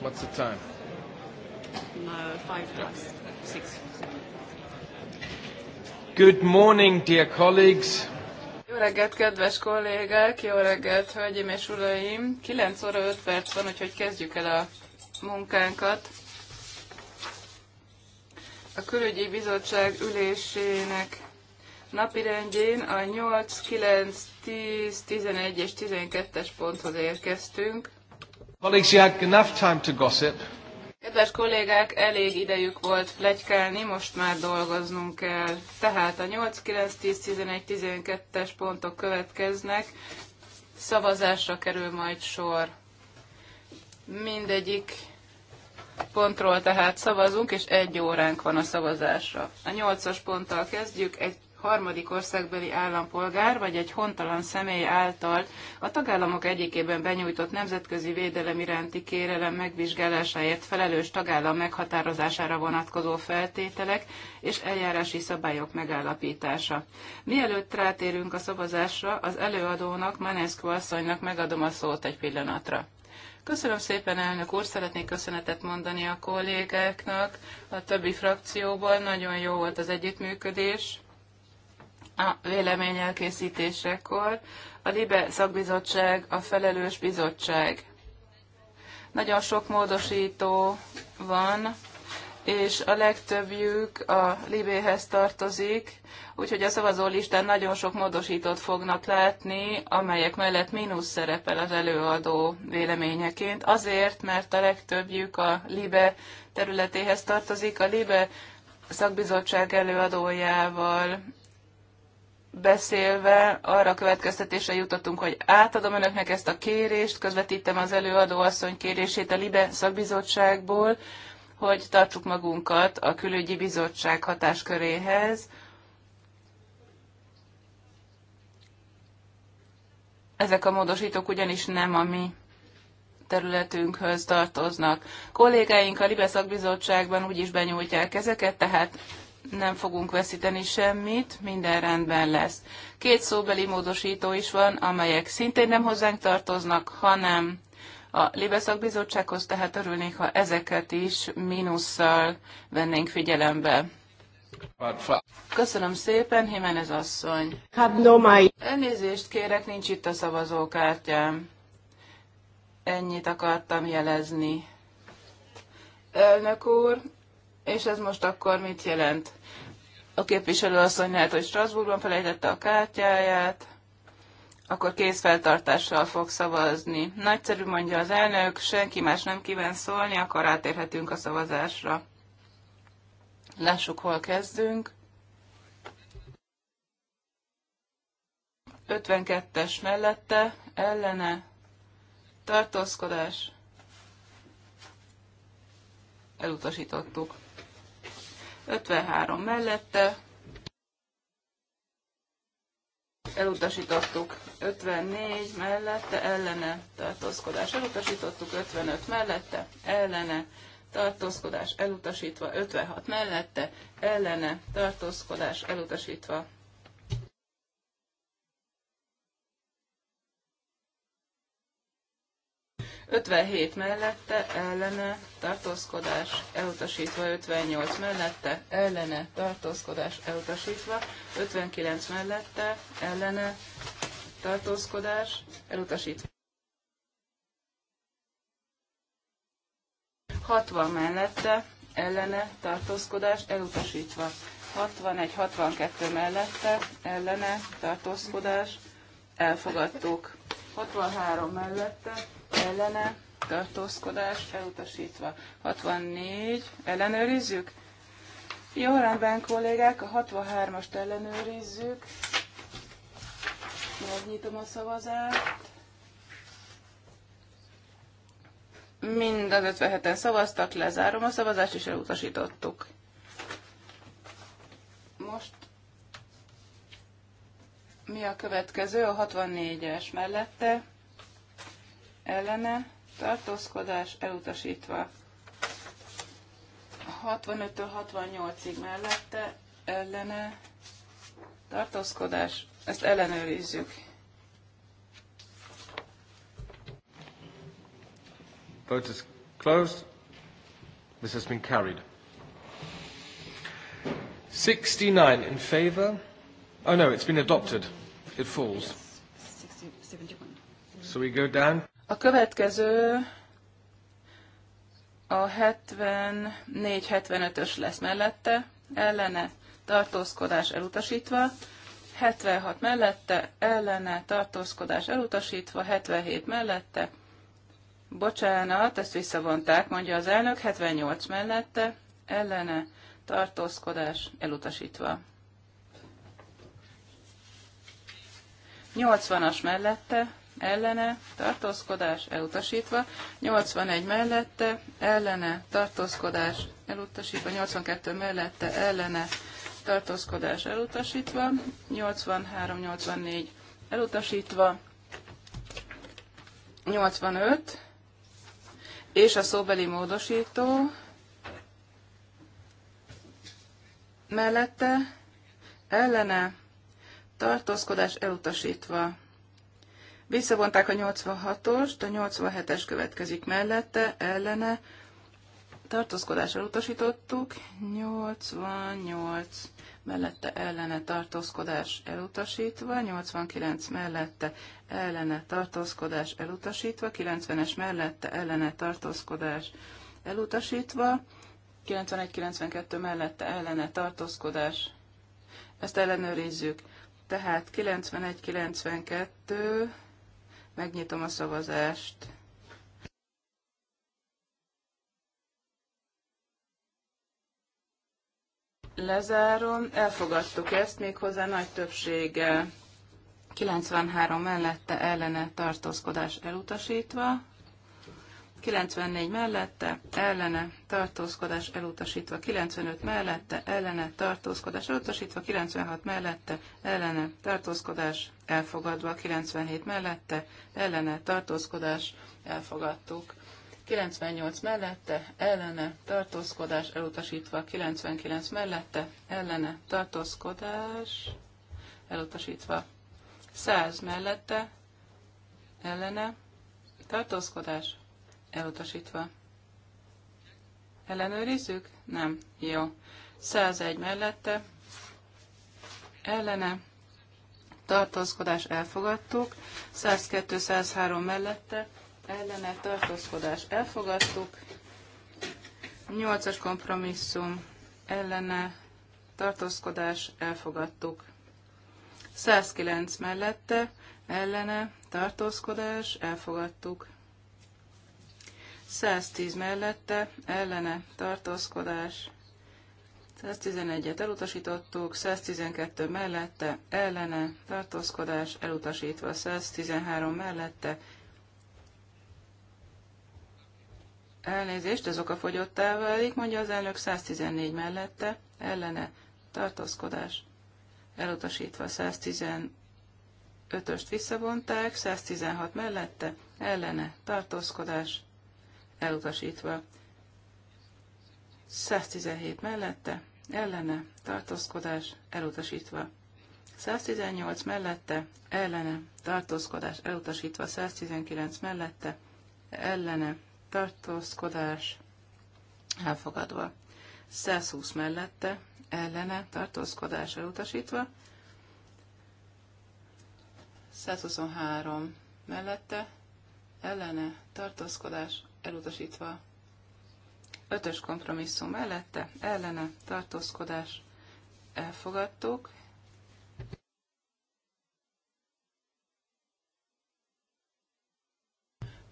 What's the time? No, uh, five past six. Good morning, dear colleagues. Jó reggelt, kedves kollégák! Jó reggelt, hölgyeim és uraim! 9 óra 5 perc van, úgyhogy kezdjük el a munkánkat. A külügyi bizottság ülésének napi rendjén a 8, 9, 10, 11 és 12-es ponthoz érkeztünk. Colleagues, you had enough time to gossip. Kedves kollégák, elég idejük volt plegykálni, most már dolgoznunk kell. Tehát a 8, 9, 10, 11, 12-es pontok következnek, szavazásra kerül majd sor. Mindegyik pontról tehát szavazunk, és egy óránk van a szavazásra. A 8-as ponttal kezdjük, egy harmadik országbeli állampolgár vagy egy hontalan személy által a tagállamok egyikében benyújtott nemzetközi védelem iránti kérelem megvizsgálásáért felelős tagállam meghatározására vonatkozó feltételek és eljárási szabályok megállapítása. Mielőtt rátérünk a szavazásra, az előadónak, Manescu asszonynak megadom a szót egy pillanatra. Köszönöm szépen, elnök úr, szeretnék köszönetet mondani a kollégáknak, a többi frakcióból, nagyon jó volt az együttműködés a véleményelkészítésekor, A LIBE szakbizottság a felelős bizottság. Nagyon sok módosító van, és a legtöbbjük a Libéhez tartozik, úgyhogy a szavazólistán nagyon sok módosítót fognak látni, amelyek mellett mínusz szerepel az előadó véleményeként, azért, mert a legtöbbjük a Libe területéhez tartozik. A Libe szakbizottság előadójával beszélve arra következtetésre jutottunk, hogy átadom önöknek ezt a kérést, közvetítem az előadóasszony kérését a LIBE szakbizottságból, hogy tartsuk magunkat a külügyi bizottság hatásköréhez. Ezek a módosítók ugyanis nem a mi területünkhöz tartoznak. Kollégáink a Libe szakbizottságban úgyis benyújtják ezeket, tehát nem fogunk veszíteni semmit, minden rendben lesz. Két szóbeli módosító is van, amelyek szintén nem hozzánk tartoznak, hanem a Libeszak Bizottsághoz, tehát örülnék, ha ezeket is mínusszal vennénk figyelembe. Köszönöm szépen, Jimenez asszony. Hát, Elnézést kérek, nincs itt a szavazókártyám. Ennyit akartam jelezni. Elnök úr, és ez most akkor mit jelent? A képviselő asszony lehet, hogy Strasbourgban felejtette a kártyáját, akkor kézfeltartással fog szavazni. Nagyszerű mondja az elnök, senki más nem kíván szólni, akkor átérhetünk a szavazásra. Lássuk, hol kezdünk. 52-es mellette, ellene, tartózkodás, elutasítottuk. 53 mellette, elutasítottuk 54 mellette, ellene tartózkodás elutasítottuk, 55 mellette, ellene tartózkodás elutasítva, 56 mellette, ellene tartózkodás elutasítva, 57 mellette, ellene, tartózkodás, elutasítva, 58 mellette, ellene, tartózkodás, elutasítva, 59 mellette, ellene, tartózkodás, elutasítva. 60 mellette, ellene, tartózkodás, elutasítva. 61-62 mellette, ellene, tartózkodás, elfogadtuk. 63 mellette, ellene, tartózkodás elutasítva. 64, ellenőrizzük? Jó rendben, kollégák, a 63-ast ellenőrizzük. Megnyitom a szavazást. Mind az 57-en szavaztak, lezárom a szavazást, és elutasítottuk. Most mi a következő? A 64-es mellette ellene tartózkodás elutasítva. 65-től 68-ig mellette ellene tartózkodás, ezt ellenőrizzük. Vote is closed. This has been carried. 69 in favor. Oh no, it's been adopted. It falls. So we go down. A következő a 74-75-ös lesz mellette, ellene tartózkodás elutasítva, 76 mellette, ellene tartózkodás elutasítva, 77 mellette, bocsánat, ezt visszavonták, mondja az elnök, 78 mellette, ellene tartózkodás elutasítva. 80-as mellette, ellene, tartózkodás elutasítva, 81 mellette, ellene, tartózkodás elutasítva, 82 mellette, ellene, tartózkodás elutasítva, 83-84 elutasítva, 85, és a szóbeli módosító mellette, ellene, tartózkodás elutasítva, Visszavonták a 86-ost, a 87-es következik mellette, ellene. Tartózkodással elutasítottuk, 88 mellette ellene tartózkodás elutasítva, 89 mellette ellene tartózkodás elutasítva, 90-es mellette ellene tartózkodás elutasítva, 91-92 mellette ellene tartózkodás. Ezt ellenőrizzük. Tehát 91-92 Megnyitom a szavazást. Lezárom. Elfogadtuk ezt méghozzá nagy többséggel. 93 mellette ellene tartózkodás elutasítva. 94 mellette, ellene, tartózkodás elutasítva, 95 mellette, ellene, tartózkodás elutasítva, 96 mellette, ellene, tartózkodás elfogadva, 97 mellette, ellene, tartózkodás elfogadtuk. 98 mellette, ellene, tartózkodás elutasítva, 99 mellette, ellene, tartózkodás elutasítva, 100 mellette, ellene, tartózkodás elutasítva. Ellenőrizzük? Nem. Jó. 101 mellette, ellene, tartózkodás elfogadtuk, 102-103 mellette, ellene, tartózkodás elfogadtuk, 8-as kompromisszum, ellene, tartózkodás elfogadtuk. 109 mellette, ellene, tartózkodás elfogadtuk. 110 mellette, ellene tartózkodás, 111-et elutasítottuk, 112 mellette, ellene tartózkodás, elutasítva 113 mellette, Elnézést, ez okafogyottá válik, mondja az elnök 114 mellette, ellene, tartózkodás. Elutasítva 115-öst visszavonták, 116 mellette, ellene, tartózkodás elutasítva. 117 mellette, ellene, tartózkodás, elutasítva. 118 mellette, ellene, tartózkodás, elutasítva. 119 mellette, ellene, tartózkodás, elfogadva. 120 mellette, ellene, tartózkodás, elutasítva. 123 mellette, ellene, tartózkodás, elutasítva. Ötös kompromisszum mellette, ellene, tartózkodás, elfogadtuk.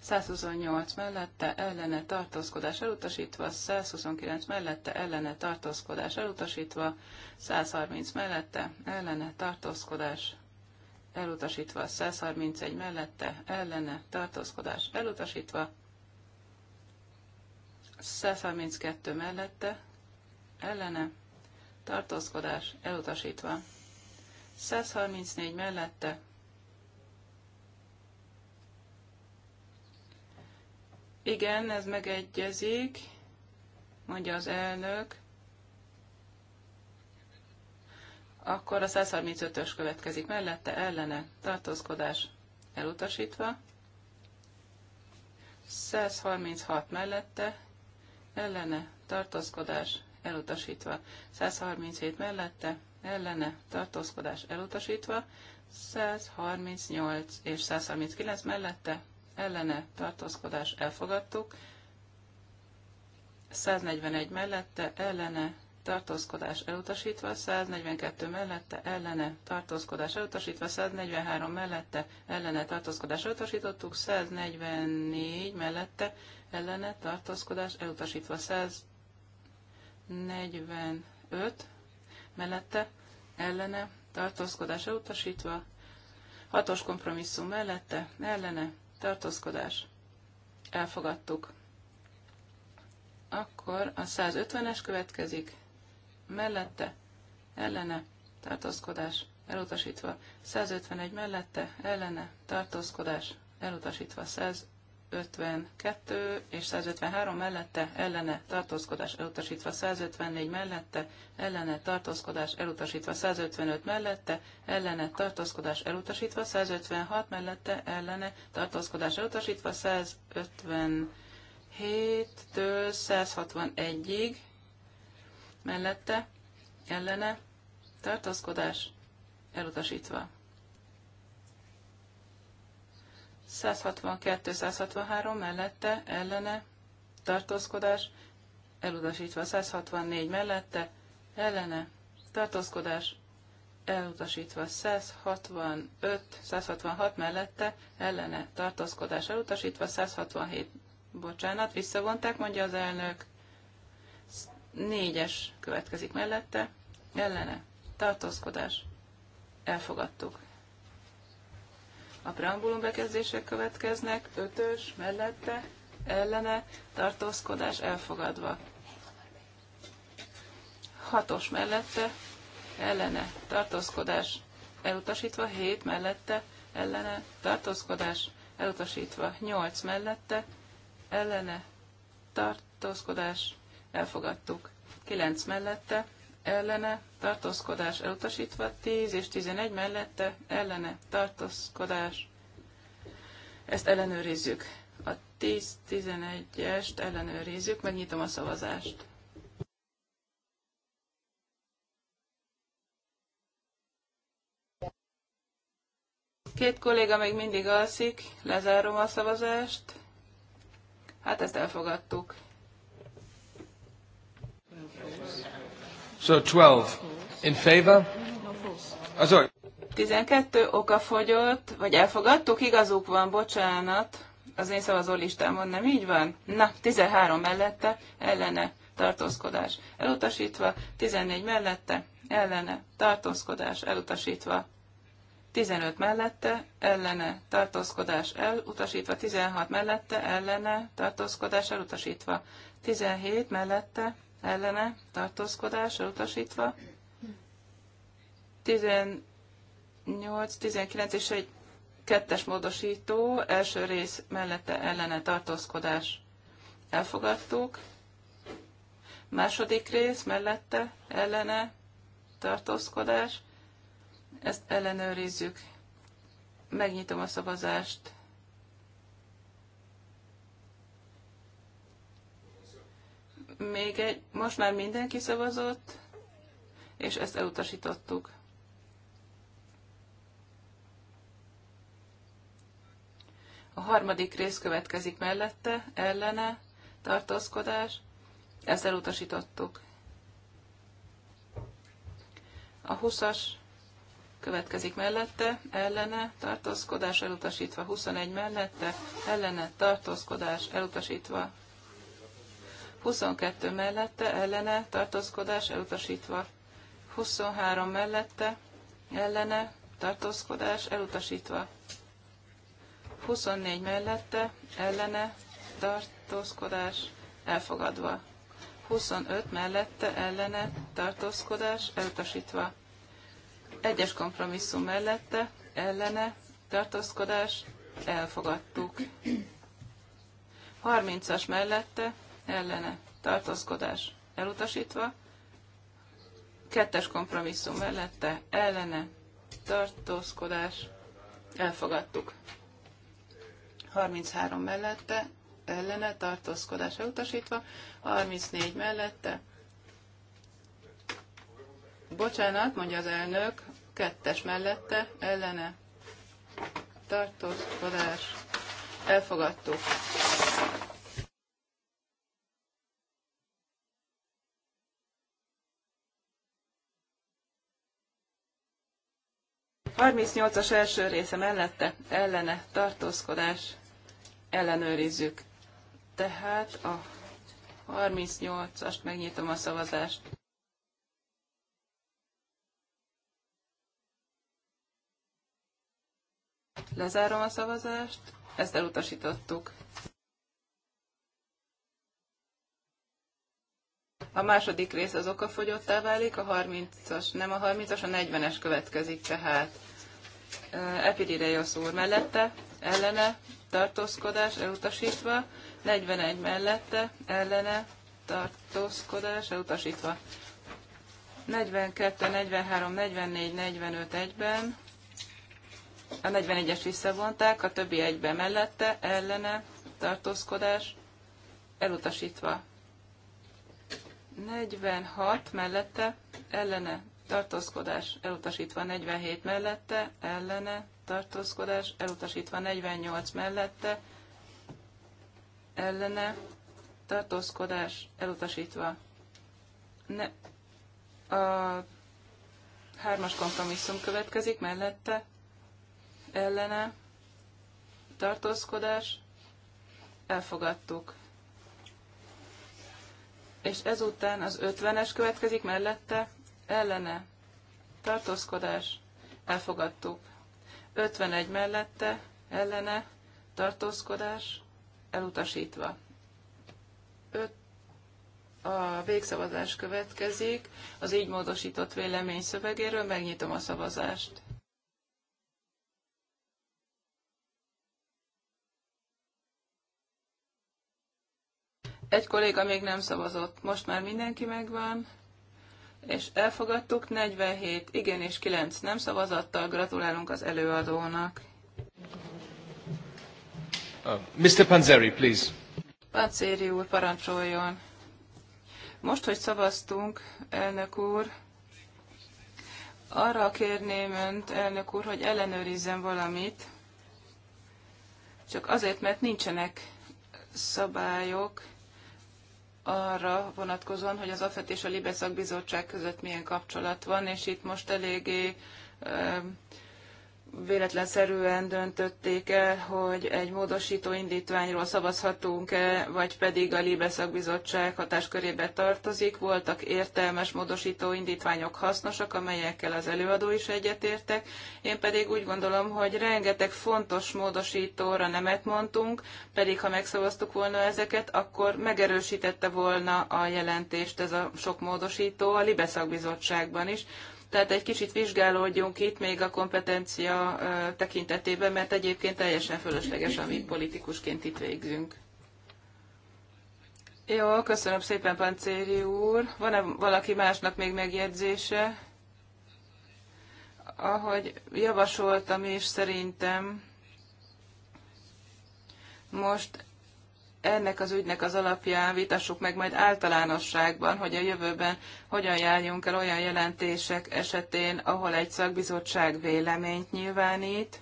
százhuszonnyolc mellette ellene tartózkodás elutasítva, 129 mellette ellene tartózkodás elutasítva, 130 mellette ellene tartózkodás elutasítva, 131 mellette ellene tartózkodás elutasítva, 132 mellette, ellene, tartózkodás elutasítva. 134 mellette, igen, ez megegyezik, mondja az elnök, akkor a 135-ös következik mellette, ellene, tartózkodás elutasítva, 136 mellette, ellene, tartózkodás elutasítva. 137 mellette, ellene, tartózkodás elutasítva. 138 és 139 mellette, ellene, tartózkodás elfogadtuk. 141 mellette, ellene, tartózkodás elutasítva, 142 mellette, ellene, tartózkodás elutasítva, 143 mellette, ellene, tartózkodás elutasítottuk, 144 mellette, ellene tartózkodás elutasítva 145 mellette ellene tartózkodás elutasítva, hatos kompromisszum mellette ellene tartózkodás elfogadtuk. Akkor a 150-es következik, mellette ellene tartózkodás elutasítva, 151 mellette ellene tartózkodás elutasítva, 100 152 és 153 mellette ellene tartózkodás elutasítva, 154 mellette ellene tartózkodás elutasítva, 155 mellette ellene tartózkodás elutasítva, 156 mellette ellene tartózkodás elutasítva, 157-től 161-ig mellette ellene tartózkodás elutasítva. 162-163 mellette ellene tartózkodás, elutasítva 164 mellette ellene tartózkodás, elutasítva 165-166 mellette ellene tartózkodás, elutasítva 167, bocsánat, visszavonták, mondja az elnök, 4-es következik mellette, ellene tartózkodás, elfogadtuk. A preambulum bekezdések következnek, ötös, mellette, ellene, tartózkodás elfogadva. Hatos mellette, ellene, tartózkodás elutasítva, hét mellette, ellene, tartózkodás elutasítva, nyolc mellette, ellene, tartózkodás elfogadtuk. kilenc mellette, ellene tartózkodás elutasítva, 10 és 11 mellette ellene tartózkodás. Ezt ellenőrizzük. A 10-11-est ellenőrizzük, megnyitom a szavazást. Két kolléga még mindig alszik, lezárom a szavazást. Hát ezt elfogadtuk. Köszönöm. So 12 in favor. Oh, sorry. 12 oka fogyott, vagy elfogadtuk, igazuk van, bocsánat. Az én szavazó listámon nem így van? Na, 13 mellette, ellene, tartózkodás. Elutasítva, 14 mellette, ellene, tartózkodás, elutasítva. 15 mellette, ellene, tartózkodás elutasítva, 16 mellette, ellene, tartózkodás elutasítva, 17 mellette, ellene tartózkodás elutasítva. 18, 19 és egy kettes módosító, első rész mellette ellene tartózkodás elfogadtuk. Második rész mellette ellene tartózkodás, ezt ellenőrizzük. Megnyitom a szavazást még egy, most már mindenki szavazott, és ezt elutasítottuk. A harmadik rész következik mellette, ellene, tartózkodás, ezt elutasítottuk. A 20-as következik mellette, ellene, tartózkodás elutasítva, 21 mellette, ellene, tartózkodás elutasítva, 22 mellette ellene tartózkodás elutasítva. 23 mellette ellene tartózkodás elutasítva. 24 mellette ellene tartózkodás elfogadva. 25 mellette ellene tartózkodás elutasítva. Egyes kompromisszum mellette ellene tartózkodás elfogadtuk. 30-as mellette ellene tartózkodás elutasítva, kettes kompromisszum mellette ellene tartózkodás elfogadtuk. 33 mellette ellene tartózkodás elutasítva, 34 mellette Bocsánat, mondja az elnök, kettes mellette, ellene, tartózkodás, elfogadtuk. 38-as első része mellette ellene tartózkodás ellenőrizzük. Tehát a 38-ast megnyitom a szavazást. Lezárom a szavazást, ezt elutasítottuk. A második rész az okafogyottá válik, a 30-as nem a 30-as, a 40-es következik tehát. Epididejosz úr mellette, ellene, tartózkodás elutasítva, 41 mellette, ellene, tartózkodás elutasítva. 42, 43, 44, 45 egyben, a 41-es visszavonták, a többi egyben mellette, ellene, tartózkodás elutasítva. 46 mellette, ellene, tartózkodás elutasítva 47 mellette, ellene, tartózkodás elutasítva 48 mellette, ellene, tartózkodás elutasítva. Ne, a hármas kompromisszum következik mellette, ellene, tartózkodás, elfogadtuk. És ezután az 50-es következik mellette, ellene tartózkodás elfogadtuk. 51 mellette ellene tartózkodás elutasítva. 5 a végszavazás következik. Az így módosított vélemény szövegéről megnyitom a szavazást. Egy kolléga még nem szavazott. Most már mindenki megvan és elfogadtuk 47 igen és 9 nem szavazattal. Gratulálunk az előadónak. Uh, Mr. Panzeri, please. Panzeri úr, parancsoljon. Most, hogy szavaztunk, elnök úr, arra kérném önt, elnök úr, hogy ellenőrizzen valamit, csak azért, mert nincsenek szabályok, arra vonatkozóan, hogy az AFET és a Libeszak bizottság között milyen kapcsolat van, és itt most eléggé véletlenszerűen döntötték el, hogy egy módosító indítványról szavazhatunk-e, vagy pedig a Libe szakbizottság hatáskörébe tartozik. Voltak értelmes módosító indítványok hasznosak, amelyekkel az előadó is egyetértek. Én pedig úgy gondolom, hogy rengeteg fontos módosítóra nemet mondtunk, pedig ha megszavaztuk volna ezeket, akkor megerősítette volna a jelentést ez a sok módosító a Libe szakbizottságban is tehát egy kicsit vizsgálódjunk itt még a kompetencia tekintetében, mert egyébként teljesen fölösleges, amit politikusként itt végzünk. Jó, köszönöm szépen, Pancéri úr. Van-e valaki másnak még megjegyzése? Ahogy javasoltam, és szerintem most ennek az ügynek az alapján vitassuk meg majd általánosságban, hogy a jövőben hogyan járjunk el olyan jelentések esetén, ahol egy szakbizottság véleményt nyilvánít,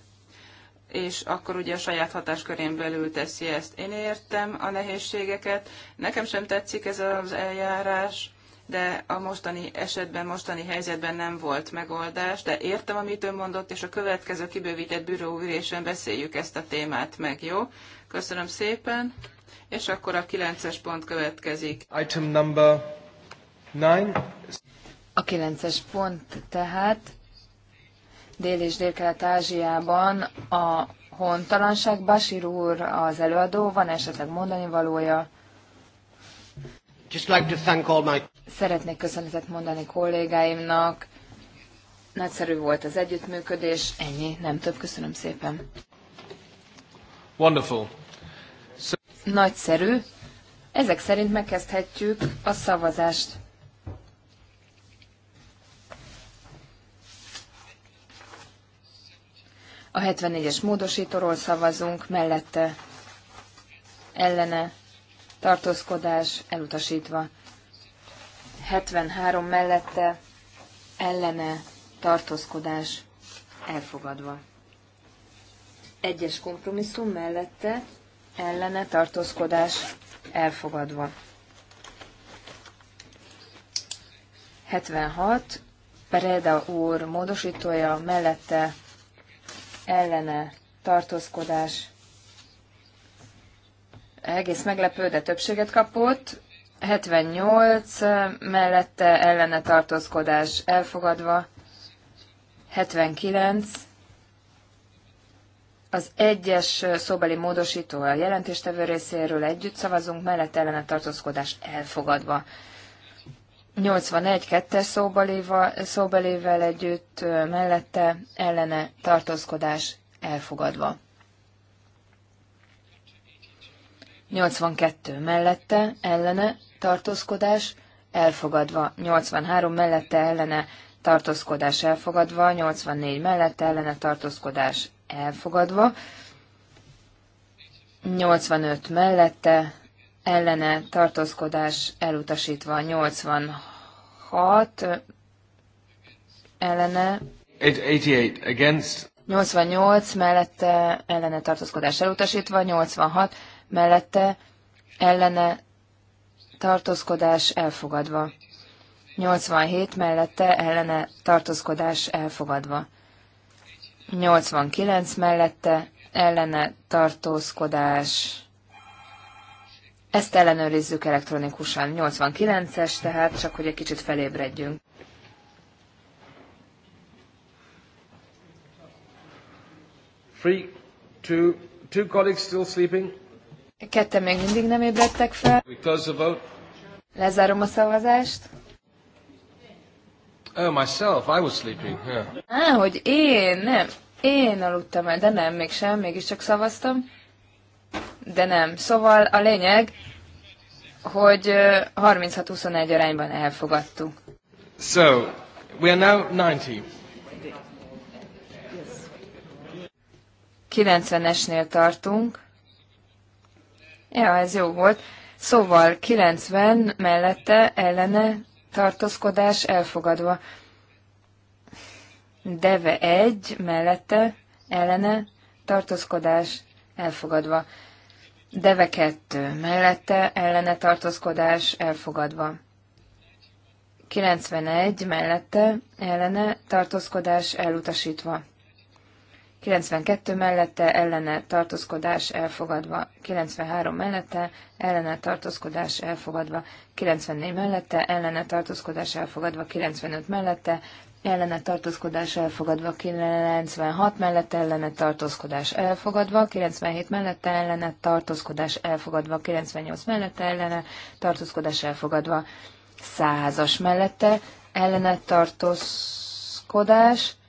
és akkor ugye a saját hatáskörén belül teszi ezt. Én értem a nehézségeket, nekem sem tetszik ez az eljárás, de a mostani esetben, mostani helyzetben nem volt megoldás, de értem, amit ön mondott, és a következő kibővített bűróülésen beszéljük ezt a témát meg, jó? Köszönöm szépen! És akkor a kilences pont következik. Item number nine. A kilences pont tehát Dél- és Dél-Kelet-Ázsiában a hontalanság. Basir úr az előadó, van esetleg mondani valója? Just like to thank all my... Szeretnék köszönetet mondani kollégáimnak. Nagyszerű volt az együttműködés, ennyi, nem több. Köszönöm szépen. Wonderful. Nagyszerű. Ezek szerint megkezdhetjük a szavazást. A 74-es módosítóról szavazunk, mellette ellene tartózkodás elutasítva. 73 mellette ellene tartózkodás elfogadva. Egyes kompromisszum mellette ellene tartózkodás elfogadva. 76. Pereda úr módosítója mellette ellene tartózkodás egész meglepő, de többséget kapott. 78 mellette ellene tartózkodás elfogadva. 79 az egyes szóbeli módosító a jelentéstevő részéről együtt szavazunk, mellett ellene tartózkodás elfogadva. 81 2 szóbelével, szóbelével együtt mellette ellene tartózkodás elfogadva. 82 mellette ellene tartózkodás elfogadva. 83 mellette ellene tartózkodás elfogadva, 84 mellette ellene tartózkodás elfogadva. 85 mellette ellene tartózkodás elutasítva 86 ellene 88 against 88 mellette ellene tartózkodás elutasítva 86 mellette ellene tartózkodás elfogadva 87 mellette ellene tartózkodás elfogadva 89 mellette ellene tartózkodás. Ezt ellenőrizzük elektronikusan. 89-es, tehát csak hogy egy kicsit felébredjünk. Three, two, two colleagues still sleeping. Kette még mindig nem ébredtek fel. We close the vote. Lezárom a szavazást. Oh, myself, I was sleeping, yeah. Ah, hogy én, nem. Én aludtam el, de nem, mégsem, mégiscsak szavaztam. De nem. Szóval a lényeg, hogy 36-21 arányban elfogadtuk. So, we are now 90. 90-esnél tartunk. Ja, ez jó volt. Szóval 90 mellette ellene tartózkodás elfogadva. Deve egy mellette ellene tartózkodás elfogadva. Deve kettő mellette ellene tartózkodás elfogadva. 91 mellette ellene tartózkodás elutasítva. 92 mellette ellene tartózkodás elfogadva, 93 mellette ellene tartózkodás elfogadva, 94 mellette ellene tartózkodás elfogadva, 95 mellette ellene tartózkodás elfogadva, 96 mellette ellene tartózkodás elfogadva, 97 mellette ellene tartózkodás elfogadva, 98 mellette ellene tartózkodás elfogadva, 100-as mellette ellene tartózkodás elfogadva,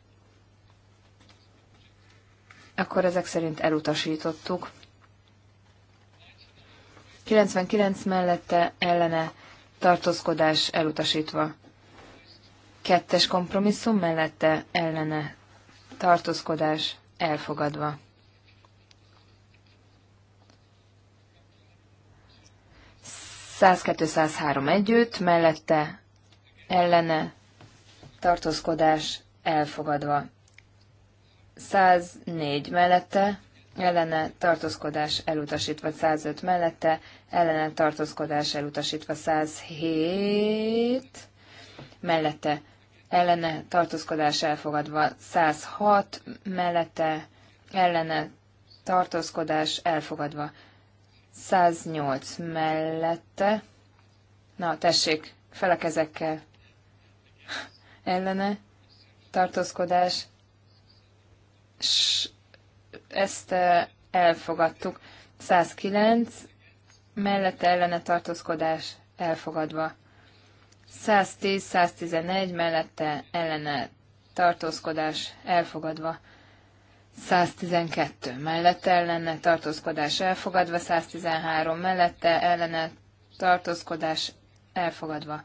akkor ezek szerint elutasítottuk. 99 mellette ellene tartózkodás elutasítva. Kettes kompromisszum mellette ellene tartózkodás elfogadva. 102-103 együtt, mellette ellene tartózkodás elfogadva. 104 mellette ellene tartózkodás elutasítva 105 mellette, ellene tartózkodás elutasítva 107 mellette, ellene tartózkodás elfogadva 106 mellette, ellene tartózkodás elfogadva 108 mellette. Na, tessék, kezekkel. ellene tartózkodás és ezt e, elfogadtuk. 109 mellette ellene tartózkodás elfogadva. 110-111 mellette ellene tartózkodás elfogadva. 112 mellette ellene tartózkodás elfogadva, 113 mellette ellene tartózkodás elfogadva.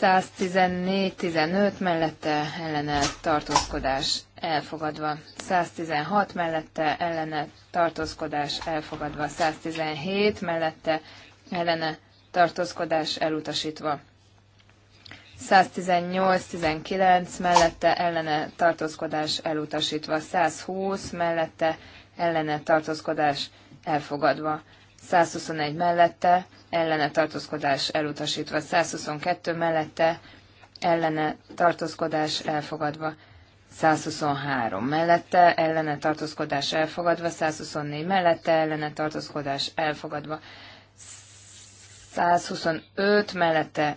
114-15 mellette ellene tartózkodás elfogadva. 116 mellette ellene tartózkodás elfogadva. 117 mellette ellene tartózkodás elutasítva. 118-19 mellette ellene tartózkodás elutasítva, 120 mellette ellene tartózkodás elfogadva, 121 mellette ellene tartózkodás elutasítva, 122 mellette ellene tartózkodás elfogadva, 123 mellette, ellene tartózkodás elfogadva, 124 mellette, ellene tartózkodás elfogadva, 125 mellette,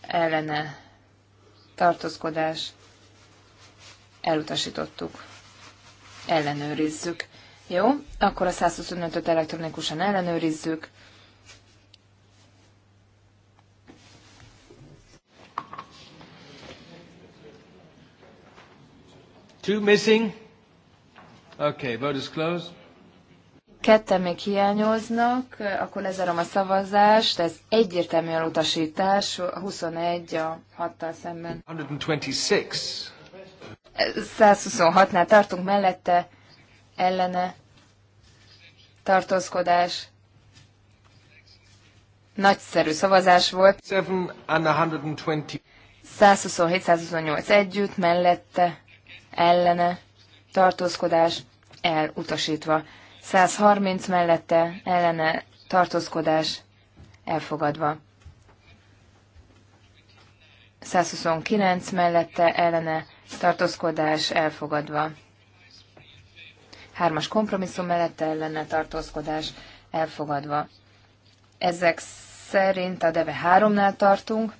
ellene tartózkodás elutasítottuk. Ellenőrizzük. Jó, akkor a 125-öt elektronikusan ellenőrizzük. Two missing. Okay, vote is closed. Ketten még hiányoznak, akkor lezárom a szavazást. Ez egyértelműen utasítás, 21 a 6-tal szemben. 126. 126-nál tartunk mellette, ellene, tartózkodás. Nagyszerű szavazás volt. 127-128 együtt, mellette, ellene tartózkodás elutasítva. 130 mellette ellene tartózkodás elfogadva. 129 mellette ellene tartózkodás elfogadva. Hármas kompromisszum mellette ellene tartózkodás elfogadva. Ezek szerint a Deve háromnál tartunk,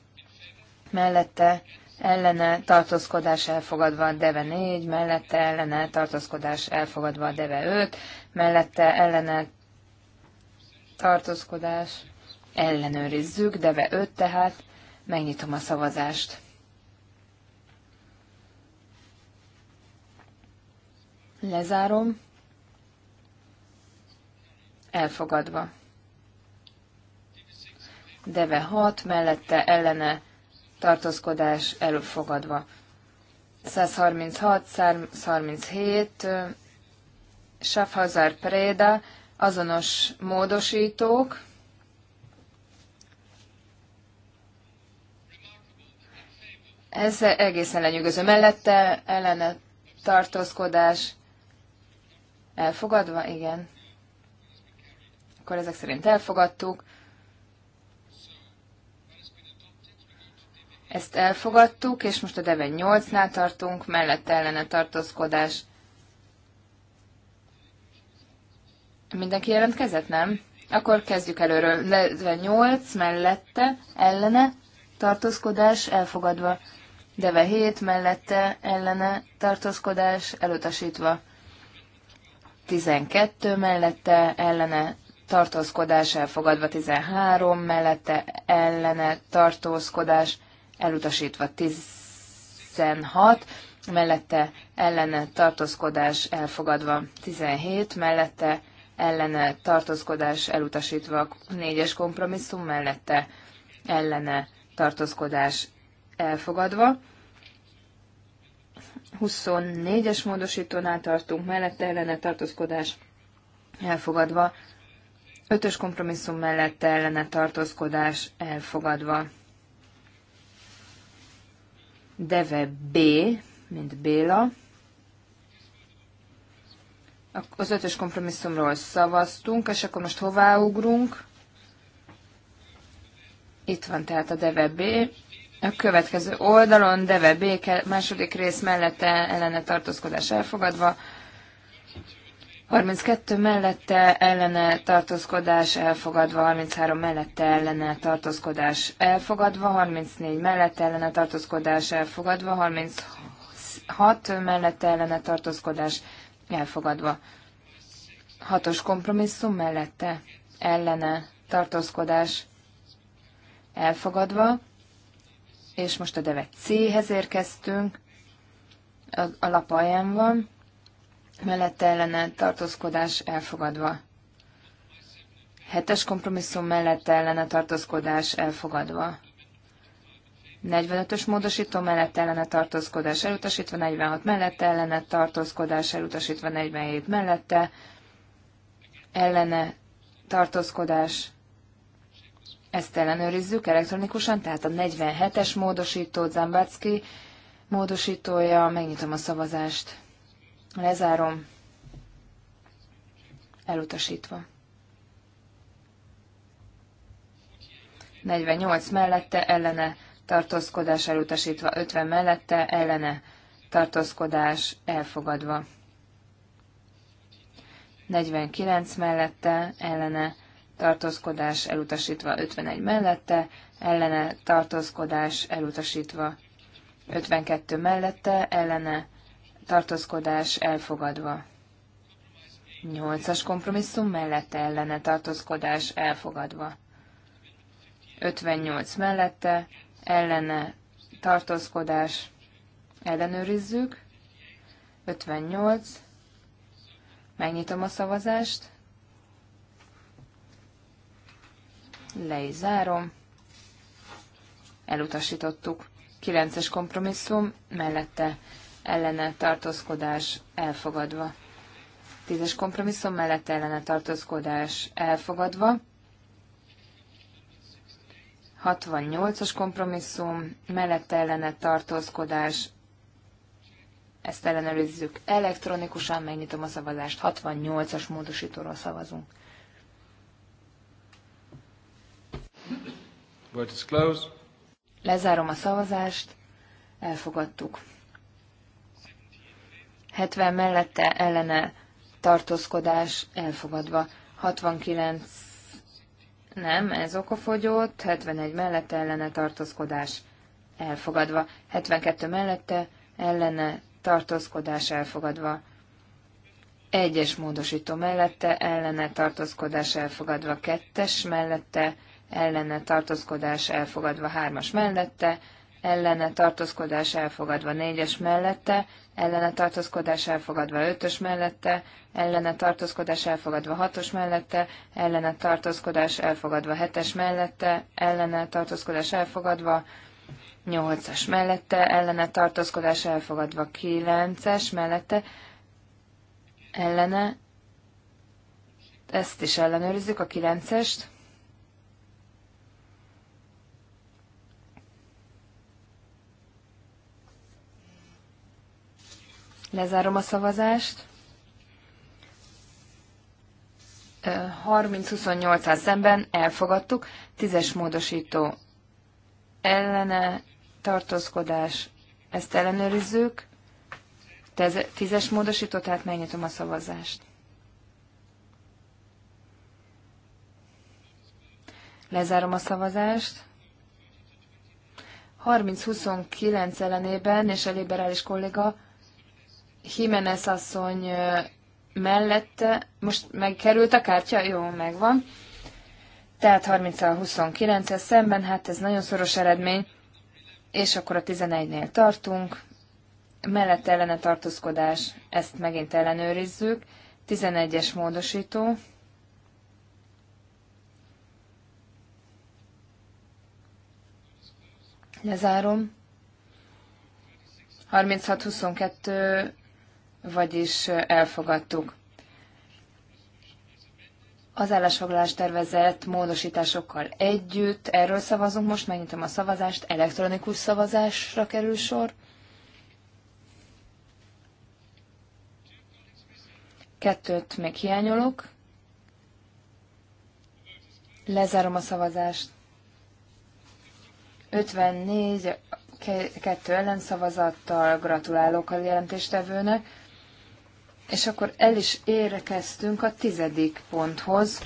mellette ellene tartózkodás elfogadva a Deve 4, mellette ellene tartózkodás elfogadva a Deve 5, mellette ellene tartózkodás ellenőrizzük, Deve 5 tehát, megnyitom a szavazást. Lezárom. Elfogadva. Deve 6, mellette ellene tartózkodás előfogadva. 136, 137, Schaffhauser Preda azonos módosítók, Ez egészen lenyűgöző. Mellette ellene tartózkodás elfogadva, igen. Akkor ezek szerint elfogadtuk. Ezt elfogadtuk, és most a Deve 8-nál tartunk, mellette ellene tartózkodás. Mindenki jelentkezett, nem? Akkor kezdjük előről. 8, mellette, ellene, tartózkodás elfogadva. Deve 7 mellette, ellene, tartózkodás elutasítva. 12 mellette, ellene, tartózkodás elfogadva. 13 mellette, ellene, tartózkodás elutasítva 16, mellette ellene tartózkodás elfogadva 17, mellette ellene tartózkodás elutasítva 4-es kompromisszum, mellette ellene tartózkodás elfogadva. 24-es módosítónál tartunk, mellette ellene tartózkodás elfogadva, 5-ös kompromisszum mellette ellene tartózkodás elfogadva. Deve B, mint Béla. Az ötös kompromisszumról szavaztunk, és akkor most hová ugrunk? Itt van tehát a Deve B. A következő oldalon Deve B második rész mellette ellene tartózkodás elfogadva, 32 mellette ellene tartózkodás elfogadva, 33 mellette ellene tartózkodás elfogadva, 34 mellette ellene tartózkodás elfogadva, 36 mellette ellene tartózkodás elfogadva. 6-os kompromisszum mellette ellene tartózkodás elfogadva, és most a devet C-hez érkeztünk, a, a lap alján van, mellette ellene tartózkodás elfogadva. Hetes kompromisszum mellette ellene tartózkodás elfogadva. 45-ös módosító mellett ellene tartózkodás elutasítva, 46 mellett ellene tartózkodás elutasítva, 47 mellette ellene tartózkodás. Ezt ellenőrizzük elektronikusan, tehát a 47-es módosító Zambacki módosítója, megnyitom a szavazást. Lezárom. Elutasítva. 48 mellette ellene tartózkodás elutasítva, 50 mellette ellene tartózkodás elfogadva. 49 mellette ellene tartózkodás elutasítva, 51 mellette ellene tartózkodás elutasítva, 52 mellette ellene tartózkodás elfogadva. Nyolcas kompromisszum mellette ellene tartózkodás elfogadva. 58 mellette ellene tartózkodás ellenőrizzük. 58. Megnyitom a szavazást. Le is zárom. Elutasítottuk. 9-es kompromisszum mellette ellene tartózkodás elfogadva. Tízes kompromisszum mellett ellene tartózkodás elfogadva. 68-as kompromisszum mellett ellene tartózkodás. Ezt ellenőrizzük elektronikusan, megnyitom a szavazást. 68-as módosítóról szavazunk. Vote is close? Lezárom a szavazást. Elfogadtuk. 70 mellette ellene tartózkodás elfogadva. 69 nem, ez okafogyott, 71 mellette ellene tartózkodás elfogadva. 72 mellette ellene tartózkodás elfogadva. Egyes módosító mellette ellene tartózkodás elfogadva. Kettes mellette ellene tartózkodás elfogadva. Hármas mellette ellene tartózkodás elfogadva négyes mellette, ellene tartózkodás elfogadva ötös mellette, ellene tartózkodás elfogadva hatos mellette, ellene tartózkodás elfogadva hetes mellette, ellene tartózkodás elfogadva nyolcas mellette, ellene tartózkodás elfogadva kilences mellette, ellene, ezt is ellenőrizzük a kilencest, Lezárom a szavazást. 30 28 szemben elfogadtuk, Tízes módosító ellene tartózkodás, ezt ellenőrizzük, Tízes módosító, tehát megnyitom a szavazást. Lezárom a szavazást. 30-29 ellenében és a liberális kolléga Jimenez asszony mellette, most megkerült a kártya? Jó, megvan. Tehát 30 a 29 es szemben, hát ez nagyon szoros eredmény. És akkor a 11-nél tartunk. Mellette ellene tartózkodás, ezt megint ellenőrizzük. 11-es módosító. Lezárom vagyis elfogadtuk. Az állásfoglalás tervezett módosításokkal együtt erről szavazunk most, megnyitom a szavazást, elektronikus szavazásra kerül sor. Kettőt még hiányolok. Lezárom a szavazást. 54 kettő ellenszavazattal gratulálok a jelentéstevőnek. És akkor el is érekeztünk a tizedik ponthoz,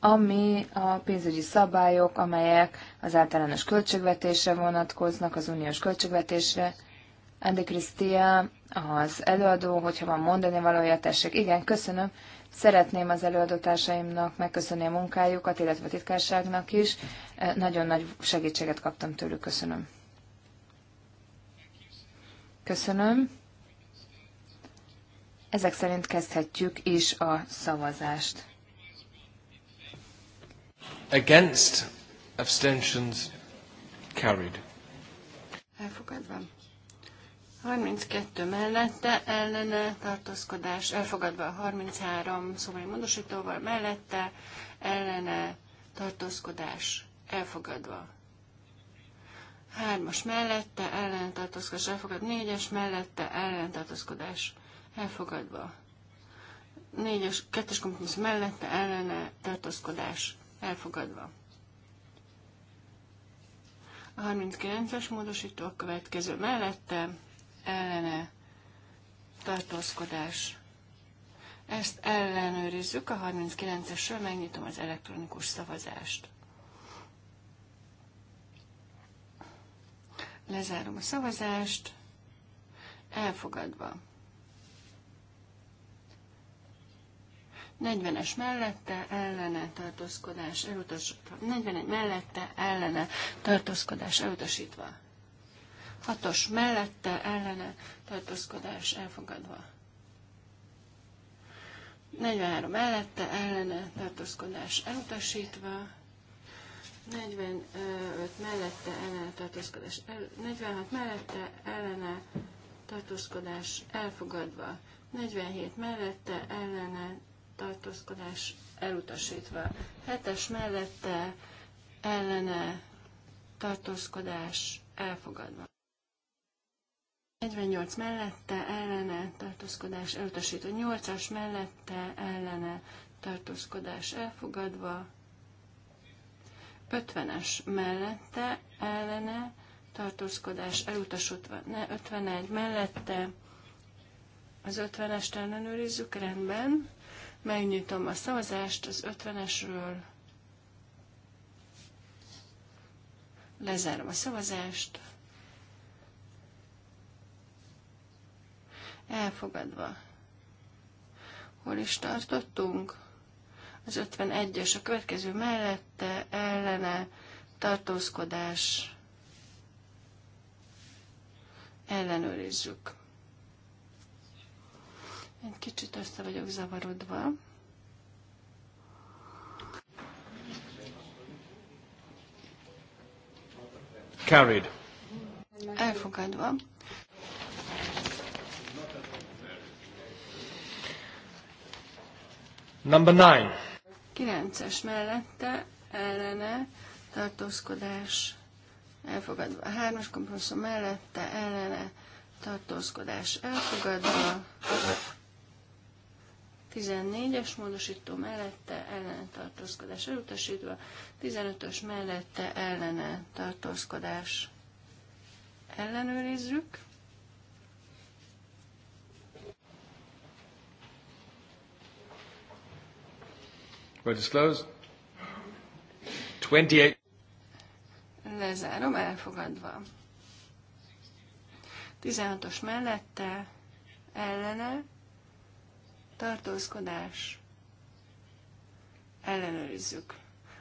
ami a pénzügyi szabályok, amelyek az általános költségvetésre vonatkoznak, az uniós költségvetésre. Andy Krisztia, az előadó, hogyha van mondani valója, tessék. Igen, köszönöm. Szeretném az előadótársaimnak megköszönni a munkájukat, illetve a titkárságnak is. E, nagyon nagy segítséget kaptam tőlük, köszönöm. Köszönöm. Ezek szerint kezdhetjük is a szavazást. Against abstentions carried. Elfogadva. 32 mellette, ellene tartózkodás, elfogadva 33 szóval módosítóval mellette, ellene tartózkodás, elfogadva. Hármas mellette, ellentartózkodás elfogad, négyes mellette, ellentartózkodás elfogadva. Négyes, kettes kompromisszum mellette ellene tartózkodás elfogadva. A 39-es módosító a következő mellette ellene tartózkodás. Ezt ellenőrizzük a 39-esről, megnyitom az elektronikus szavazást. Lezárom a szavazást. Elfogadva. 40-es mellette ellene tartózkodás elutasítva. 41 mellette ellene tartózkodás elutasítva. 6-os mellette ellene tartózkodás elfogadva. 43 mellette ellene tartózkodás elutasítva. 45 mellette ellene tartózkodás, 46 mellette ellene tartózkodás elfogadva, 47 mellette ellene tartózkodás elutasítva. Hetes mellette ellene tartózkodás elfogadva. 48 mellette ellene tartózkodás elutasítva. 8-as mellette ellene tartózkodás elfogadva. 50-es mellette ellene tartózkodás elutasítva. Ne 51 mellette az 50-est ellenőrizzük, rendben. Megnyitom a szavazást az 50-esről. Lezárom a szavazást. Elfogadva. Hol is tartottunk? Az 51-es a következő mellette ellene tartózkodás ellenőrizzük. Én kicsit össze vagyok zavarodva. Carried. Elfogadva. Number nine. Kilences mellette ellene tartózkodás elfogadva. Hármas kompromisszum mellette ellene tartózkodás elfogadva. 14-es módosító mellette ellene tartózkodás elutasítva, 15-ös mellette ellene tartózkodás ellenőrizzük. Vote is closed. 28. Lezárom, elfogadva. 16-os mellette, ellene, tartózkodás, ellenőrizzük.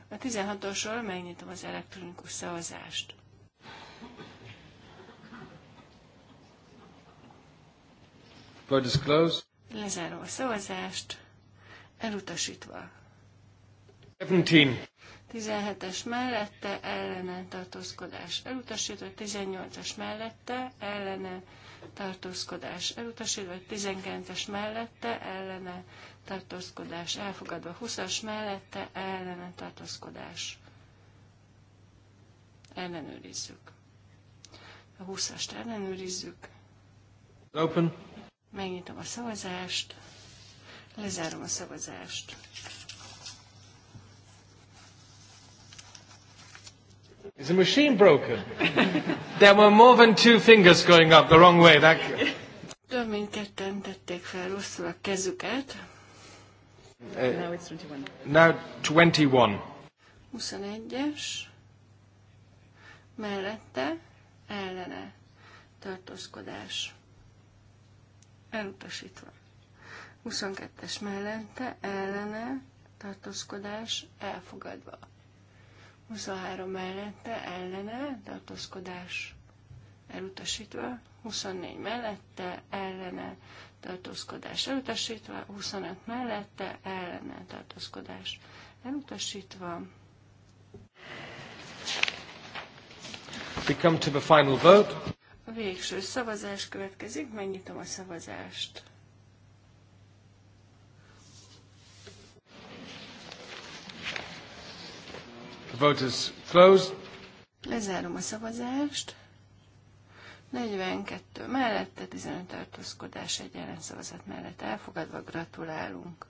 A 16-osról megnyitom az elektronikus szavazást. Vote is closed. Lezárom a szavazást, elutasítva. 17. 17-es mellette ellene tartózkodás elutasítva, 18-as mellette ellene tartózkodás elutasítva, 19-es mellette ellene tartózkodás elfogadva, 20-as mellette ellene tartózkodás ellenőrizzük. A 20-ast ellenőrizzük. Open. Megnyitom a szavazást, lezárom a szavazást. Is the machine broken? There were more than two fingers going up the wrong way. That... Több mint ketten tették fel rosszul a kezüket. Uh, now it's 21. Now 21. 21-es. Mellette ellene tartózkodás. Elutasítva. 22-es mellette ellene tartózkodás elfogadva. 23 mellette ellene tartózkodás elutasítva, 24 mellette ellene tartózkodás elutasítva, 25 mellette ellene tartózkodás elutasítva. We come to the final vote. A végső szavazás következik, megnyitom a szavazást. Vote is closed. Lezárom a szavazást. 42 mellette, 15 tartózkodás egy szavazat mellett elfogadva, gratulálunk.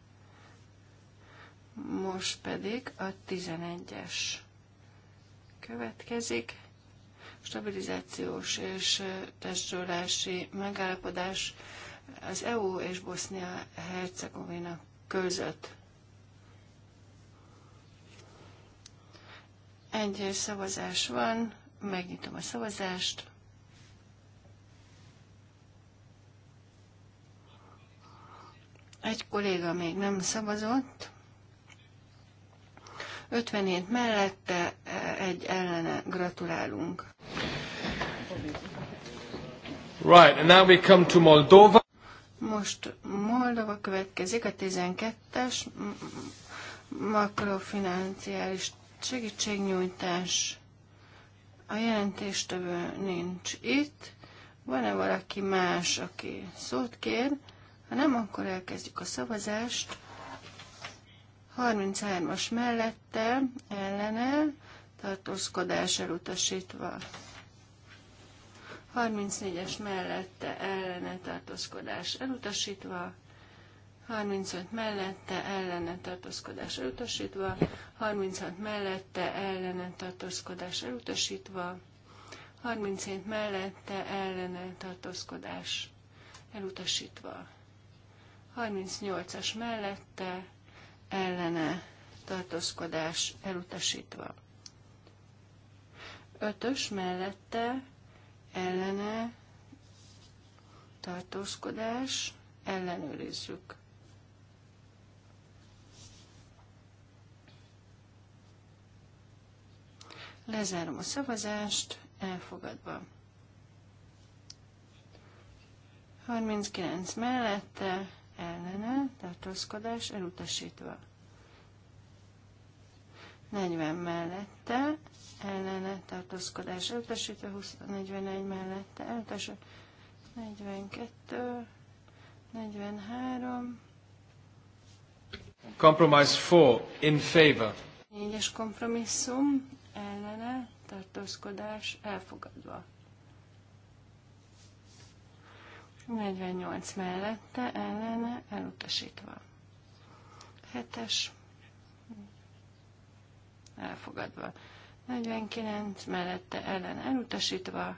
Most pedig a 11-es következik. Stabilizációs és testrólási megállapodás az EU és Bosznia-Hercegovina között. Egy szavazás van, megnyitom a szavazást. Egy kolléga még nem szavazott. 57 mellette, egy ellene. Gratulálunk. Right, and now we come to Moldova. Most Moldova következik, a 12-es makrofinanciális Segítségnyújtás. A jelentéstevő nincs itt. Van-e valaki más, aki szót kér? Ha nem, akkor elkezdjük a szavazást. 33-as mellette, ellene, tartózkodás elutasítva. 34-es mellette, ellene, tartózkodás elutasítva. 35 mellette ellene tartózkodás elutasítva, 36 mellette ellene tartózkodás elutasítva, 37 mellette ellene tartózkodás elutasítva, 38-as mellette ellene tartózkodás elutasítva, 5-ös mellette ellene tartózkodás ellenőrizzük. Lezárom a szavazást, elfogadva. 39 mellette, ellene, tartózkodás, elutasítva. 40 mellette, ellene, tartózkodás, elutasítva, 20, 41 mellette, elutasítva, 42, 43. Compromise 4, in favor. 4-es kompromisszum, ellene tartózkodás elfogadva. 48 mellette ellene elutasítva. 7-es elfogadva. 49 mellette ellen elutasítva.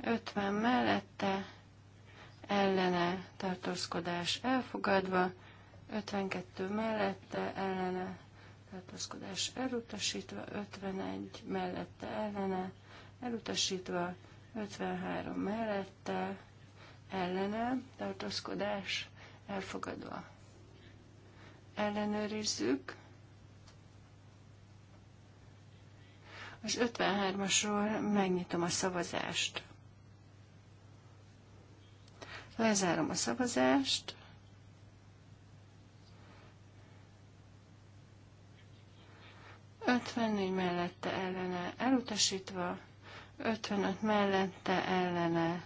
50 mellette ellene tartózkodás elfogadva. 52 mellette ellene tartózkodás elutasítva, 51 mellette ellene, elutasítva, 53 mellette ellene, tartózkodás elfogadva. Ellenőrizzük. Az 53-asról megnyitom a szavazást. Lezárom a szavazást. 54 mellette ellene elutasítva, 55 mellette ellene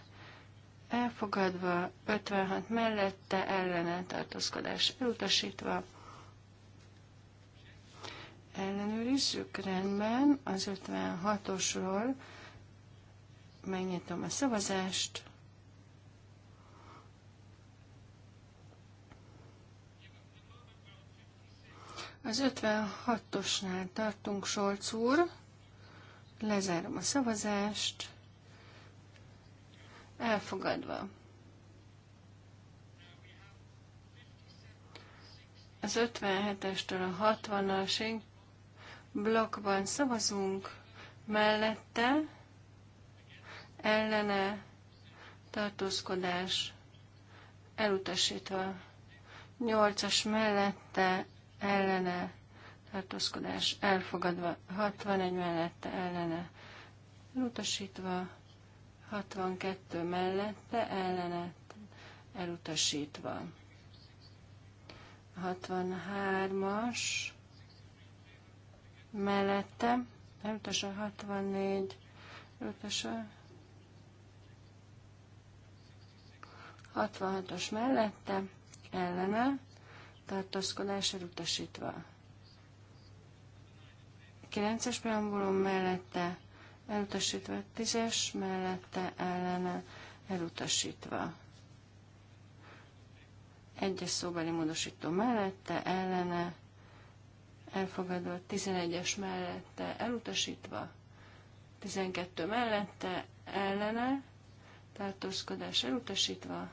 elfogadva, 56 mellette ellene tartózkodás elutasítva. Ellenőrizzük rendben az 56-osról, megnyitom a szavazást, Az 56-osnál tartunk, Solc úr. Lezárom a szavazást. Elfogadva. Az 57-estől a 60-asig blokkban szavazunk mellette, ellene, tartózkodás, elutasítva. 8-as mellette, ellene, tartózkodás elfogadva, 61 mellette ellene, elutasítva, 62 mellette ellene, elutasítva. 63-as mellette, elutas a 64, elutas a 66-os mellette, ellene, tartózkodás elutasítva. 9-es preambulum mellette elutasítva, 10-es mellette ellene elutasítva. Egyes szóbeli módosító mellette ellene elfogadott, 11-es mellette elutasítva, 12 mellette ellene tartózkodás elutasítva,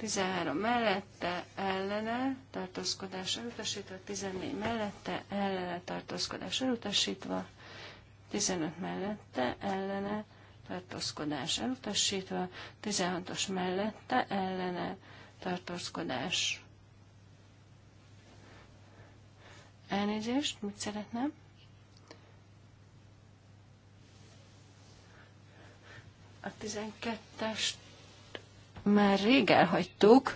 13 mellette, ellene, tartózkodás elutasítva, 14 mellette, ellene, tartózkodás elutasítva, 15 mellette, ellene, tartózkodás elutasítva, 16-os mellette, ellene, tartózkodás. Elnézést, mit szeretném? A 12-est már rég elhagytuk,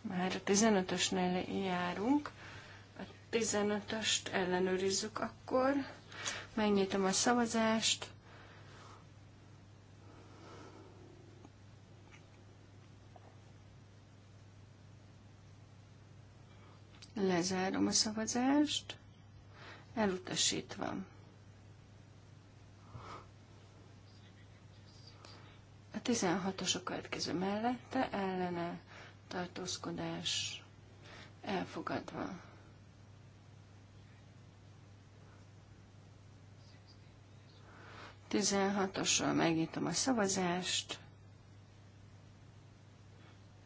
már a 15-ösnél járunk, a 15-öst ellenőrizzük akkor, megnyitom a szavazást, Lezárom a szavazást, elutasítva. A 16-os a következő mellette ellene tartózkodás elfogadva. Tizenhatosról megnyitom a szavazást,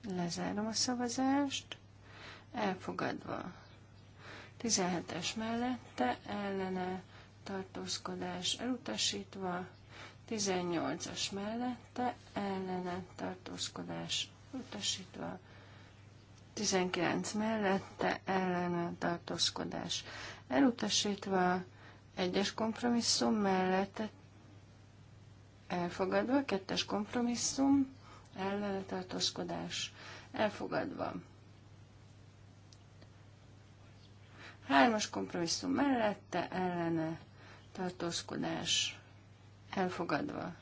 lezárom a szavazást, elfogadva. 17-es mellette ellene tartózkodás elutasítva, 18-as mellette ellene tartózkodás utasítva, 19 mellette ellene tartózkodás elutasítva, egyes kompromisszum mellette elfogadva, kettes kompromisszum ellene tartózkodás elfogadva. Hármas kompromisszum mellette ellene tartózkodás elfogadva.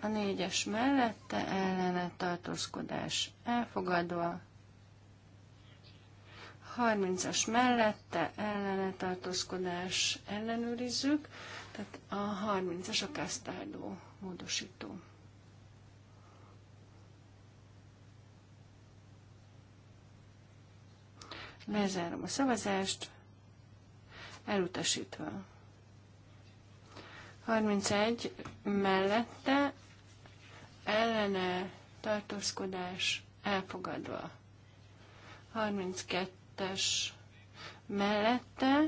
A négyes mellette ellene tartózkodás elfogadva. 30-as mellette ellene tartózkodás ellenőrizzük, tehát a 30-as a kásztárdó módosító. Lezárom a szavazást, elutasítva. 31 mellette ellene tartózkodás elfogadva. 32-es mellette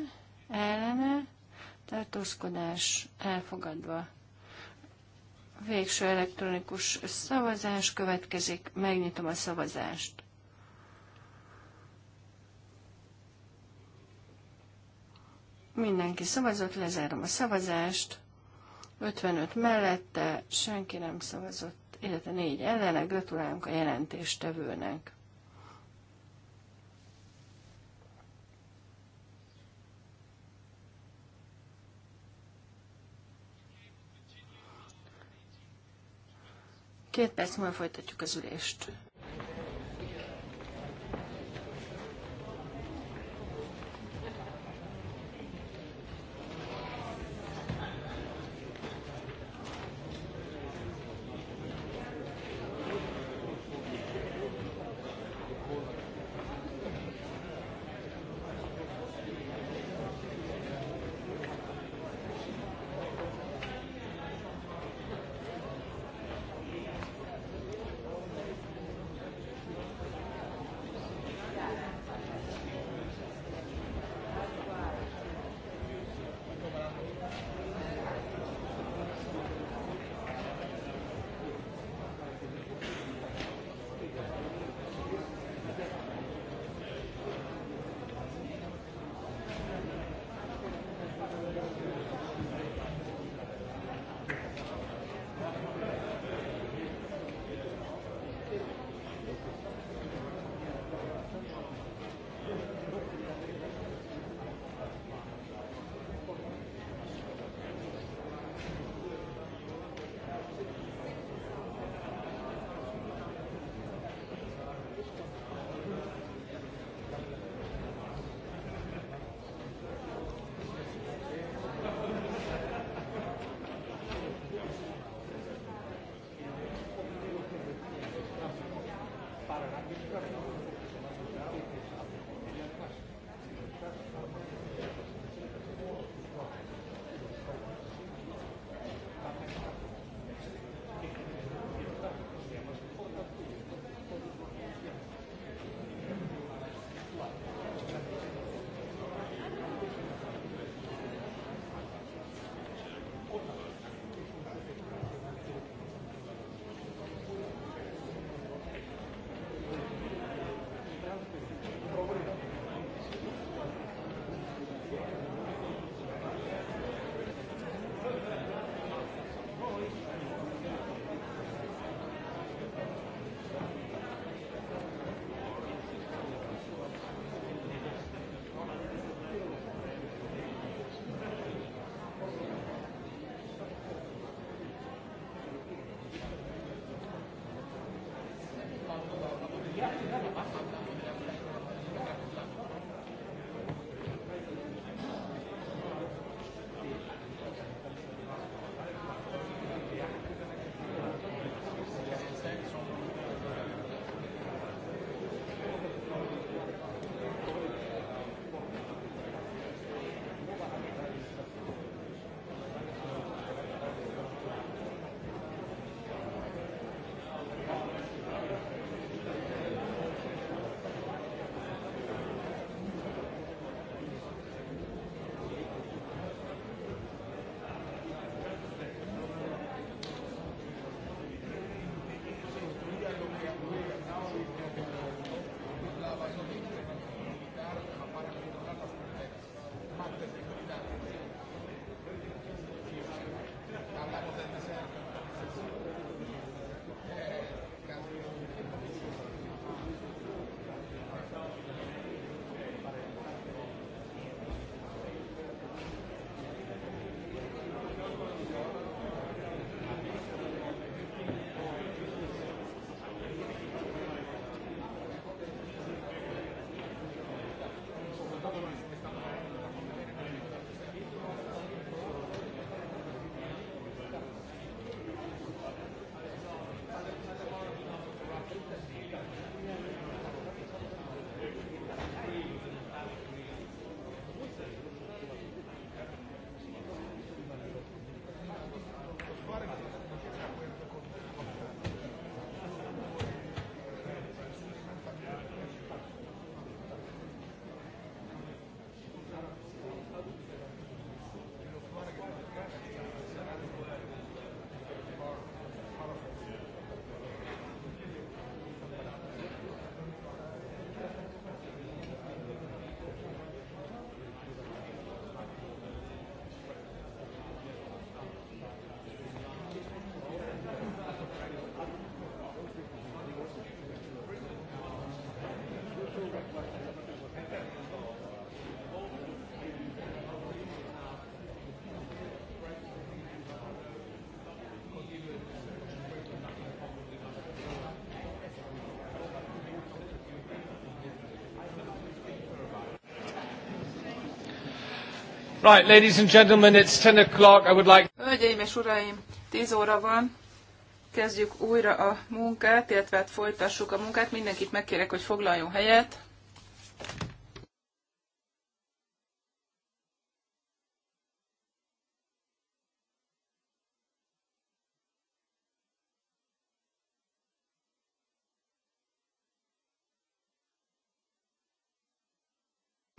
ellene tartózkodás elfogadva. Végső elektronikus szavazás következik, megnyitom a szavazást. Mindenki szavazott, lezárom a szavazást. 55 mellette, senki nem szavazott, illetve négy. ellene. Gratulálunk a jelentéstevőnek. Két perc múlva folytatjuk az ülést. Right, ladies and gentlemen, it's 10 o'clock. I would like... Hölgyeim és uraim, 10 óra van. Kezdjük újra a munkát, illetve hát folytassuk a munkát. Mindenkit megkérek, hogy foglaljon helyet.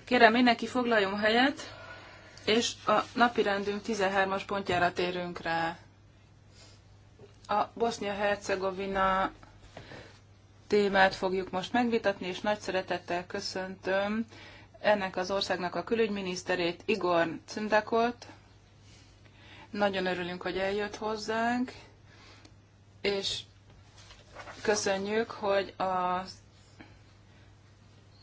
Kérem, mindenki foglaljon helyet és a rendünk 13-as pontjára térünk rá. A Bosznia-Hercegovina témát fogjuk most megvitatni, és nagy szeretettel köszöntöm ennek az országnak a külügyminiszterét, Igor Cündakot. Nagyon örülünk, hogy eljött hozzánk, és köszönjük, hogy a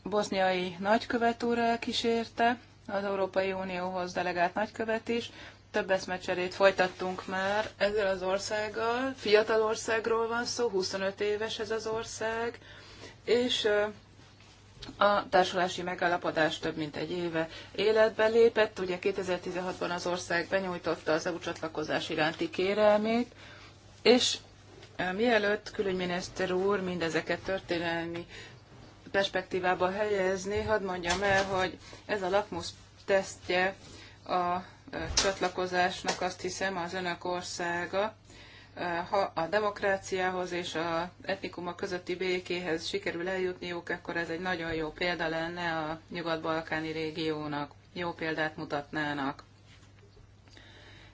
boszniai nagykövet úr elkísérte az Európai Unióhoz delegált nagykövet is. Több eszmecserét folytattunk már ezzel az országgal. Fiatal országról van szó, 25 éves ez az ország, és a társulási megállapodás több mint egy éve életbe lépett. Ugye 2016-ban az ország benyújtotta az EU csatlakozás iránti kérelmét, és Mielőtt külügyminiszter úr mindezeket történelmi perspektívába helyezni, hadd mondjam el, hogy ez a lakmus tesztje a e, csatlakozásnak azt hiszem az önök országa, e, ha a demokráciához és a etnikumok közötti békéhez sikerül eljutniuk, akkor ez egy nagyon jó példa lenne a nyugat-balkáni régiónak. Jó példát mutatnának.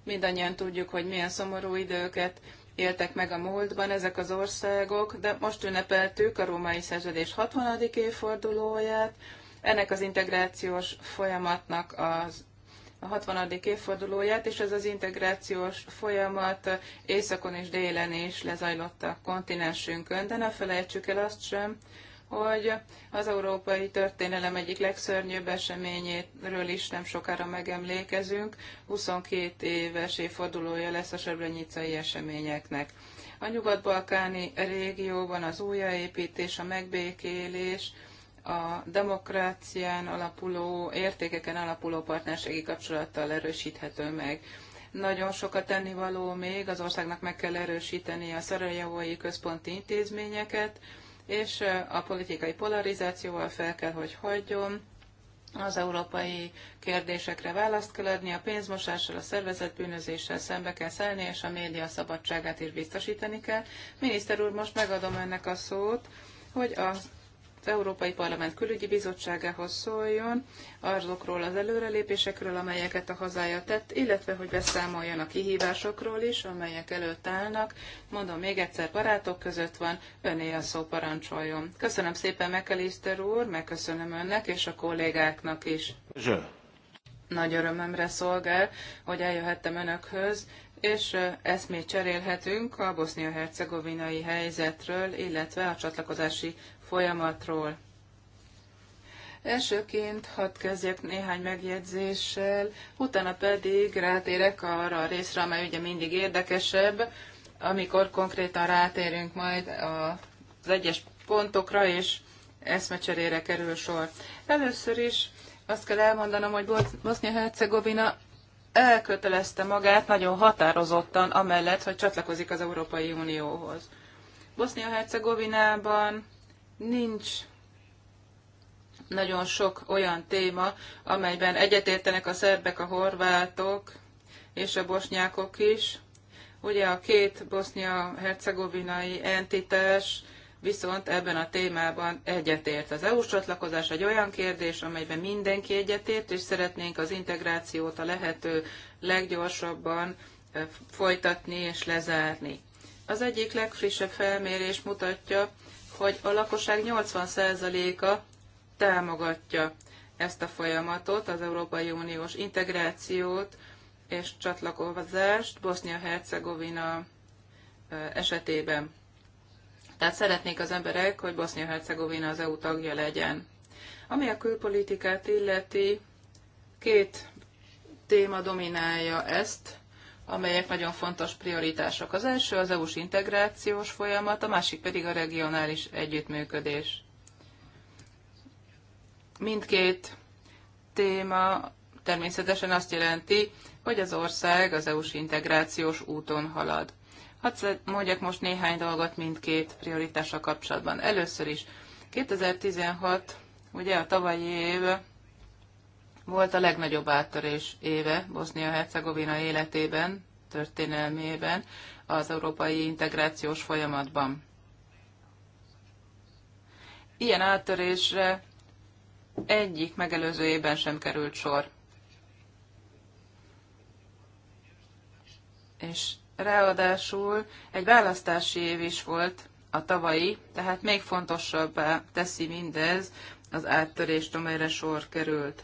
Mindannyian tudjuk, hogy milyen szomorú időket éltek meg a múltban ezek az országok, de most ünnepeltük a római szerződés 60. évfordulóját. Ennek az integrációs folyamatnak az a 60. évfordulóját, és ez az integrációs folyamat északon és délen is lezajlott a kontinensünkön, de ne felejtsük el azt sem, hogy az európai történelem egyik legszörnyűbb eseményéről is nem sokára megemlékezünk. 22 éves évfordulója lesz a srebrenicai eseményeknek. A nyugat-balkáni régióban az újjáépítés, a megbékélés, a demokrácián alapuló, értékeken alapuló partnerségi kapcsolattal erősíthető meg. Nagyon sokat tennivaló még, az országnak meg kell erősíteni a szarajevói központi intézményeket, és a politikai polarizációval fel kell, hogy hagyjon, az európai kérdésekre választ kell adni, a pénzmosással, a szervezetbűnözéssel szembe kell szállni, és a média szabadságát is biztosítani kell. Miniszter úr, most megadom ennek a szót, hogy a Európai Parlament Külügyi Bizottságához szóljon, azokról az előrelépésekről, amelyeket a hazája tett, illetve hogy beszámoljon a kihívásokról is, amelyek előtt állnak. Mondom még egyszer, barátok között van, öné a szó parancsoljon. Köszönöm szépen McAllister úr, megköszönöm önnek és a kollégáknak is. Zsö. Nagy örömömre szolgál, hogy eljöhettem önökhöz, és eszmét cserélhetünk a bosznia-hercegovinai helyzetről, illetve a csatlakozási folyamatról. Elsőként hadd kezdjek néhány megjegyzéssel, utána pedig rátérek arra a részre, amely ugye mindig érdekesebb, amikor konkrétan rátérünk majd az egyes pontokra, és eszmecserére kerül sor. Először is azt kell elmondanom, hogy Bosznia-Hercegovina elkötelezte magát nagyon határozottan amellett, hogy csatlakozik az Európai Unióhoz. Bosznia-Hercegovinában nincs nagyon sok olyan téma, amelyben egyetértenek a szerbek, a horvátok és a bosnyákok is. Ugye a két bosznia-hercegovinai entitás viszont ebben a témában egyetért. Az EU-s csatlakozás egy olyan kérdés, amelyben mindenki egyetért, és szeretnénk az integrációt a lehető leggyorsabban eh, folytatni és lezárni. Az egyik legfrissebb felmérés mutatja, hogy a lakosság 80%-a támogatja ezt a folyamatot, az Európai Uniós integrációt és csatlakozást Bosznia-Hercegovina esetében. Tehát szeretnék az emberek, hogy Bosznia-Hercegovina az EU tagja legyen. Ami a külpolitikát illeti, két téma dominálja ezt amelyek nagyon fontos prioritások. Az első az EU-s integrációs folyamat, a másik pedig a regionális együttműködés. Mindkét téma természetesen azt jelenti, hogy az ország az EU-s integrációs úton halad. Hadd mondjak most néhány dolgot mindkét prioritása kapcsolatban. Először is 2016, ugye a tavalyi év volt a legnagyobb áttörés éve Bosznia-Hercegovina életében, történelmében, az európai integrációs folyamatban. Ilyen áttörésre egyik megelőző évben sem került sor. És ráadásul egy választási év is volt a tavalyi, tehát még fontosabbá teszi mindez az áttörést, amelyre sor került.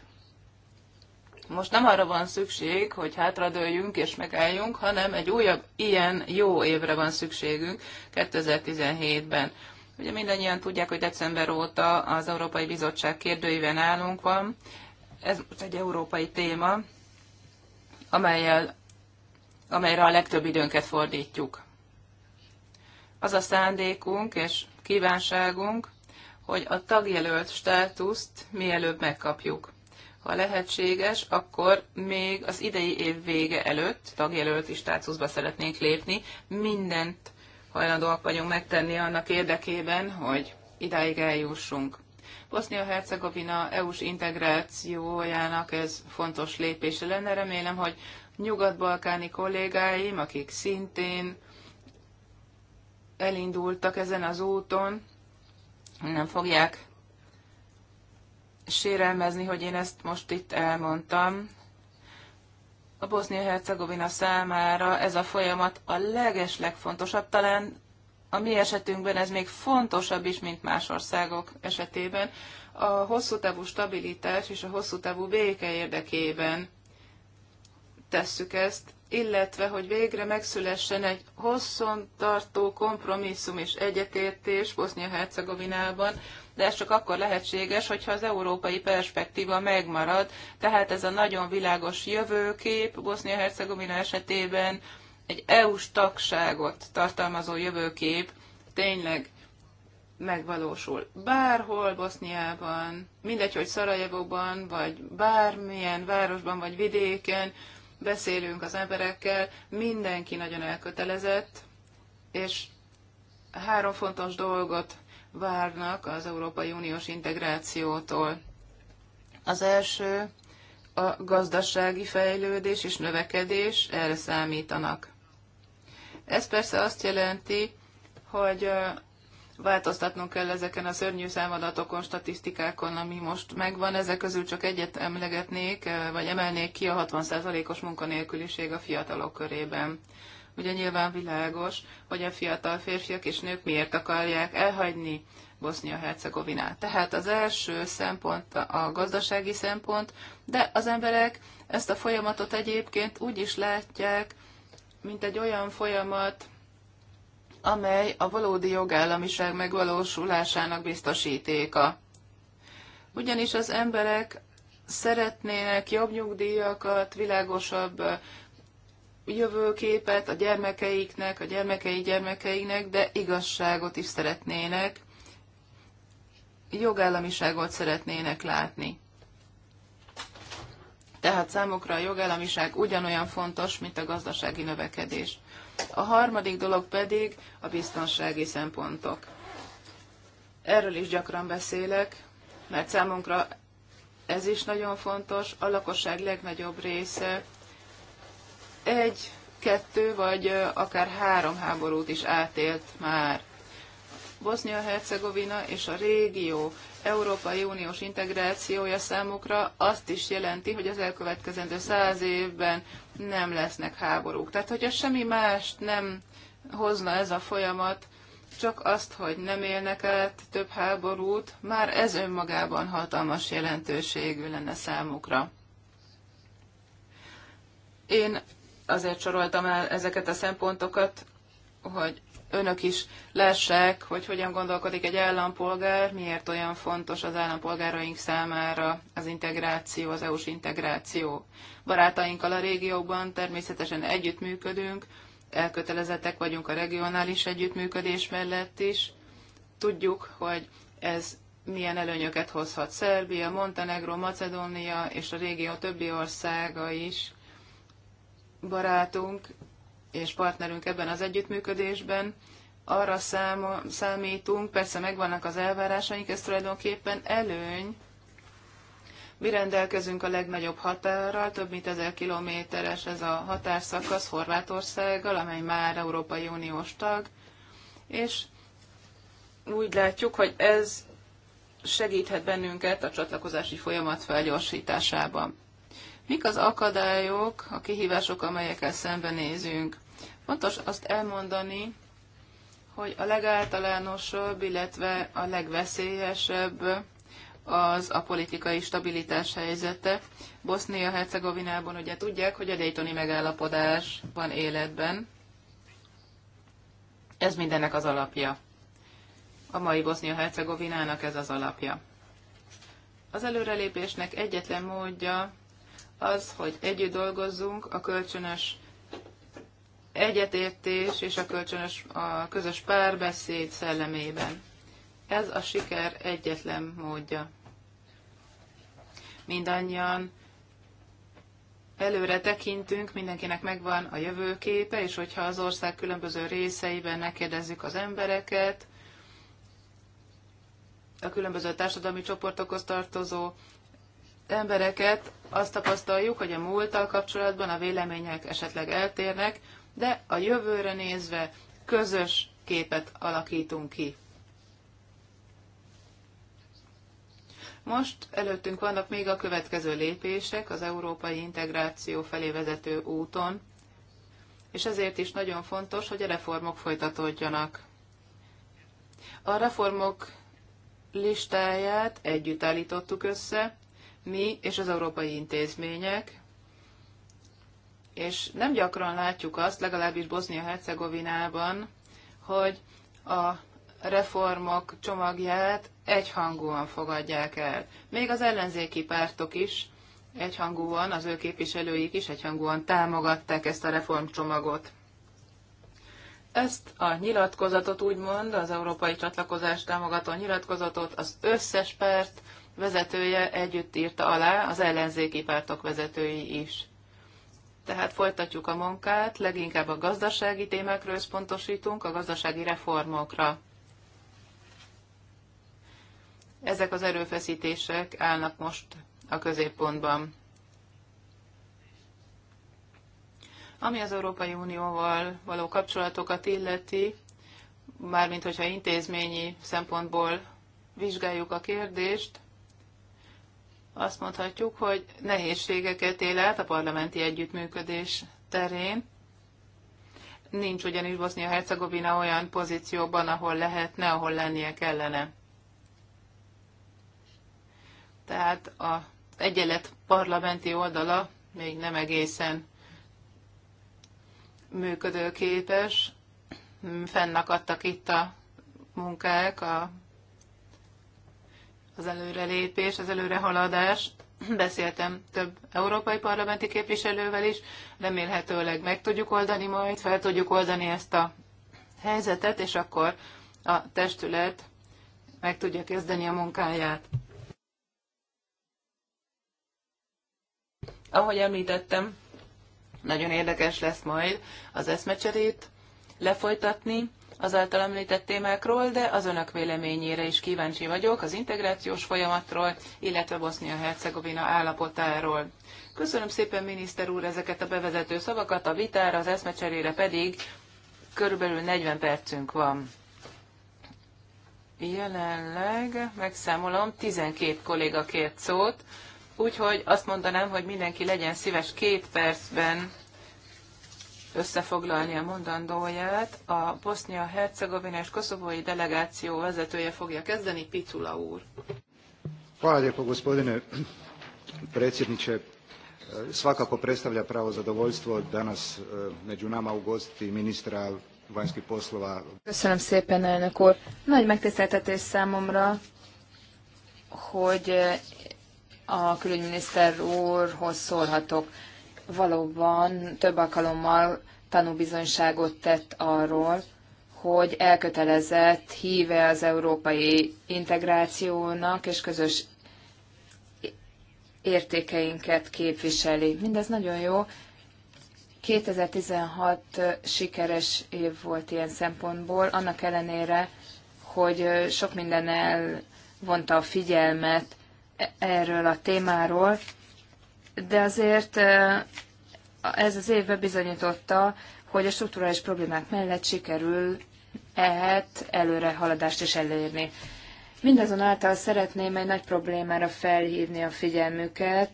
Most nem arra van szükség, hogy hátradőljünk és megálljunk, hanem egy újabb ilyen jó évre van szükségünk 2017-ben. Ugye mindannyian tudják, hogy december óta az Európai Bizottság kérdőiven állunk van. Ez egy európai téma, amelyel, amelyre a legtöbb időnket fordítjuk. Az a szándékunk és kívánságunk, hogy a tagjelölt státuszt mielőbb megkapjuk ha lehetséges, akkor még az idei év vége előtt tagjelölti státuszba szeretnénk lépni. Mindent hajlandóak vagyunk megtenni annak érdekében, hogy idáig eljussunk. Bosznia-Hercegovina EU-s integrációjának ez fontos lépése lenne. Remélem, hogy nyugat-balkáni kollégáim, akik szintén elindultak ezen az úton, nem fogják sérelmezni, hogy én ezt most itt elmondtam. A Bosznia-Hercegovina számára ez a folyamat a leges legfontosabb, talán a mi esetünkben ez még fontosabb is, mint más országok esetében, a hosszú távú stabilitás és a hosszú távú béke érdekében tesszük ezt, illetve hogy végre megszülessen egy hosszon tartó kompromisszum és egyetértés Bosznia-Hercegovinában, de ez csak akkor lehetséges, hogyha az európai perspektíva megmarad, tehát ez a nagyon világos jövőkép Bosznia-Hercegovina esetében egy EU-s tagságot tartalmazó jövőkép tényleg megvalósul. Bárhol Boszniában, mindegy, hogy Szarajevóban, vagy bármilyen városban, vagy vidéken beszélünk az emberekkel, mindenki nagyon elkötelezett, és három fontos dolgot várnak az Európai Uniós integrációtól. Az első a gazdasági fejlődés és növekedés, erre számítanak. Ez persze azt jelenti, hogy változtatnunk kell ezeken a szörnyű számadatokon, statisztikákon, ami most megvan. Ezek közül csak egyet emlegetnék, vagy emelnék ki a 60%-os munkanélküliség a fiatalok körében. Ugye nyilván világos, hogy a fiatal férfiak és nők miért akarják elhagyni Bosznia-Hercegovinát. Tehát az első szempont a gazdasági szempont, de az emberek ezt a folyamatot egyébként úgy is látják, mint egy olyan folyamat, amely a valódi jogállamiság megvalósulásának biztosítéka. Ugyanis az emberek szeretnének jobb nyugdíjakat, világosabb jövőképet a gyermekeiknek, a gyermekei gyermekeinek, de igazságot is szeretnének, jogállamiságot szeretnének látni. Tehát számukra a jogállamiság ugyanolyan fontos, mint a gazdasági növekedés. A harmadik dolog pedig a biztonsági szempontok. Erről is gyakran beszélek, mert számunkra ez is nagyon fontos. A lakosság legnagyobb része egy, kettő vagy akár három háborút is átélt már. Bosznia-Hercegovina és a régió Európai Uniós integrációja számukra azt is jelenti, hogy az elkövetkezendő száz évben nem lesznek háborúk. Tehát, hogyha semmi mást nem hozna ez a folyamat, csak azt, hogy nem élnek át több háborút, már ez önmagában hatalmas jelentőségű lenne számukra. Én azért soroltam el ezeket a szempontokat, hogy önök is lássák, hogy hogyan gondolkodik egy állampolgár, miért olyan fontos az állampolgáraink számára az integráció, az EU-s integráció. Barátainkkal a régióban természetesen együttműködünk, elkötelezettek vagyunk a regionális együttműködés mellett is. Tudjuk, hogy ez milyen előnyöket hozhat Szerbia, Montenegro, Macedónia és a régió többi országa is barátunk és partnerünk ebben az együttműködésben. Arra szám, számítunk, persze megvannak az elvárásaink, ez tulajdonképpen előny. Mi rendelkezünk a legnagyobb határral, több mint ezer kilométeres ez a határszakasz Horvátországgal, amely már Európai Uniós tag, és úgy látjuk, hogy ez segíthet bennünket a csatlakozási folyamat felgyorsításában. Mik az akadályok, a kihívások, amelyekkel szembenézünk? Fontos azt elmondani, hogy a legáltalánosabb, illetve a legveszélyesebb az a politikai stabilitás helyzete. Bosznia-Hercegovinában ugye tudják, hogy a Daytoni megállapodás van életben. Ez mindennek az alapja. A mai Bosznia-Hercegovinának ez az alapja. Az előrelépésnek egyetlen módja az, hogy együtt dolgozzunk a kölcsönös egyetértés és a kölcsönös a közös párbeszéd szellemében. Ez a siker egyetlen módja. Mindannyian előre tekintünk, mindenkinek megvan a jövőképe, és hogyha az ország különböző részeiben megkérdezzük az embereket, a különböző társadalmi csoportokhoz tartozó embereket, azt tapasztaljuk, hogy a múlttal kapcsolatban a vélemények esetleg eltérnek, de a jövőre nézve közös képet alakítunk ki. Most előttünk vannak még a következő lépések az európai integráció felé vezető úton, és ezért is nagyon fontos, hogy a reformok folytatódjanak. A reformok listáját együtt állítottuk össze, mi és az európai intézmények, és nem gyakran látjuk azt, legalábbis Bosznia-Hercegovinában, hogy a reformok csomagját egyhangúan fogadják el. Még az ellenzéki pártok is egyhangúan, az ő képviselőik is egyhangúan támogatták ezt a reformcsomagot. Ezt a nyilatkozatot úgymond, az európai csatlakozást támogató nyilatkozatot az összes párt vezetője együtt írta alá, az ellenzéki pártok vezetői is. Tehát folytatjuk a munkát, leginkább a gazdasági témákra összpontosítunk, a gazdasági reformokra. Ezek az erőfeszítések állnak most a középpontban. Ami az Európai Unióval való kapcsolatokat illeti, mármint hogyha intézményi szempontból vizsgáljuk a kérdést, azt mondhatjuk, hogy nehézségeket él át a parlamenti együttműködés terén. Nincs ugyanis Bosznia-Hercegovina olyan pozícióban, ahol lehetne, ahol lennie kellene. Tehát az egyenlet parlamenti oldala még nem egészen működőképes. Fennakadtak itt a munkák a az előrelépés, az előrehaladás. Beszéltem több európai parlamenti képviselővel is, remélhetőleg meg tudjuk oldani majd, fel tudjuk oldani ezt a helyzetet, és akkor a testület meg tudja kezdeni a munkáját. Ahogy említettem, nagyon érdekes lesz majd az eszmecserét lefolytatni, az által említett témákról, de az önök véleményére is kíváncsi vagyok az integrációs folyamatról, illetve Bosznia-Hercegovina állapotáról. Köszönöm szépen, miniszter úr, ezeket a bevezető szavakat, a vitára, az eszmecserére pedig körülbelül 40 percünk van. Jelenleg megszámolom, 12 kolléga kért szót, úgyhogy azt mondanám, hogy mindenki legyen szíves két percben összefoglalni a mondandóját. A Bosznia-Hercegovina és Koszovói delegáció vezetője fogja kezdeni, Picula úr. Hvala gospodine predsjedniče. Svakako predstavlja pravo zadovoljstvo danas e, među nama ugosti ministra vanjskih poslova. Köszönöm szépen, elnök úr. Nagy megtiszteltetés számomra, hogy e, a külügyminiszter úrhoz szólhatok valóban több alkalommal tanúbizonyságot tett arról, hogy elkötelezett híve az európai integrációnak és közös értékeinket képviseli. Mindez nagyon jó. 2016 sikeres év volt ilyen szempontból, annak ellenére, hogy sok minden elvonta a figyelmet e- erről a témáról, de azért ez az évben bizonyította, hogy a strukturális problémák mellett sikerül ehet előre haladást is elérni. Mindazonáltal szeretném egy nagy problémára felhívni a figyelmüket,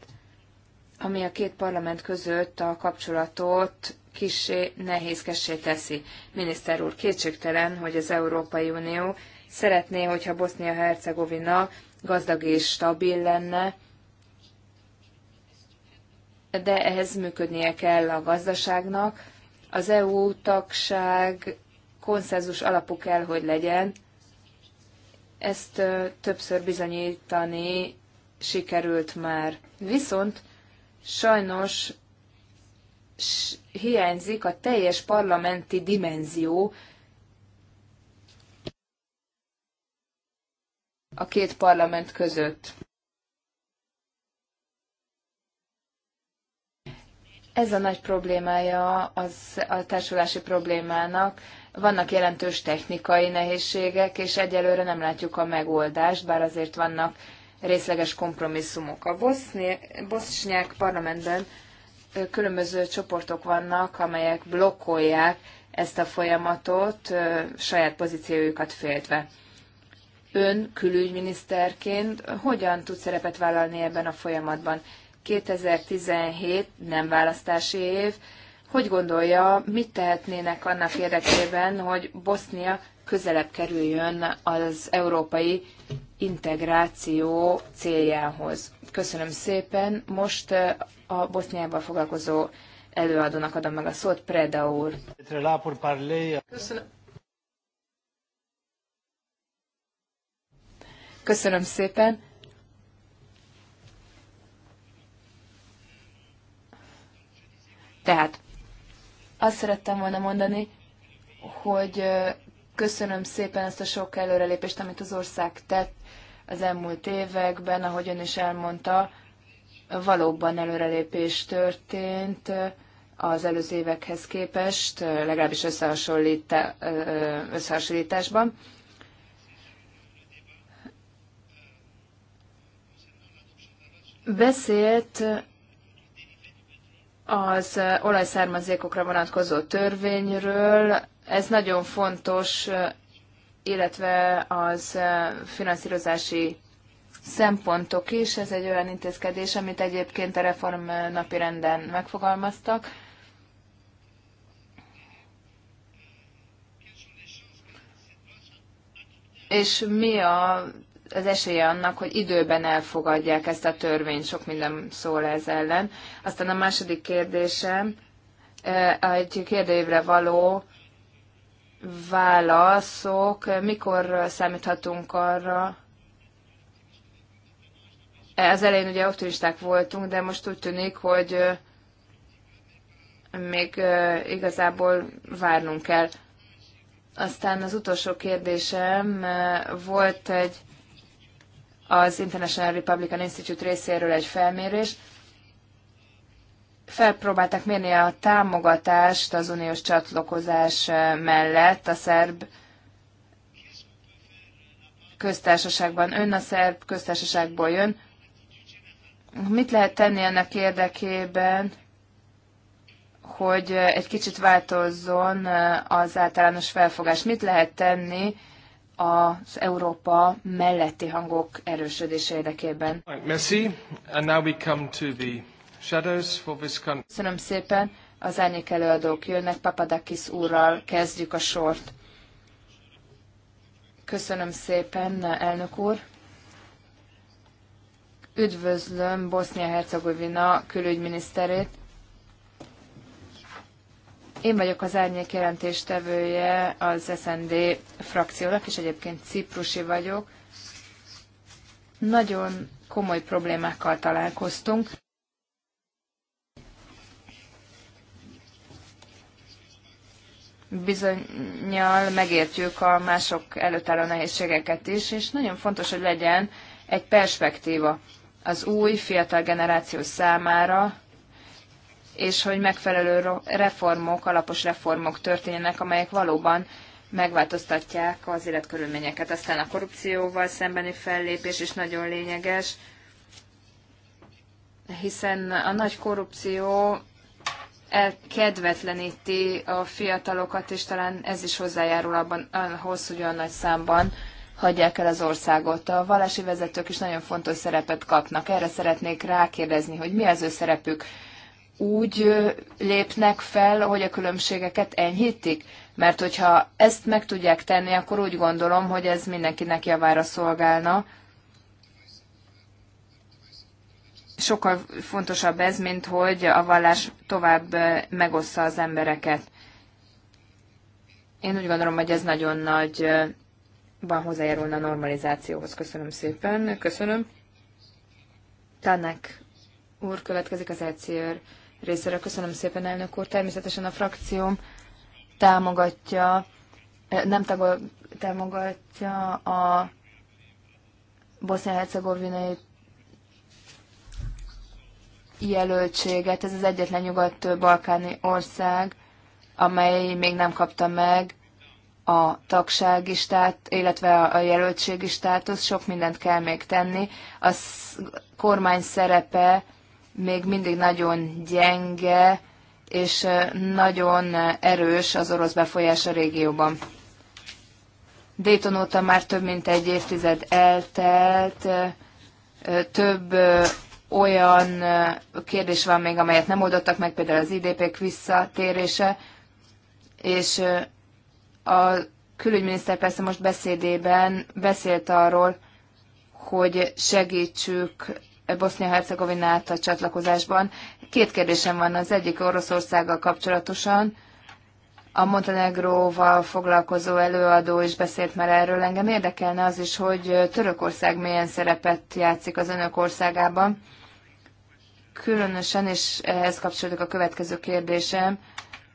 ami a két parlament között a kapcsolatot kisé nehézkessé teszi. Miniszter úr, kétségtelen, hogy az Európai Unió szeretné, hogyha Bosznia-Hercegovina gazdag és stabil lenne, de ehhez működnie kell a gazdaságnak. Az EU tagság konszenzus alapú kell, hogy legyen. Ezt többször bizonyítani sikerült már. Viszont sajnos hiányzik a teljes parlamenti dimenzió a két parlament között. Ez a nagy problémája az a társulási problémának. Vannak jelentős technikai nehézségek, és egyelőre nem látjuk a megoldást, bár azért vannak részleges kompromisszumok. A bosznyák parlamentben különböző csoportok vannak, amelyek blokkolják ezt a folyamatot saját pozíciójukat féltve. Ön külügyminiszterként hogyan tud szerepet vállalni ebben a folyamatban? 2017 nem választási év. Hogy gondolja, mit tehetnének annak érdekében, hogy Bosznia közelebb kerüljön az európai integráció céljához? Köszönöm szépen. Most eh, a Boszniával foglalkozó előadónak adom meg a szót, Preda úr. Köszönöm. Köszönöm szépen. Tehát azt szerettem volna mondani, hogy köszönöm szépen ezt a sok előrelépést, amit az ország tett az elmúlt években, ahogy ön is elmondta, valóban előrelépés történt az előző évekhez képest, legalábbis összehasonlításban. Beszélt az olajszármazékokra vonatkozó törvényről. Ez nagyon fontos, illetve az finanszírozási szempontok is. Ez egy olyan intézkedés, amit egyébként a reform napirenden megfogalmaztak. És mi a az esélye annak, hogy időben elfogadják ezt a törvényt, sok minden szól ez ellen. Aztán a második kérdésem, egy kérdévre való válaszok, mikor számíthatunk arra, az elején ugye optimisták voltunk, de most úgy tűnik, hogy még igazából várnunk kell. Aztán az utolsó kérdésem, volt egy az International Republican Institute részéről egy felmérés. Felpróbálták mérni a támogatást az uniós csatlakozás eh, mellett a szerb köztársaságban. Ön a szerb köztársaságból jön. Mit lehet tenni ennek érdekében, hogy eh, egy kicsit változzon eh, az általános felfogás? Mit lehet tenni, az Európa melletti hangok erősödése érdekében. Köszönöm szépen. Az árnyék előadók jönnek. Papadakis úrral kezdjük a sort. Köszönöm szépen, elnök úr. Üdvözlöm Bosznia-Hercegovina külügyminiszterét. Én vagyok az árnyék jelentéstevője az SND frakciónak, és egyébként ciprusi vagyok. Nagyon komoly problémákkal találkoztunk. Bizonyal megértjük a mások előtt álló nehézségeket is, és nagyon fontos, hogy legyen egy perspektíva az új fiatal generáció számára, és hogy megfelelő reformok, alapos reformok történjenek, amelyek valóban megváltoztatják az életkörülményeket. Aztán a korrupcióval szembeni fellépés is nagyon lényeges, hiszen a nagy korrupció elkedvetleníti a fiatalokat, és talán ez is hozzájárul abban, ahhoz, hogy olyan nagy számban hagyják el az országot. A vallási vezetők is nagyon fontos szerepet kapnak. Erre szeretnék rákérdezni, hogy mi az ő szerepük úgy lépnek fel, hogy a különbségeket enyhítik? Mert hogyha ezt meg tudják tenni, akkor úgy gondolom, hogy ez mindenkinek javára szolgálna. Sokkal fontosabb ez, mint hogy a vallás tovább megossza az embereket. Én úgy gondolom, hogy ez nagyon nagy van hozzájárulna a normalizációhoz. Köszönöm szépen. Köszönöm. Tanek úr következik az ECR részéről. Köszönöm szépen, elnök úr. Természetesen a frakcióm támogatja, eh, nem támogatja a bosznia-hercegovinai jelöltséget. Ez az egyetlen nyugat-balkáni ország, amely még nem kapta meg a tagsági stát, illetve a jelöltségi státusz, sok mindent kell még tenni. A kormány szerepe még mindig nagyon gyenge, és nagyon erős az orosz befolyás a régióban. Dayton óta már több mint egy évtized eltelt, több olyan kérdés van még, amelyet nem oldottak meg, például az idp visszatérése, és a külügyminiszter persze most beszédében beszélt arról, hogy segítsük Bosznia-Hercegovinát a csatlakozásban. Két kérdésem van az egyik Oroszországgal kapcsolatosan. A Montenegróval foglalkozó előadó is beszélt már erről. Engem érdekelne az is, hogy Törökország milyen szerepet játszik az önök országában. Különösen, és ehhez kapcsolódik a következő kérdésem,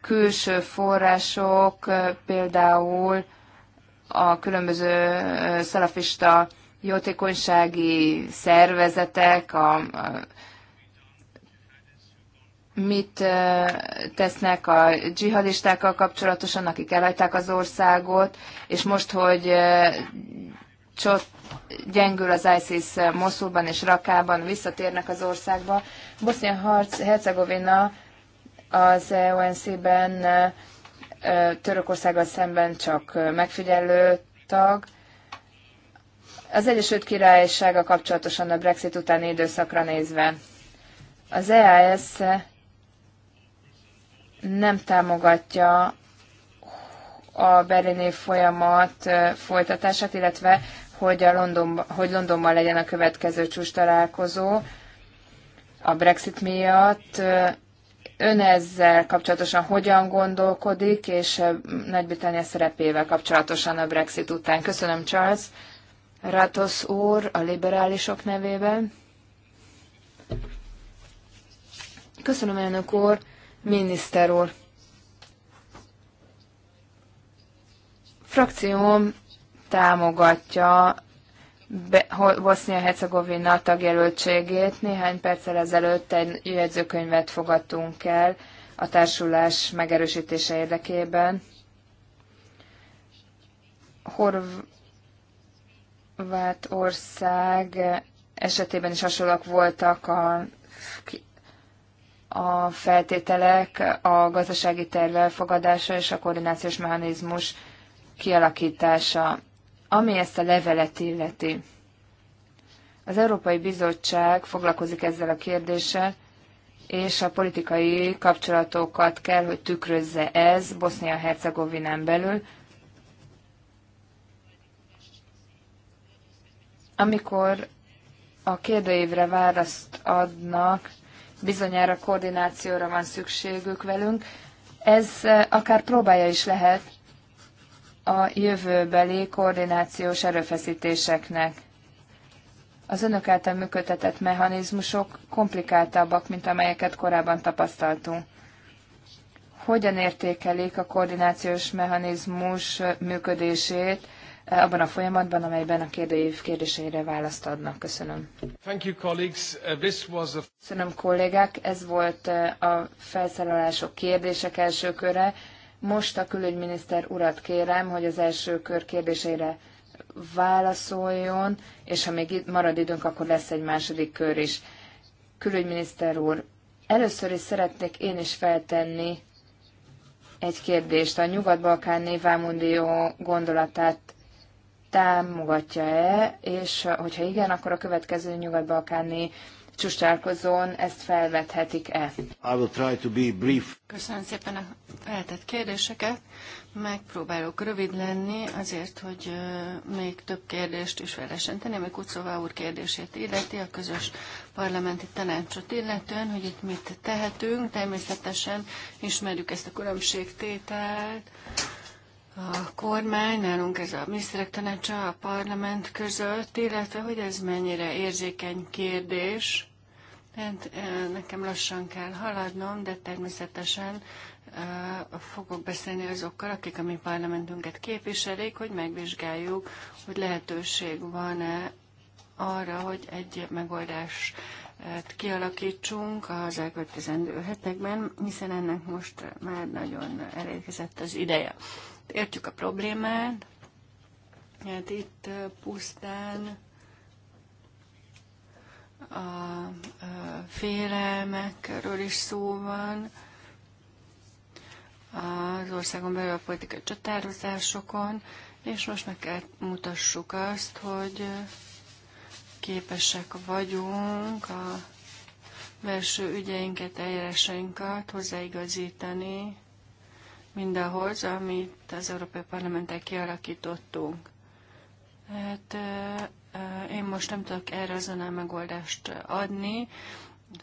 külső források, például a különböző szalafista jótékonysági szervezetek, a, a, mit tesznek a dzsihadistákkal kapcsolatosan, akik elhagyták az országot, és most, hogy csot, gyengül az ISIS Moszulban és Rakában, visszatérnek az országba. Bosznia-Hercegovina az e onc ben Törökországgal szemben csak megfigyelő tag, az Egyesült Királysága kapcsolatosan a Brexit utáni időszakra nézve. Az EAS nem támogatja a berlini folyamat folytatását, illetve hogy, a London, hogy Londonban legyen a következő csúcs találkozó a Brexit miatt. Ön ezzel kapcsolatosan hogyan gondolkodik, és Nagy-Britannia szerepével kapcsolatosan a Brexit után? Köszönöm, Charles. Ratos úr a liberálisok nevében. Köszönöm, elnök úr, miniszter úr. Frakcióm támogatja Bosznia-Hercegovina tagjelöltségét. Néhány perccel ezelőtt egy jegyzőkönyvet fogadtunk el a társulás megerősítése érdekében. Horv- vált ország esetében is hasonlók voltak a, a feltételek, a gazdasági terve fogadása és a koordinációs mechanizmus kialakítása, ami ezt a levelet illeti. Az Európai Bizottság foglalkozik ezzel a kérdéssel, és a politikai kapcsolatokat kell, hogy tükrözze ez Bosznia-Hercegovinán belül, Amikor a kérdőívre választ adnak, bizonyára koordinációra van szükségük velünk. Ez eh, akár próbája is lehet a jövőbeli koordinációs erőfeszítéseknek. Az önök által működtetett mechanizmusok komplikáltabbak, mint amelyeket korábban tapasztaltunk. Hogyan értékelik a koordinációs mechanizmus működését abban a folyamatban, amelyben a kérdőív kérdéseire választ adnak. Köszönöm. Thank you, colleagues. Uh, this was a... Köszönöm, kollégák. Ez volt uh, a felszerelások kérdések első köre. Most a külügyminiszter urat kérem, hogy az első kör kérdéseire válaszoljon, és ha még itt marad időnk, akkor lesz egy második kör is. Külügyminiszter úr, először is szeretnék én is feltenni egy kérdést. A Nyugat-Balkán Vámundió gondolatát támogatja-e, és hogyha igen, akkor a következő nyugat-balkáni csúcsálkozón ezt felvethetik-e? I will try to be brief. Köszönöm szépen a feltett kérdéseket. Megpróbálok rövid lenni, azért, hogy még több kérdést is felesen tenni, ami Kucová úr kérdését illeti, a közös parlamenti tanácsot illetően, hogy itt mit tehetünk. Természetesen ismerjük ezt a különbségtételt, a kormány, nálunk ez a miniszterek tanácsa a parlament között, illetve hogy ez mennyire érzékeny kérdés. Hát nekem lassan kell haladnom, de természetesen fogok beszélni azokkal, akik a mi parlamentünket képviselik, hogy megvizsgáljuk, hogy lehetőség van-e arra, hogy egy megoldás kialakítsunk az elkövetkezendő hetekben, hiszen ennek most már nagyon elérkezett az ideje értjük a problémát, hát itt pusztán a félelmekről is szó van, az országon belül a politikai csatározásokon, és most meg kell mutassuk azt, hogy képesek vagyunk a belső ügyeinket, eljárásainkat hozzáigazítani mindahhoz, amit az Európai Parlamentek kialakítottunk. Hát én most nem tudok erre azonnal megoldást adni.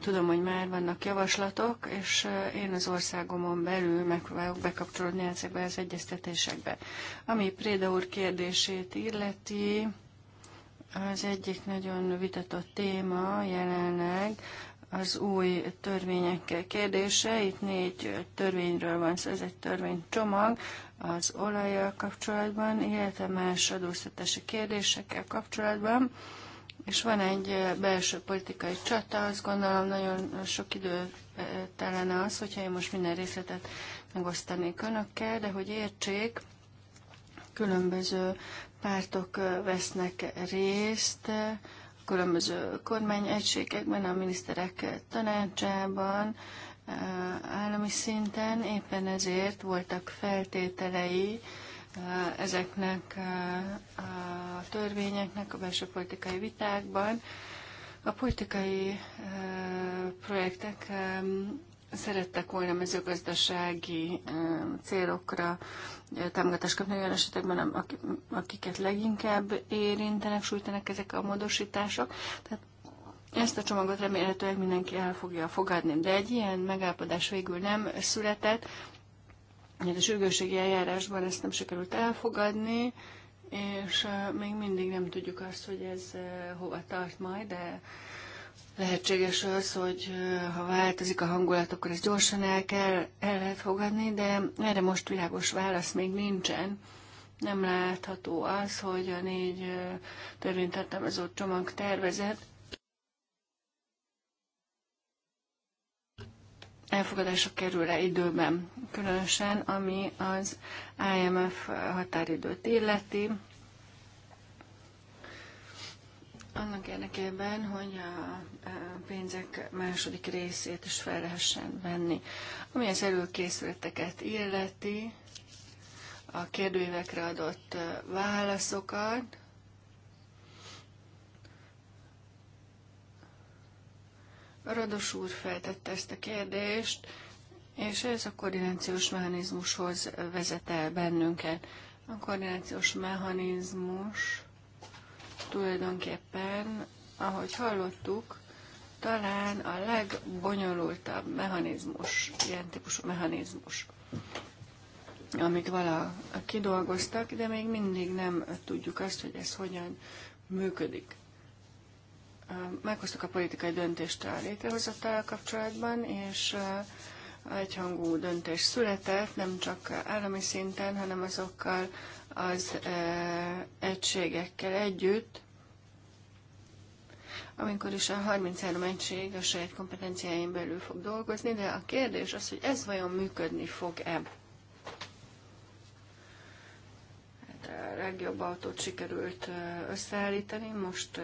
Tudom, hogy már vannak javaslatok, és én az országomon belül megpróbálok bekapcsolódni ezekbe az egyeztetésekbe. Ami Préda úr kérdését illeti, az egyik nagyon vitatott téma jelenleg az új törvények kérdése. Itt négy törvényről van szó, ez egy törvénycsomag az olajjal kapcsolatban, illetve más adóztatási kérdésekkel kapcsolatban. És van egy belső politikai csata, azt gondolom nagyon sok idő eh, telene az, hogyha én most minden részletet megosztanék önökkel, de hogy értsék, különböző pártok eh, vesznek részt, különböző kormányegységekben, a miniszterek tanácsában, eh, állami szinten. Éppen ezért voltak feltételei eh, ezeknek eh, a törvényeknek a belső politikai vitákban. A politikai projektek szerettek volna mezőgazdasági célokra támogatást kapni olyan esetekben, akiket leginkább érintenek, sújtanak ezek a módosítások. Tehát ezt a csomagot remélhetőleg mindenki el fogja fogadni, de egy ilyen megállapodás végül nem született, mert a sürgőségi eljárásban ezt nem sikerült elfogadni, és még mindig nem tudjuk azt, hogy ez hova tart majd, de Lehetséges az, hogy ha változik a hangulat, akkor ezt gyorsan el, kell, el lehet fogadni, de erre most világos válasz még nincsen. Nem látható az, hogy a négy ott csomag tervezet elfogadásra kerül-e időben, különösen ami az IMF határidőt illeti annak érdekében, hogy a pénzek második részét is fel lehessen venni. Ami az előkészületeket illeti, a kérdőívekre adott válaszokat, Rados úr feltette ezt a kérdést, és ez a koordinációs mechanizmushoz vezet el bennünket. A koordinációs mechanizmus tulajdonképpen, ahogy hallottuk, talán a legbonyolultabb mechanizmus, ilyen típusú mechanizmus, amit vala kidolgoztak, de még mindig nem tudjuk azt, hogy ez hogyan működik. Meghoztuk a politikai döntést a létrehozattal kapcsolatban, és egyhangú döntés született, nem csak állami szinten, hanem azokkal az egységekkel együtt, amikor is a 33 egység a saját kompetenciáin belül fog dolgozni, de a kérdés az, hogy ez vajon működni fog-e. Hát a legjobb autót sikerült összeállítani, most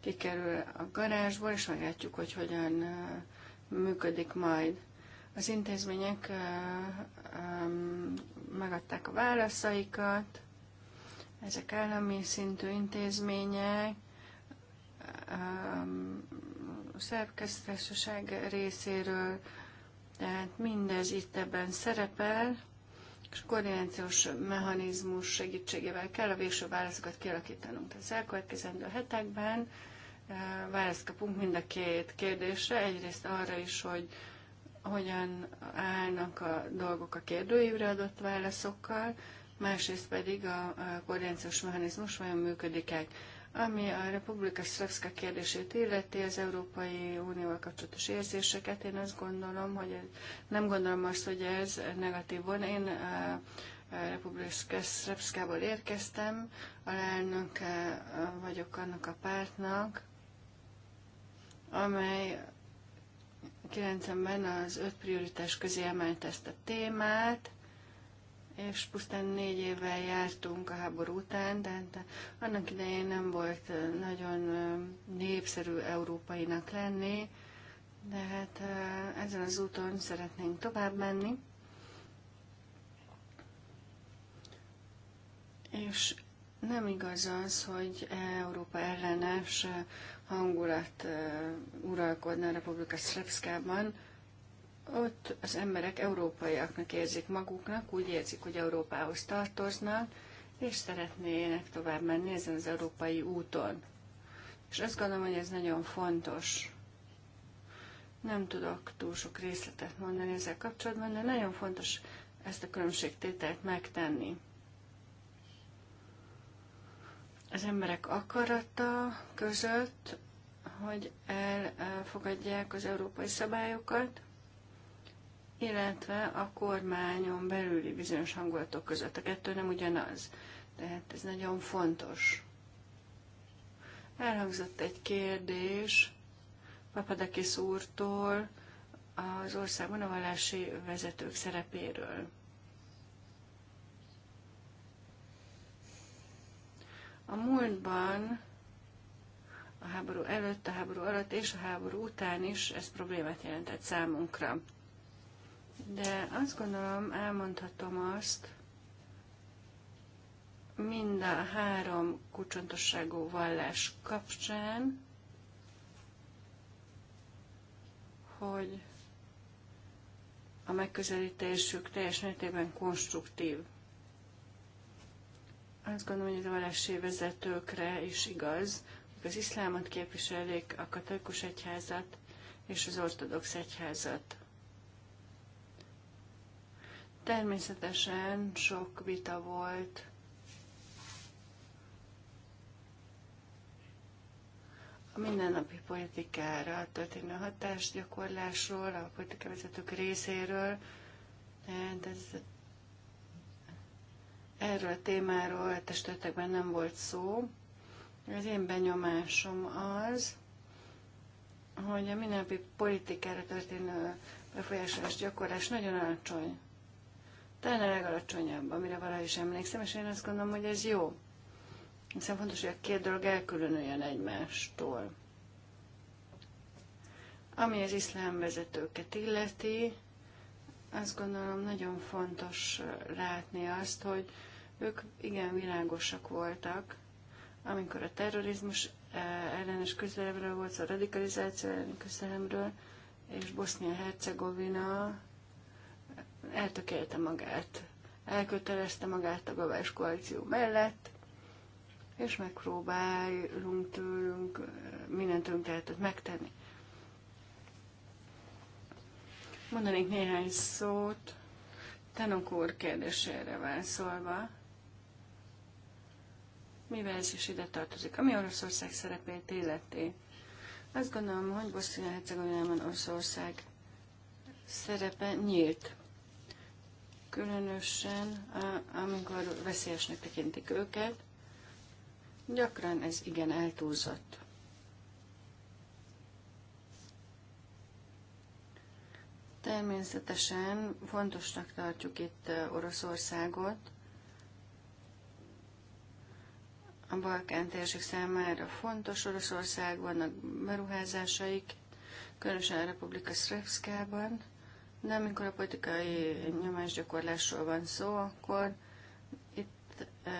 kikerül a garázsból, és meglátjuk, hogy hogyan működik majd. Az intézmények megadták a válaszaikat, ezek állami szintű intézmények, szerkesztársaság részéről, tehát mindez itt ebben szerepel, és koordinációs mechanizmus segítségével kell a végső válaszokat kialakítanunk. Tehát az elkövetkezendő hetekben választ kapunk mind a két kérdésre, egyrészt arra is, hogy hogyan állnak a dolgok a kérdőívre adott válaszokkal, másrészt pedig a koordinációs mechanizmus vajon működik-e. Ami a Republika Szlevszka kérdését illeti, az Európai Unióval kapcsolatos érzéseket, én azt gondolom, hogy nem gondolom azt, hogy ez negatív volna. Én a Republika Szlevszkából érkeztem, alelnök vagyok annak a pártnak, amely 9-ben az öt prioritás közé emelt ezt a témát, és pusztán négy évvel jártunk a háború után, de hát annak idején nem volt nagyon népszerű európainak lenni, de hát ezen az úton szeretnénk tovább menni. És nem igaz az, hogy Európa ellenes hangulat uralkodna a Republika Srpszkában, ott az emberek európaiaknak érzik maguknak, úgy érzik, hogy Európához tartoznak, és szeretnének tovább menni ezen az európai úton. És azt gondolom, hogy ez nagyon fontos. Nem tudok túl sok részletet mondani ezzel kapcsolatban, de nagyon fontos ezt a különbségtételt megtenni az emberek akarata között, hogy elfogadják az európai szabályokat, illetve a kormányon belüli bizonyos hangulatok között. A kettő nem ugyanaz. Tehát ez nagyon fontos. Elhangzott egy kérdés Papadakis úrtól az országban a vallási vezetők szerepéről. A múltban, a háború előtt, a háború alatt és a háború után is ez problémát jelentett számunkra. De azt gondolom, elmondhatom azt, mind a három kulcsontosságú vallás kapcsán, hogy a megközelítésük teljes mértékben konstruktív. Azt gondolom, hogy ez a valási vezetőkre is igaz, hogy az iszlámot képviselik, a katolikus egyházat és az ortodox egyházat. Természetesen sok vita volt a mindennapi politikára történő hatásgyakorlásról, a politikai vezetők részéről, de ez erről a témáról testületekben nem volt szó. Az én benyomásom az, hogy a mindenki politikára történő befolyásolás gyakorlás nagyon alacsony. Talán a legalacsonyabb, amire valahogy is emlékszem, és én azt gondolom, hogy ez jó. Hiszen fontos, hogy a két dolog elkülönüljön egymástól. Ami az iszlám vezetőket illeti, azt gondolom nagyon fontos látni azt, hogy ők igen világosak voltak, amikor a terrorizmus eh, ellenes közelemről volt a radikalizáció elleni közelemről, és Bosznia-Hercegovina eltökélte magát, elkötelezte magát a globális koalíció mellett, és megpróbálunk tőlünk, eh, tőlünk lehetett megtenni. Mondanék néhány szót Tenok úr kérdésére válaszolva mivel ez is ide tartozik, ami Oroszország szerepét illeti. Azt gondolom, hogy Bosznia-Hercegovinában Oroszország szerepe nyílt. Különösen, amikor veszélyesnek tekintik őket, gyakran ez igen eltúlzott. Természetesen fontosnak tartjuk itt Oroszországot, a Balkán térség számára fontos. Oroszország vannak beruházásaik, különösen a Republika Szrevszkában, de amikor a politikai nyomásgyakorlásról van szó, akkor itt e,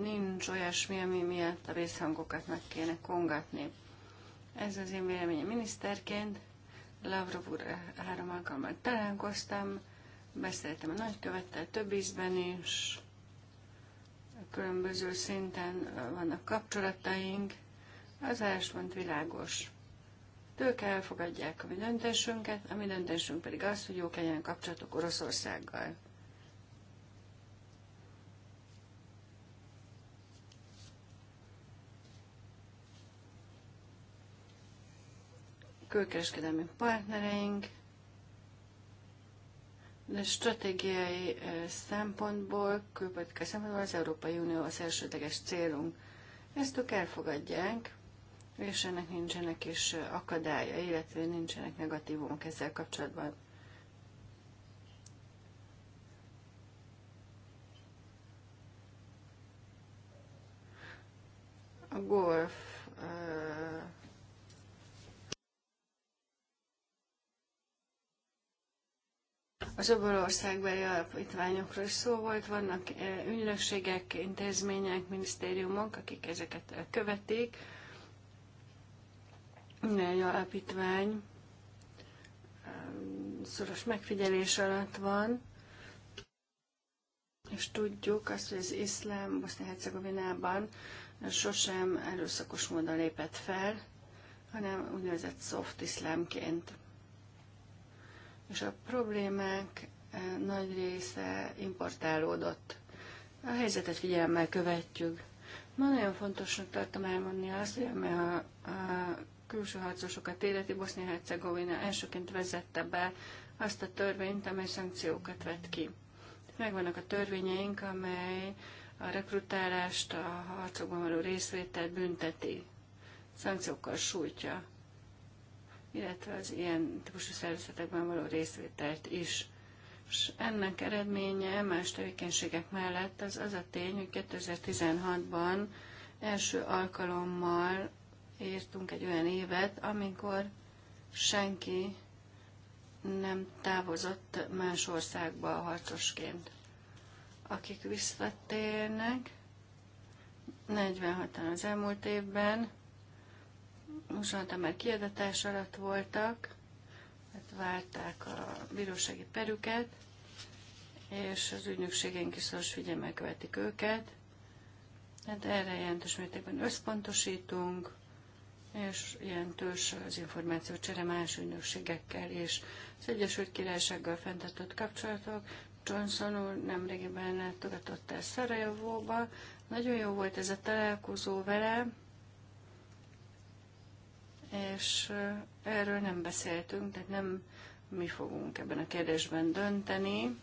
nincs olyasmi, ami miatt a vészhangokat meg kéne kongatni. Ez az én véleményem miniszterként. Lavrov úr három alkalommal találkoztam, beszéltem a nagykövettel több ízben is, különböző szinten vannak kapcsolataink, az álláspont világos. Ők elfogadják a mi döntésünket, a mi döntésünk pedig az, hogy jók legyen kapcsolatok Oroszországgal. külkereskedelmi partnereink, stratégiai szempontból, külpolitikai szempontból az Európai Unió az elsődleges célunk. Ezt ők elfogadják, és ennek nincsenek is akadálya, illetve nincsenek negatívumok ezzel kapcsolatban. A golf Az országbeli alapítványokról is szó volt, vannak eh, ügynökségek, intézmények, minisztériumok, akik ezeket eh, követik. Minden alapítvány szoros megfigyelés alatt van, és tudjuk azt, hogy az iszlám Bosznia-Hercegovinában sosem erőszakos módon lépett fel, hanem úgynevezett soft iszlámként és a problémák eh, nagy része importálódott. A helyzetet figyelemmel követjük. Ma nagyon fontosnak tartom elmondni azt, hogy a, a külső harcosokat életi Bosznia-Hercegovina elsőként vezette be azt a törvényt, amely szankciókat vet ki. Megvannak a törvényeink, amely a rekrutálást, a harcokban való részvételt bünteti, szankciókkal sújtja illetve az ilyen típusú szervezetekben való részvételt is. És ennek eredménye más tevékenységek mellett az az a tény, hogy 2016-ban első alkalommal értünk egy olyan évet, amikor senki nem távozott más országba harcosként. Akik visszatérnek, 46-an az elmúlt évben, 27 már kiadatás alatt voltak, mert hát várták a bírósági perüket, és az ügynökségeink is szoros figyelemmel követik őket. hát erre jelentős mértékben összpontosítunk, és jelentős az információcsere más ügynökségekkel és az Egyesült Királysággal fenntartott kapcsolatok. Johnson úr nemrégiben látogatott el Szarajevóba. Nagyon jó volt ez a találkozó vele, és erről nem beszéltünk, tehát nem mi fogunk ebben a kérdésben dönteni.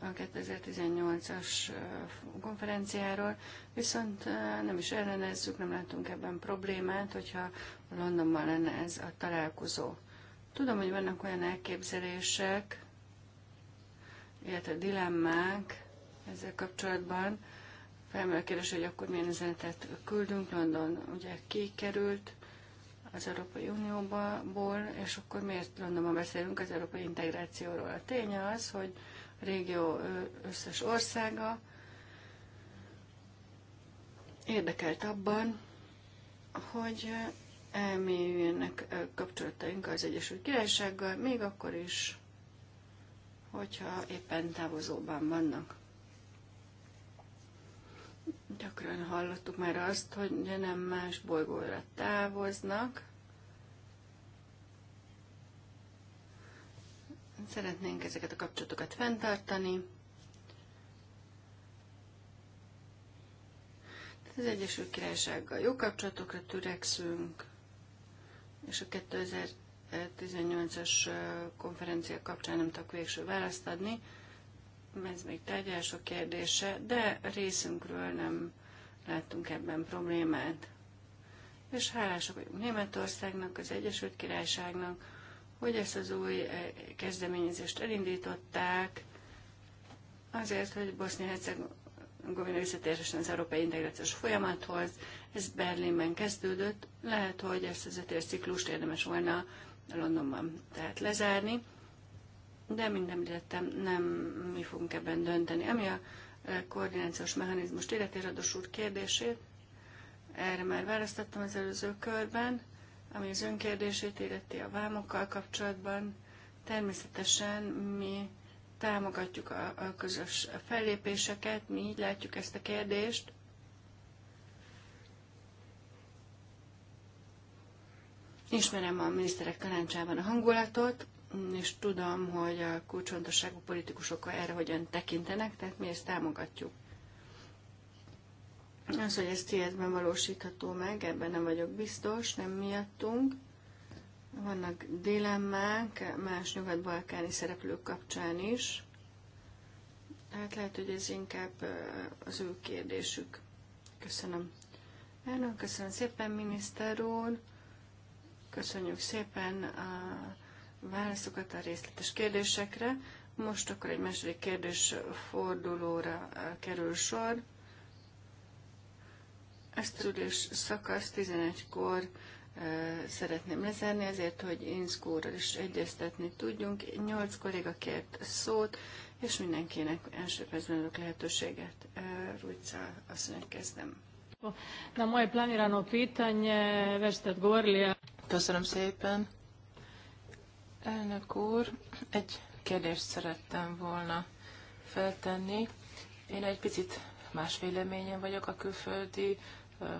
A 2018-as konferenciáról, viszont nem is ellenezzük, nem látunk ebben problémát, hogyha Londonban lenne ez a találkozó. Tudom, hogy vannak olyan elképzelések, illetve dilemmák ezzel kapcsolatban, Felmerül a kérdés, hogy akkor milyen üzenetet küldünk. London ugye kikerült az Európai Unióból, és akkor miért Londonban beszélünk az európai integrációról? A tény az, hogy a régió összes országa érdekelt abban, hogy elmélyüljenek kapcsolataink az Egyesült Királysággal, még akkor is, hogyha éppen távozóban vannak. Gyakran hallottuk már azt, hogy nem más bolygóra távoznak. Szeretnénk ezeket a kapcsolatokat fenntartani. Az Egyesült Királysággal jó kapcsolatokra törekszünk, és a 2018-as konferencia kapcsán nem tudok végső választ adni ez még a kérdése, de részünkről nem láttunk ebben problémát. És hálásak vagyunk Németországnak, az Egyesült Királyságnak, hogy ezt az új eh, kezdeményezést elindították, azért, hogy Bosznia-Hercegovina visszatérhessen az európai integrációs folyamathoz. Ez Berlinben kezdődött, lehet, hogy ezt az ötér ciklust érdemes volna Londonban tehát lezárni de mint említettem, nem mi fogunk ebben dönteni. Ami a e, koordinációs mechanizmus illeti Rados úr kérdését, erre már választottam az előző körben, ami az önkérdését illeti a vámokkal kapcsolatban. Természetesen mi támogatjuk a, a közös fellépéseket, mi így látjuk ezt a kérdést. Ismerem a miniszterek tanácsában a hangulatot, és tudom, hogy a kulcsfontosságú politikusok erre hogyan tekintenek, tehát mi ezt támogatjuk. Az, hogy ez tiédben valósítható meg, ebben nem vagyok biztos, nem miattunk. Vannak dilemmák más nyugat-balkáni szereplők kapcsán is. Tehát lehet, hogy ez inkább az ő kérdésük. Köszönöm. Elnök, köszönöm szépen, miniszter úr. Köszönjük szépen a válaszokat a részletes kérdésekre. Most akkor egy második kérdés fordulóra eh, kerül sor. Ezt ülés szakasz 11-kor eh, szeretném lezárni, ezért, hogy Inszkóról is egyeztetni tudjunk. Nyolc kolléga kért szót, és mindenkinek első percben adok lehetőséget. Eh, Rújca, azt mondja, kezdem. Na, moje planirano pitanje, već ste odgovorili. Köszönöm szépen. Elnök úr, egy kérdést szerettem volna feltenni. Én egy picit más véleményen vagyok a külföldi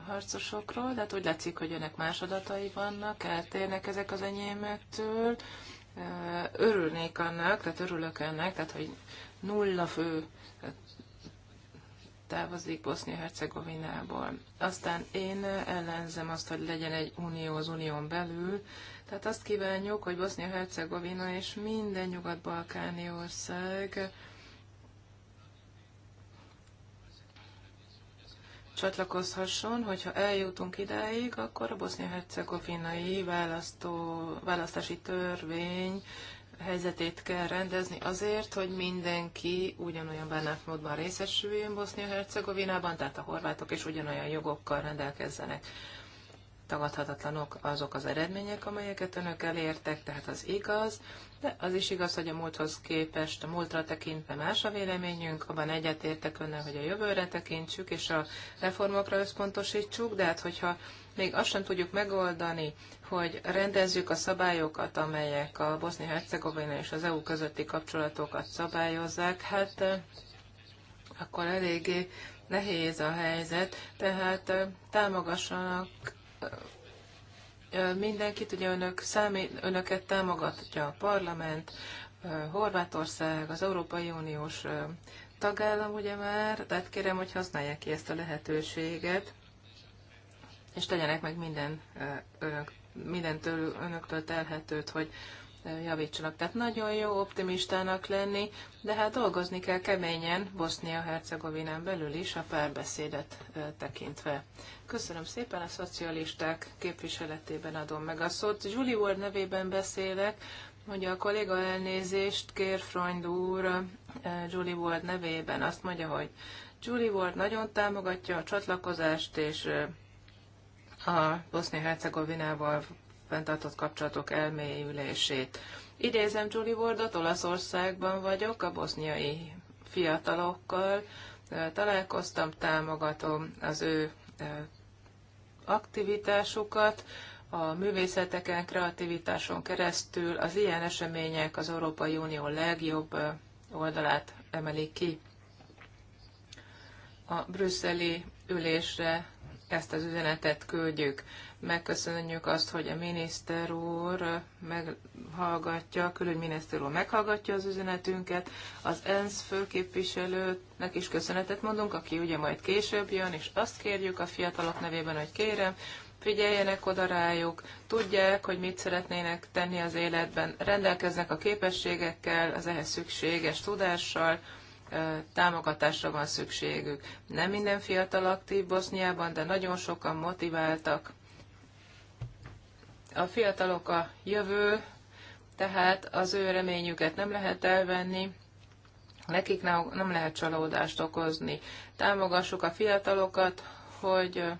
harcosokról, de hát úgy látszik, hogy önnek más adatai vannak, eltérnek ezek az enyémektől. Örülnék annak, tehát örülök ennek, tehát hogy nulla fő távozik Bosznia-Hercegovinából. Aztán én ellenzem azt, hogy legyen egy unió az unión belül, tehát azt kívánjuk, hogy Bosznia-Hercegovina és minden nyugat-balkáni ország csatlakozhasson, hogyha eljutunk idáig, akkor a bosznia-hercegovinai választó, választási törvény helyzetét kell rendezni azért, hogy mindenki ugyanolyan bánásmódban részesüljön Bosznia-Hercegovinában, tehát a horvátok is ugyanolyan jogokkal rendelkezzenek tagadhatatlanok azok az eredmények, amelyeket önök elértek, tehát az igaz, de az is igaz, hogy a múlthoz képest, a múltra tekintve más a véleményünk, abban egyetértek önnel, hogy a jövőre tekintsük, és a reformokra összpontosítsuk, de hát hogyha még azt sem tudjuk megoldani, hogy rendezzük a szabályokat, amelyek a Bosznia-Hercegovina és az EU közötti kapcsolatokat szabályozzák, hát akkor eléggé nehéz a helyzet, tehát támogassanak mindenkit, ugye önök számít, önöket támogatja a parlament, Horvátország, az Európai Uniós tagállam ugye már, tehát kérem, hogy használják ki ezt a lehetőséget, és tegyenek meg minden önök, mindentől önöktől telhetőt, hogy javítsanak. Tehát nagyon jó optimistának lenni, de hát dolgozni kell keményen Bosznia-Hercegovinán belül is a párbeszédet tekintve. Köszönöm szépen, a szocialisták képviseletében adom meg a szót. Julie Ward nevében beszélek, mondja a kolléga elnézést, kér Freund úr Julie Ward nevében. Azt mondja, hogy Julie Ward nagyon támogatja a csatlakozást, és a Bosznia-Hercegovinával fenntartott kapcsolatok elmélyülését. Idézem Julie Wardot, Olaszországban vagyok, a boszniai fiatalokkal találkoztam, támogatom az ő aktivitásukat, a művészeteken, kreativitáson keresztül az ilyen események az Európai Unió legjobb oldalát emelik ki. A brüsszeli ülésre ezt az üzenetet küldjük. Megköszönjük azt, hogy a miniszter úr meghallgatja, a külügyminiszter úr meghallgatja az üzenetünket. Az ENSZ főképviselőnek is köszönetet mondunk, aki ugye majd később jön, és azt kérjük a fiatalok nevében, hogy kérem, figyeljenek oda rájuk, tudják, hogy mit szeretnének tenni az életben, rendelkeznek a képességekkel, az ehhez szükséges tudással, támogatásra van szükségük. Nem minden fiatal aktív Boszniában, de nagyon sokan motiváltak a fiatalok a jövő, tehát az ő reményüket nem lehet elvenni, nekik nem lehet csalódást okozni. Támogassuk a fiatalokat, hogy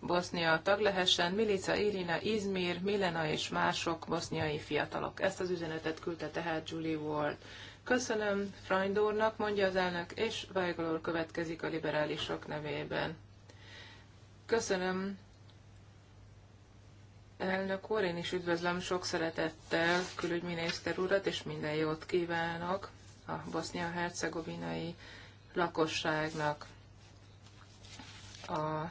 Bosznia tag lehessen, Milica, Irina, Izmir, Milena és mások boszniai fiatalok. Ezt az üzenetet küldte tehát Julie Ward. Köszönöm Freindornak, mondja az elnök, és Weigel következik a liberálisok nevében. Köszönöm Elnök úr, én is üdvözlöm sok szeretettel külügyminiszter urat, és minden jót kívánok a bosznia-hercegovinai lakosságnak. A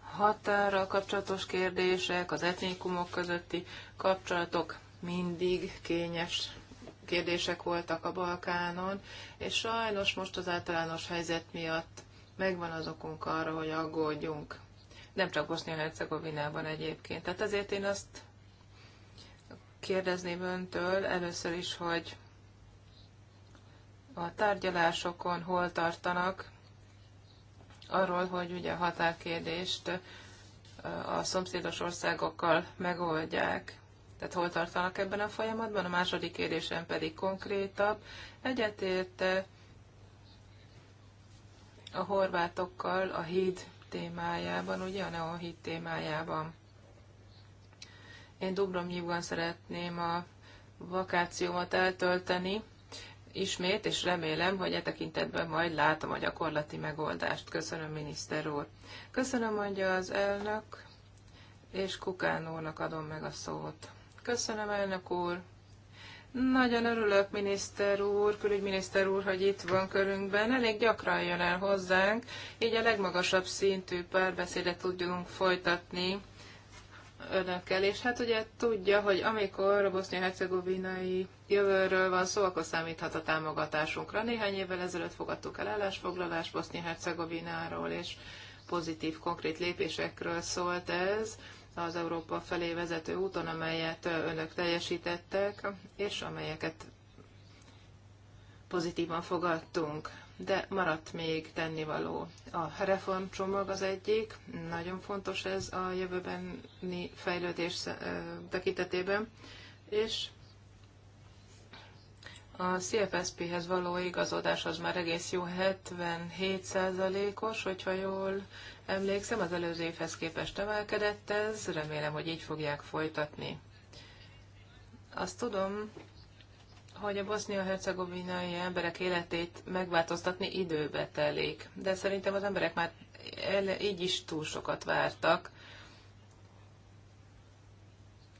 határral kapcsolatos kérdések, az etnikumok közötti kapcsolatok mindig kényes kérdések voltak a Balkánon, és sajnos most az általános helyzet miatt megvan az okunk arra, hogy aggódjunk nem csak Bosznia-Hercegovinában egyébként. Tehát azért én azt kérdezném öntől először is, hogy a tárgyalásokon hol tartanak arról, hogy ugye a határkérdést a szomszédos országokkal megoldják. Tehát hol tartanak ebben a folyamatban? A második kérdésem pedig konkrétabb. egyetért a horvátokkal a híd témájában, ugye a neohit témájában. Én Dubrovnikban szeretném a vakációmat eltölteni ismét, és remélem, hogy e tekintetben majd látom a gyakorlati megoldást. Köszönöm, miniszter úr. Köszönöm, mondja az elnök, és Kukán úrnak adom meg a szót. Köszönöm, elnök úr. Nagyon örülök, miniszter úr, külügyminiszter úr, hogy itt van körünkben. Elég gyakran jön el hozzánk, így a legmagasabb szintű párbeszédet tudjunk folytatni önökkel. És hát ugye tudja, hogy amikor a bosznia-hercegovinai jövőről van szó, akkor számíthat a támogatásunkra. Néhány évvel ezelőtt fogadtuk el állásfoglalást Bosznia-Hercegovináról, és pozitív, konkrét lépésekről szólt ez az Európa felé vezető úton, amelyet önök teljesítettek, és amelyeket pozitívan fogadtunk. De maradt még tennivaló. A reformcsomag az egyik, nagyon fontos ez a jövőbeni fejlődés tekintetében, és a CFSP-hez való igazodás az már egész jó 77%-os, hogyha jól emlékszem, az előző évhez képest emelkedett ez, remélem, hogy így fogják folytatni. Azt tudom, hogy a bosznia-hercegovinai emberek életét megváltoztatni időbe telik, de szerintem az emberek már el így is túl sokat vártak.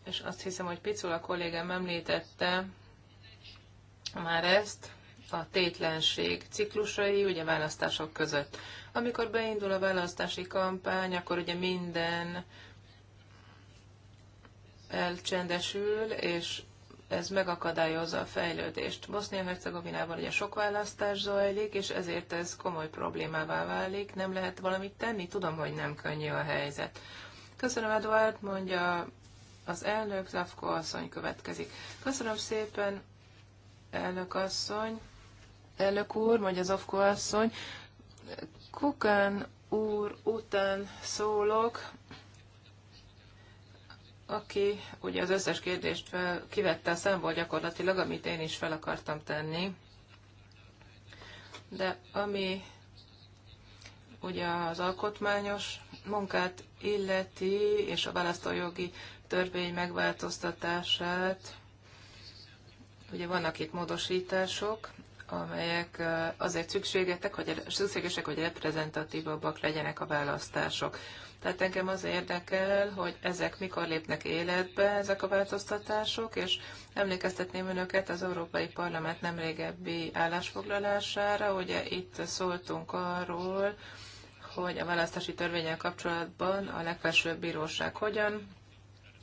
És azt hiszem, hogy Picula kollégám említette, már ezt a tétlenség ciklusai, ugye választások között. Amikor beindul a választási kampány, akkor ugye minden elcsendesül, és ez megakadályozza a fejlődést. Bosznia-Hercegovinában ugye sok választás zajlik, és ezért ez komoly problémává válik, nem lehet valamit tenni, tudom, hogy nem könnyű a helyzet. Köszönöm, Eduard, mondja az elnök, Lavko asszony következik. Köszönöm szépen, elnök asszony, elnök úr, vagy az Ofko asszony. Kukán úr után szólok, aki ugye az összes kérdést fel, kivette a számból gyakorlatilag, amit én is fel akartam tenni. De ami ugye az alkotmányos munkát illeti, és a választójogi törvény megváltoztatását, Ugye vannak itt módosítások, amelyek azért szükségesek, hogy, szükségesek, hogy reprezentatívabbak legyenek a választások. Tehát engem az érdekel, hogy ezek mikor lépnek életbe, ezek a változtatások, és emlékeztetném önöket az Európai Parlament régebbi állásfoglalására. Ugye itt szóltunk arról, hogy a választási törvényel kapcsolatban a legfelsőbb bíróság hogyan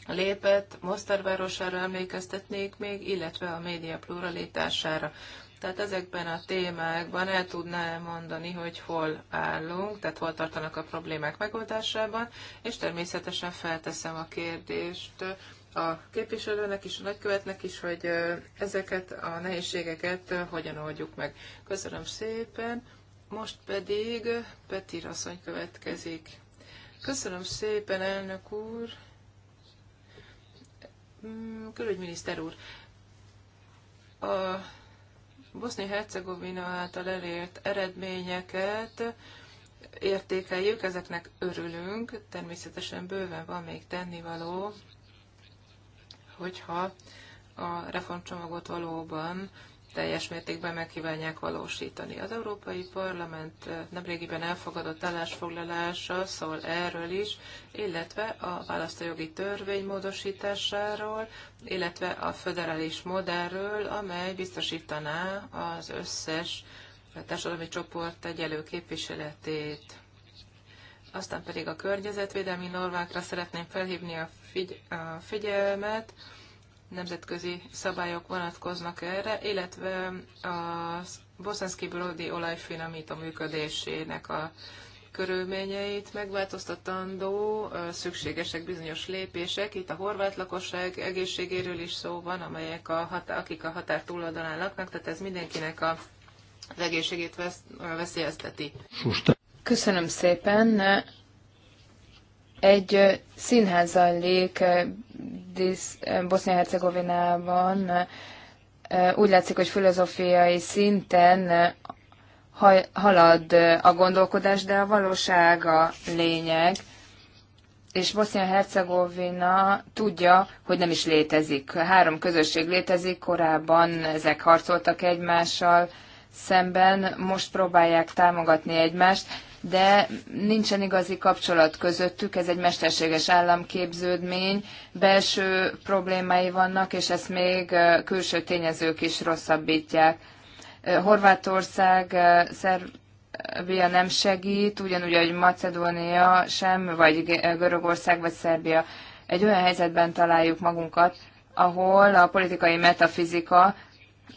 lépett, Mostarvárosára emlékeztetnék még, illetve a média pluralitására. Tehát ezekben a témákban el tudná mondani, hogy hol állunk, tehát hol tartanak a problémák megoldásában, és természetesen felteszem a kérdést a képviselőnek is, a nagykövetnek is, hogy ezeket a nehézségeket hogyan oldjuk meg. Köszönöm szépen, most pedig Petir asszony következik. Köszönöm szépen, elnök úr! Mm, külügyminiszter úr, a Bosznia-Hercegovina által elért eredményeket értékeljük, ezeknek örülünk, természetesen bőven van még tennivaló, hogyha a reformcsomagot valóban teljes mértékben megkívánják valósítani. Az Európai Parlament nemrégiben elfogadott állásfoglalása szól erről is, illetve a választójogi törvény módosításáról, illetve a föderális modellről, amely biztosítaná az összes társadalmi csoport egyelő képviseletét. Aztán pedig a környezetvédelmi normákra szeretném felhívni a, figy- a figyelmet, nemzetközi szabályok vonatkoznak erre, illetve a boszanszki brodi olajfinomító működésének a körülményeit megváltoztatandó, szükségesek bizonyos lépések. Itt a horvát lakosság egészségéről is szó van, amelyek a határ, akik a határ túloldalán laknak, tehát ez mindenkinek a, az egészségét vesz, veszélyezteti. Köszönöm szépen. Egy színház zajlik Bosznia-Hercegovinában, úgy látszik, hogy filozófiai szinten halad a gondolkodás, de a valóság a lényeg, és Bosznia-Hercegovina tudja, hogy nem is létezik. Három közösség létezik, korábban ezek harcoltak egymással szemben, most próbálják támogatni egymást, de nincsen igazi kapcsolat közöttük, ez egy mesterséges államképződmény, belső problémái vannak, és ezt még külső tényezők is rosszabbítják. Horvátország, Szerbia nem segít, ugyanúgy, hogy Macedónia sem, vagy Görögország, vagy Szerbia. Egy olyan helyzetben találjuk magunkat, ahol a politikai metafizika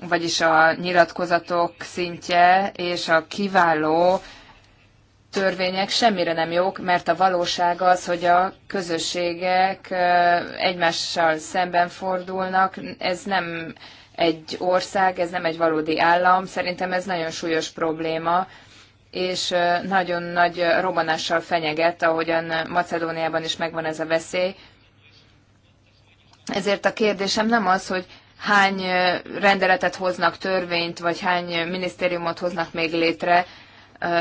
vagyis a nyilatkozatok szintje és a kiváló törvények semmire nem jók, mert a valóság az, hogy a közösségek egymással szemben fordulnak, ez nem egy ország, ez nem egy valódi állam, szerintem ez nagyon súlyos probléma, és nagyon nagy robanással fenyeget, ahogyan Macedóniában is megvan ez a veszély. Ezért a kérdésem nem az, hogy hány rendeletet hoznak, törvényt, vagy hány minisztériumot hoznak még létre,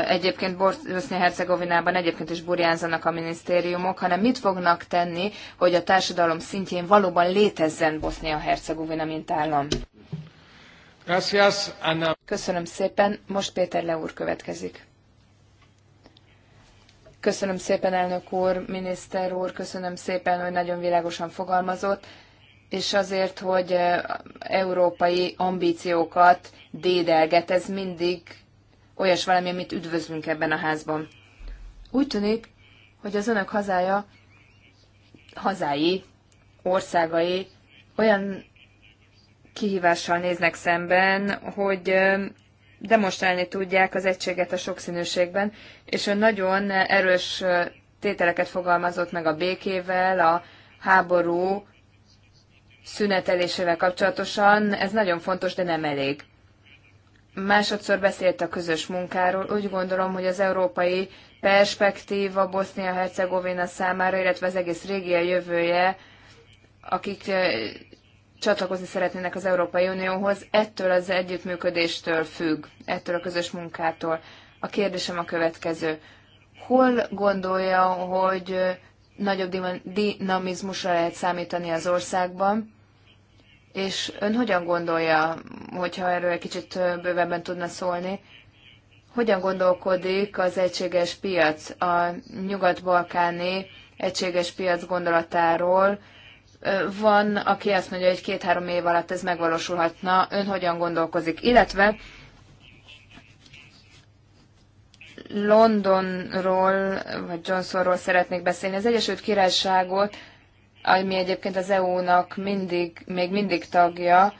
egyébként Bosznia-Hercegovinában egyébként is burjánzanak a minisztériumok, hanem mit fognak tenni, hogy a társadalom szintjén valóban létezzen Bosznia-Hercegovina, mint állam. Köszönöm szépen, most Péter Leúr következik. Köszönöm szépen, elnök úr, miniszter úr, köszönöm szépen, hogy nagyon világosan fogalmazott, és azért, hogy európai ambíciókat dédelget, ez mindig olyas valami, amit üdvözlünk ebben a házban. Úgy tűnik, hogy az önök hazája, hazái, országai olyan kihívással néznek szemben, hogy demonstrálni tudják az egységet a sokszínűségben, és ön nagyon erős tételeket fogalmazott meg a békével, a háború szünetelésével kapcsolatosan. Ez nagyon fontos, de nem elég. Másodszor beszélt a közös munkáról. Úgy gondolom, hogy az európai perspektíva Bosznia-Hercegovina számára, illetve az egész régia jövője, akik csatlakozni szeretnének az Európai Unióhoz, ettől az együttműködéstől függ, ettől a közös munkától. A kérdésem a következő. Hol gondolja, hogy nagyobb dinamizmusra lehet számítani az országban, és ön hogyan gondolja, hogyha erről egy kicsit bővebben tudna szólni, hogyan gondolkodik az egységes piac, a nyugat-balkáni egységes piac gondolatáról? Van, aki azt mondja, hogy két-három év alatt ez megvalósulhatna. Ön hogyan gondolkozik? Illetve Londonról, vagy Johnsonról szeretnék beszélni. Az Egyesült Királyságot ami egyébként az EU-nak mindig, még mindig tagja,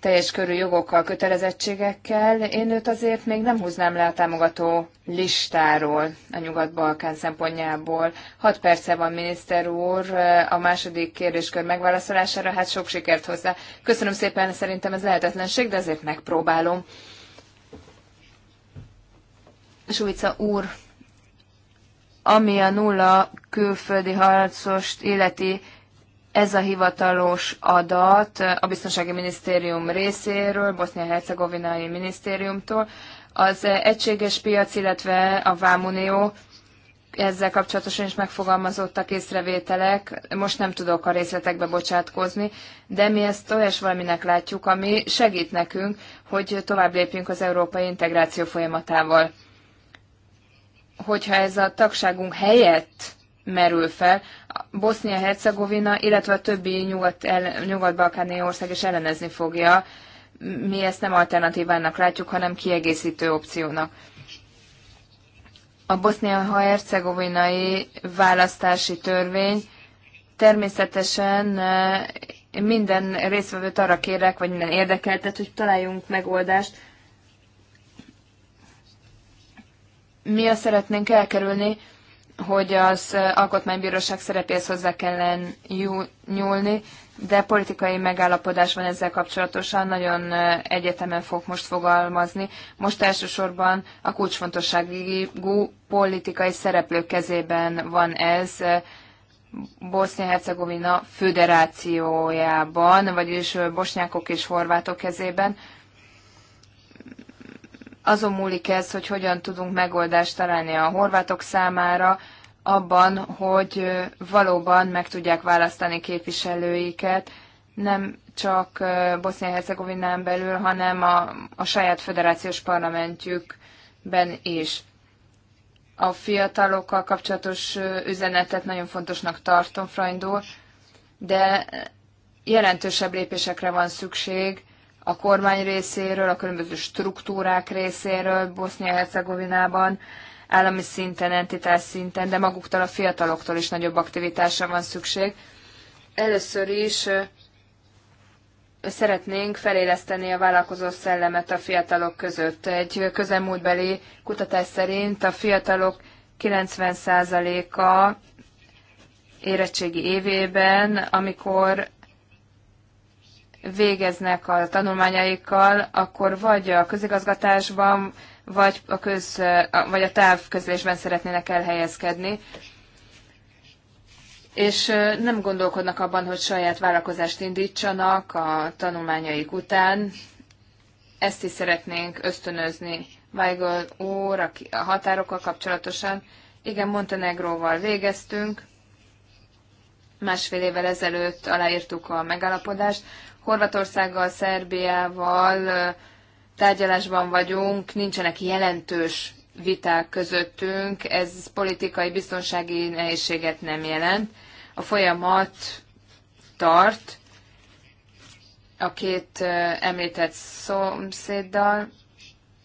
teljes körű jogokkal, kötelezettségekkel. Én őt azért még nem húznám le a támogató listáról a Nyugat-Balkán szempontjából. Hat perce van, miniszter úr, a második kérdéskör megválaszolására, hát sok sikert hozzá. Köszönöm szépen, szerintem ez lehetetlenség, de azért megpróbálom. Suvica úr, ami a nulla külföldi harcost illeti, ez a hivatalos adat a Biztonsági Minisztérium részéről, Bosznia-Hercegovinai Minisztériumtól, az egységes piac, illetve a Vámunió ezzel kapcsolatosan is megfogalmazottak észrevételek, most nem tudok a részletekbe bocsátkozni, de mi ezt olyas valaminek látjuk, ami segít nekünk, hogy tovább lépjünk az európai integráció folyamatával hogyha ez a tagságunk helyett merül fel, Bosznia-Hercegovina, illetve a többi nyugat, el, nyugat-balkáni ország is ellenezni fogja. Mi ezt nem alternatívának látjuk, hanem kiegészítő opciónak. A bosznia-hercegovinai választási törvény természetesen eh, minden résztvevőt arra kérek, vagy minden érdekeltet, hogy találjunk megoldást, mi azt szeretnénk elkerülni, hogy az alkotmánybíróság szerepéhez hozzá kellene nyúlni, de politikai megállapodás van ezzel kapcsolatosan, nagyon egyetemen fog most fogalmazni. Most elsősorban a kulcsfontosságú politikai szereplők kezében van ez, Bosznia-Hercegovina föderációjában, vagyis bosnyákok és horvátok kezében azon múlik ez, hogy hogyan tudunk megoldást találni a horvátok számára, abban, hogy valóban meg tudják választani képviselőiket, nem csak Bosznia-Hercegovinán belül, hanem a, a saját federációs parlamentjükben is. A fiatalokkal kapcsolatos üzenetet nagyon fontosnak tartom, Frajndó, de jelentősebb lépésekre van szükség, a kormány részéről, a különböző struktúrák részéről Bosznia-Hercegovinában, állami szinten, entitás szinten, de maguktól a fiataloktól is nagyobb aktivitásra van szükség. Először is szeretnénk feléleszteni a vállalkozó szellemet a fiatalok között. Egy közelmúltbeli kutatás szerint a fiatalok 90%-a érettségi évében, amikor végeznek a tanulmányaikkal, akkor vagy a közigazgatásban, vagy a, köz, vagy a távközlésben szeretnének elhelyezkedni, és nem gondolkodnak abban, hogy saját vállalkozást indítsanak a tanulmányaik után. Ezt is szeretnénk ösztönözni Weigel úr a határokkal kapcsolatosan. Igen, Montenegróval végeztünk, másfél évvel ezelőtt aláírtuk a megállapodást. Horvatországgal, Szerbiával tárgyalásban vagyunk, nincsenek jelentős viták közöttünk, ez politikai, biztonsági nehézséget nem jelent. A folyamat tart a két említett szomszéddal.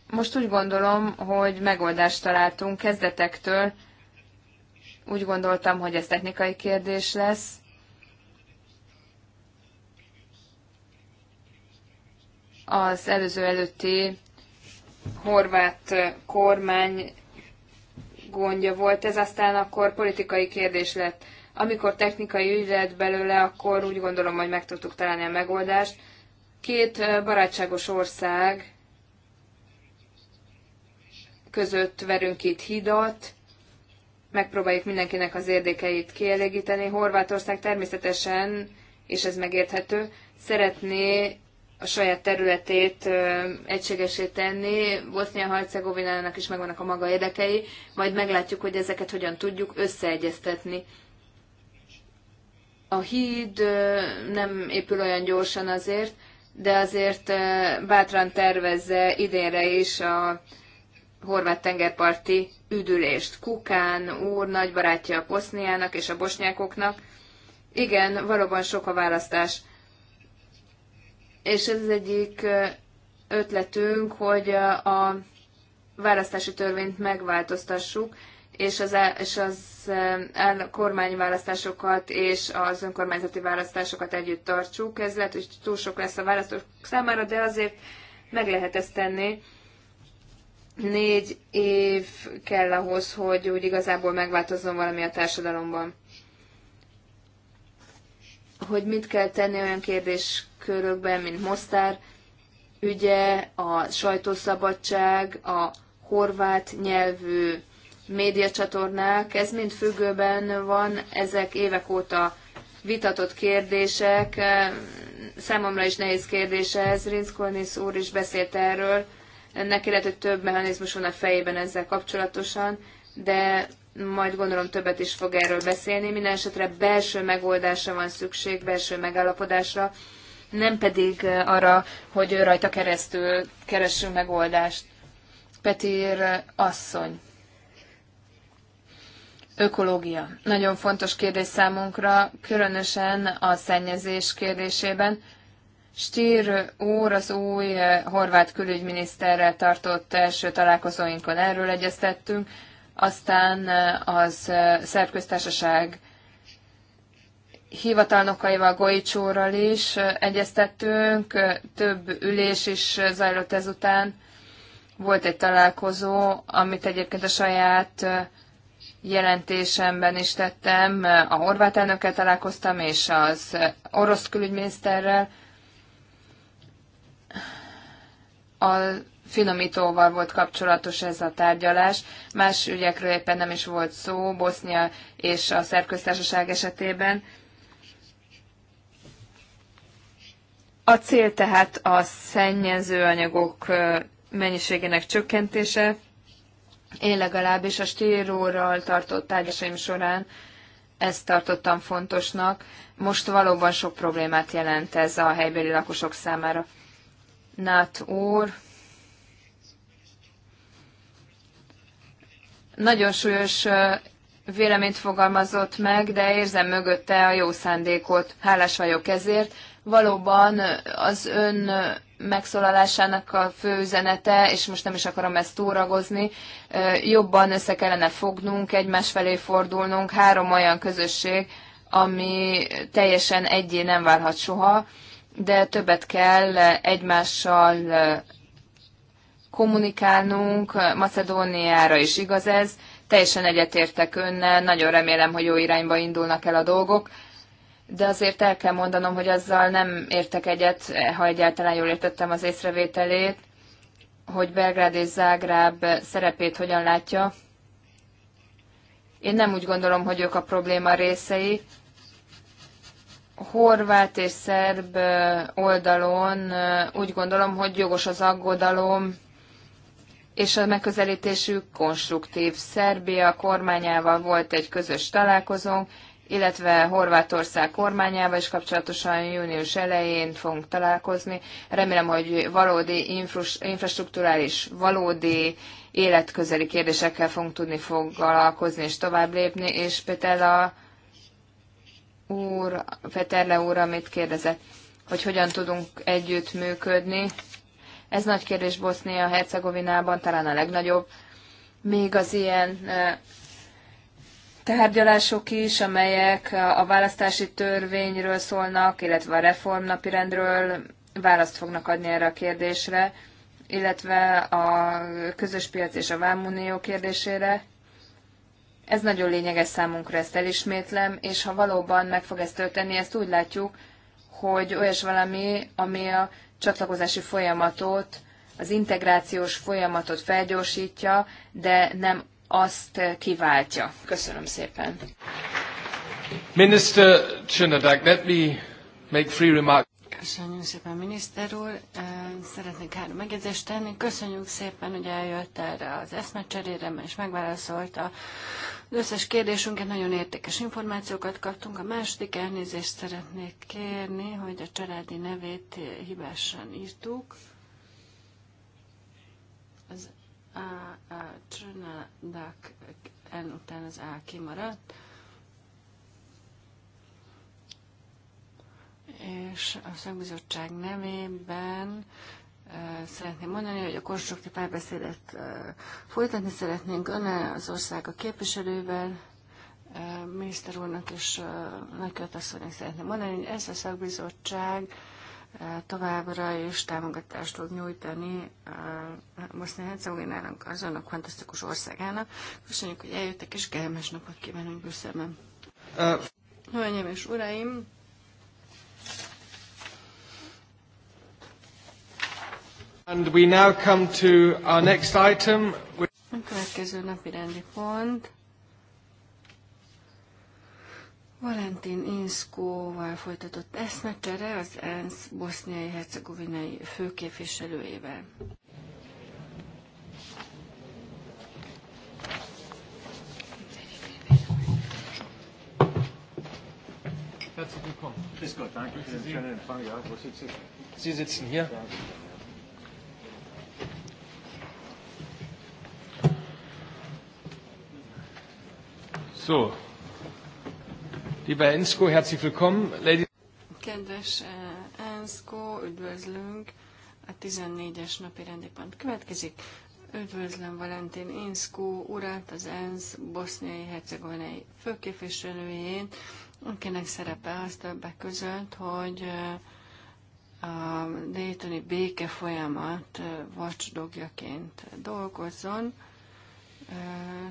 Most úgy gondolom, hogy megoldást találtunk kezdetektől. Úgy gondoltam, hogy ez technikai kérdés lesz, az előző előtti horvát eh, kormány gondja volt, ez aztán akkor politikai kérdés lett. Amikor technikai ügy lett belőle, akkor úgy gondolom, hogy meg tudtuk találni a megoldást. Két eh, barátságos ország között verünk itt hidat, megpróbáljuk mindenkinek az érdekeit kielégíteni. Horvátország természetesen, és ez megérthető, szeretné a saját területét egységesé tenni. Bosznia-Hercegovinának is megvannak a maga érdekei, majd meglátjuk, hogy ezeket hogyan tudjuk összeegyeztetni. A híd nem épül olyan gyorsan azért, de azért bátran tervezze idénre is a horvát tengerparti üdülést. Kukán úr nagybarátja a Boszniának és a bosnyákoknak. Igen, valóban sok a választás és ez az egyik ötletünk, hogy a választási törvényt megváltoztassuk, és az, és az kormányválasztásokat és az önkormányzati választásokat együtt tartsuk. Ez lehet, hogy túl sok lesz a választók számára, de azért meg lehet ezt tenni. Négy év kell ahhoz, hogy úgy igazából megváltozzon valami a társadalomban hogy mit kell tenni olyan kérdéskörökben, mint Mostár ügye, a sajtószabadság, a horvát nyelvű médiacsatornák, ez mind függőben van, ezek évek óta vitatott kérdések, számomra is nehéz kérdése ez, Rinskolnis úr is beszélt erről, neki lehet, hogy több mechanizmus van a fejében ezzel kapcsolatosan, de majd gondolom többet is fog erről beszélni, minden esetre belső megoldásra van szükség, belső megállapodásra, nem pedig arra, hogy ő rajta keresztül keressünk megoldást. Petír asszony. Ökológia. Nagyon fontos kérdés számunkra, különösen a szennyezés kérdésében. Stír úr az új horvát külügyminiszterrel tartott első találkozóinkon erről egyeztettünk aztán az szerb köztársaság hivatalnokaival, Goicsóral is egyeztettünk, több ülés is zajlott ezután. Volt egy találkozó, amit egyébként a saját jelentésemben is tettem. A horvát elnökkel találkoztam, és az orosz külügyminiszterrel. A finomítóval volt kapcsolatos ez a tárgyalás. Más ügyekről éppen nem is volt szó, Bosznia és a szerköztársaság esetében. A cél tehát a szennyező anyagok mennyiségének csökkentése. Én legalábbis a stíróral tartott tárgyasaim során ezt tartottam fontosnak. Most valóban sok problémát jelent ez a helybeli lakosok számára. Nát úr, nagyon súlyos véleményt fogalmazott meg, de érzem mögötte a jó szándékot. Hálás vagyok ezért. Valóban az ön megszólalásának a fő üzenete, és most nem is akarom ezt túragozni, jobban össze kellene fognunk, egymás felé fordulnunk, három olyan közösség, ami teljesen egyé nem válhat soha, de többet kell egymással kommunikálnunk, Macedóniára is igaz ez, teljesen egyetértek önnel, nagyon remélem, hogy jó irányba indulnak el a dolgok, de azért el kell mondanom, hogy azzal nem értek egyet, ha egyáltalán jól értettem az észrevételét, hogy Belgrád és Zágráb szerepét hogyan látja. Én nem úgy gondolom, hogy ők a probléma részei. Horvát és szerb oldalon úgy gondolom, hogy jogos az aggodalom, és a megközelítésük konstruktív. Szerbia kormányával volt egy közös találkozónk, illetve Horvátország kormányával is kapcsolatosan június elején fogunk találkozni. Remélem, hogy valódi infrastruktúrális, valódi életközeli kérdésekkel fogunk tudni foglalkozni és tovább lépni, és Petella úr, Peterle úr, amit kérdezett, hogy hogyan tudunk együttműködni ez nagy kérdés Bosznia-Hercegovinában, talán a legnagyobb. Még az ilyen tárgyalások is, amelyek a választási törvényről szólnak, illetve a reformnapirendről választ fognak adni erre a kérdésre, illetve a közös piac és a vámunió kérdésére. Ez nagyon lényeges számunkra, ezt elismétlem, és ha valóban meg fog ezt történni, ezt úgy látjuk, hogy olyas valami, ami a csatlakozási folyamatot, az integrációs folyamatot felgyorsítja, de nem azt kiváltja. Köszönöm szépen. Minister Chinadak, let me make three remarks. Köszönjük szépen, miniszter úr. Szeretnék három megjegyzést tenni. Köszönjük szépen, hogy eljött erre az eszmecserére, és megválaszolta az összes kérdésünket. Nagyon értékes információkat kaptunk. A második elnézést szeretnék kérni, hogy a családi nevét hibásan írtuk. Az A, a en után az A kimaradt. és a szakbizottság nevében szeretném mondani, hogy a konstruktív párbeszédet folytatni szeretnénk önnel, az ország a képviselővel, miniszter úrnak és nagykövet asszonynak szeretném mondani, hogy ez a szakbizottság továbbra is támogatást tud nyújtani Bosznia-Hercegovinának, azon a fantasztikus országának. Köszönjük, hogy eljöttek, és kellemes napot kívánunk Brüsszelben. Hölgyeim és uraim, And we now come to our next item. A következő napi rendi pont. Valentin Inszkóval folytatott eszmecsere az ENSZ boszniai hercegovinai főképviselőjével. Herzlich willkommen. Grüß Gott, danke für den schönen Empfang. Ja, wo sitzen Sie? Sie sitzen hier. Ja. So, lieber herzlich willkommen. Lady Kedves eh, Ensko, üdvözlünk a 14-es napi rendi pont következik. Üdvözlöm Valentin Inszkó urát, az ENSZ boszniai hercegovinai főképviselőjét, akinek szerepe az többek között, hogy eh, a Daytoni béke folyamat watchdogjaként eh, dolgozzon.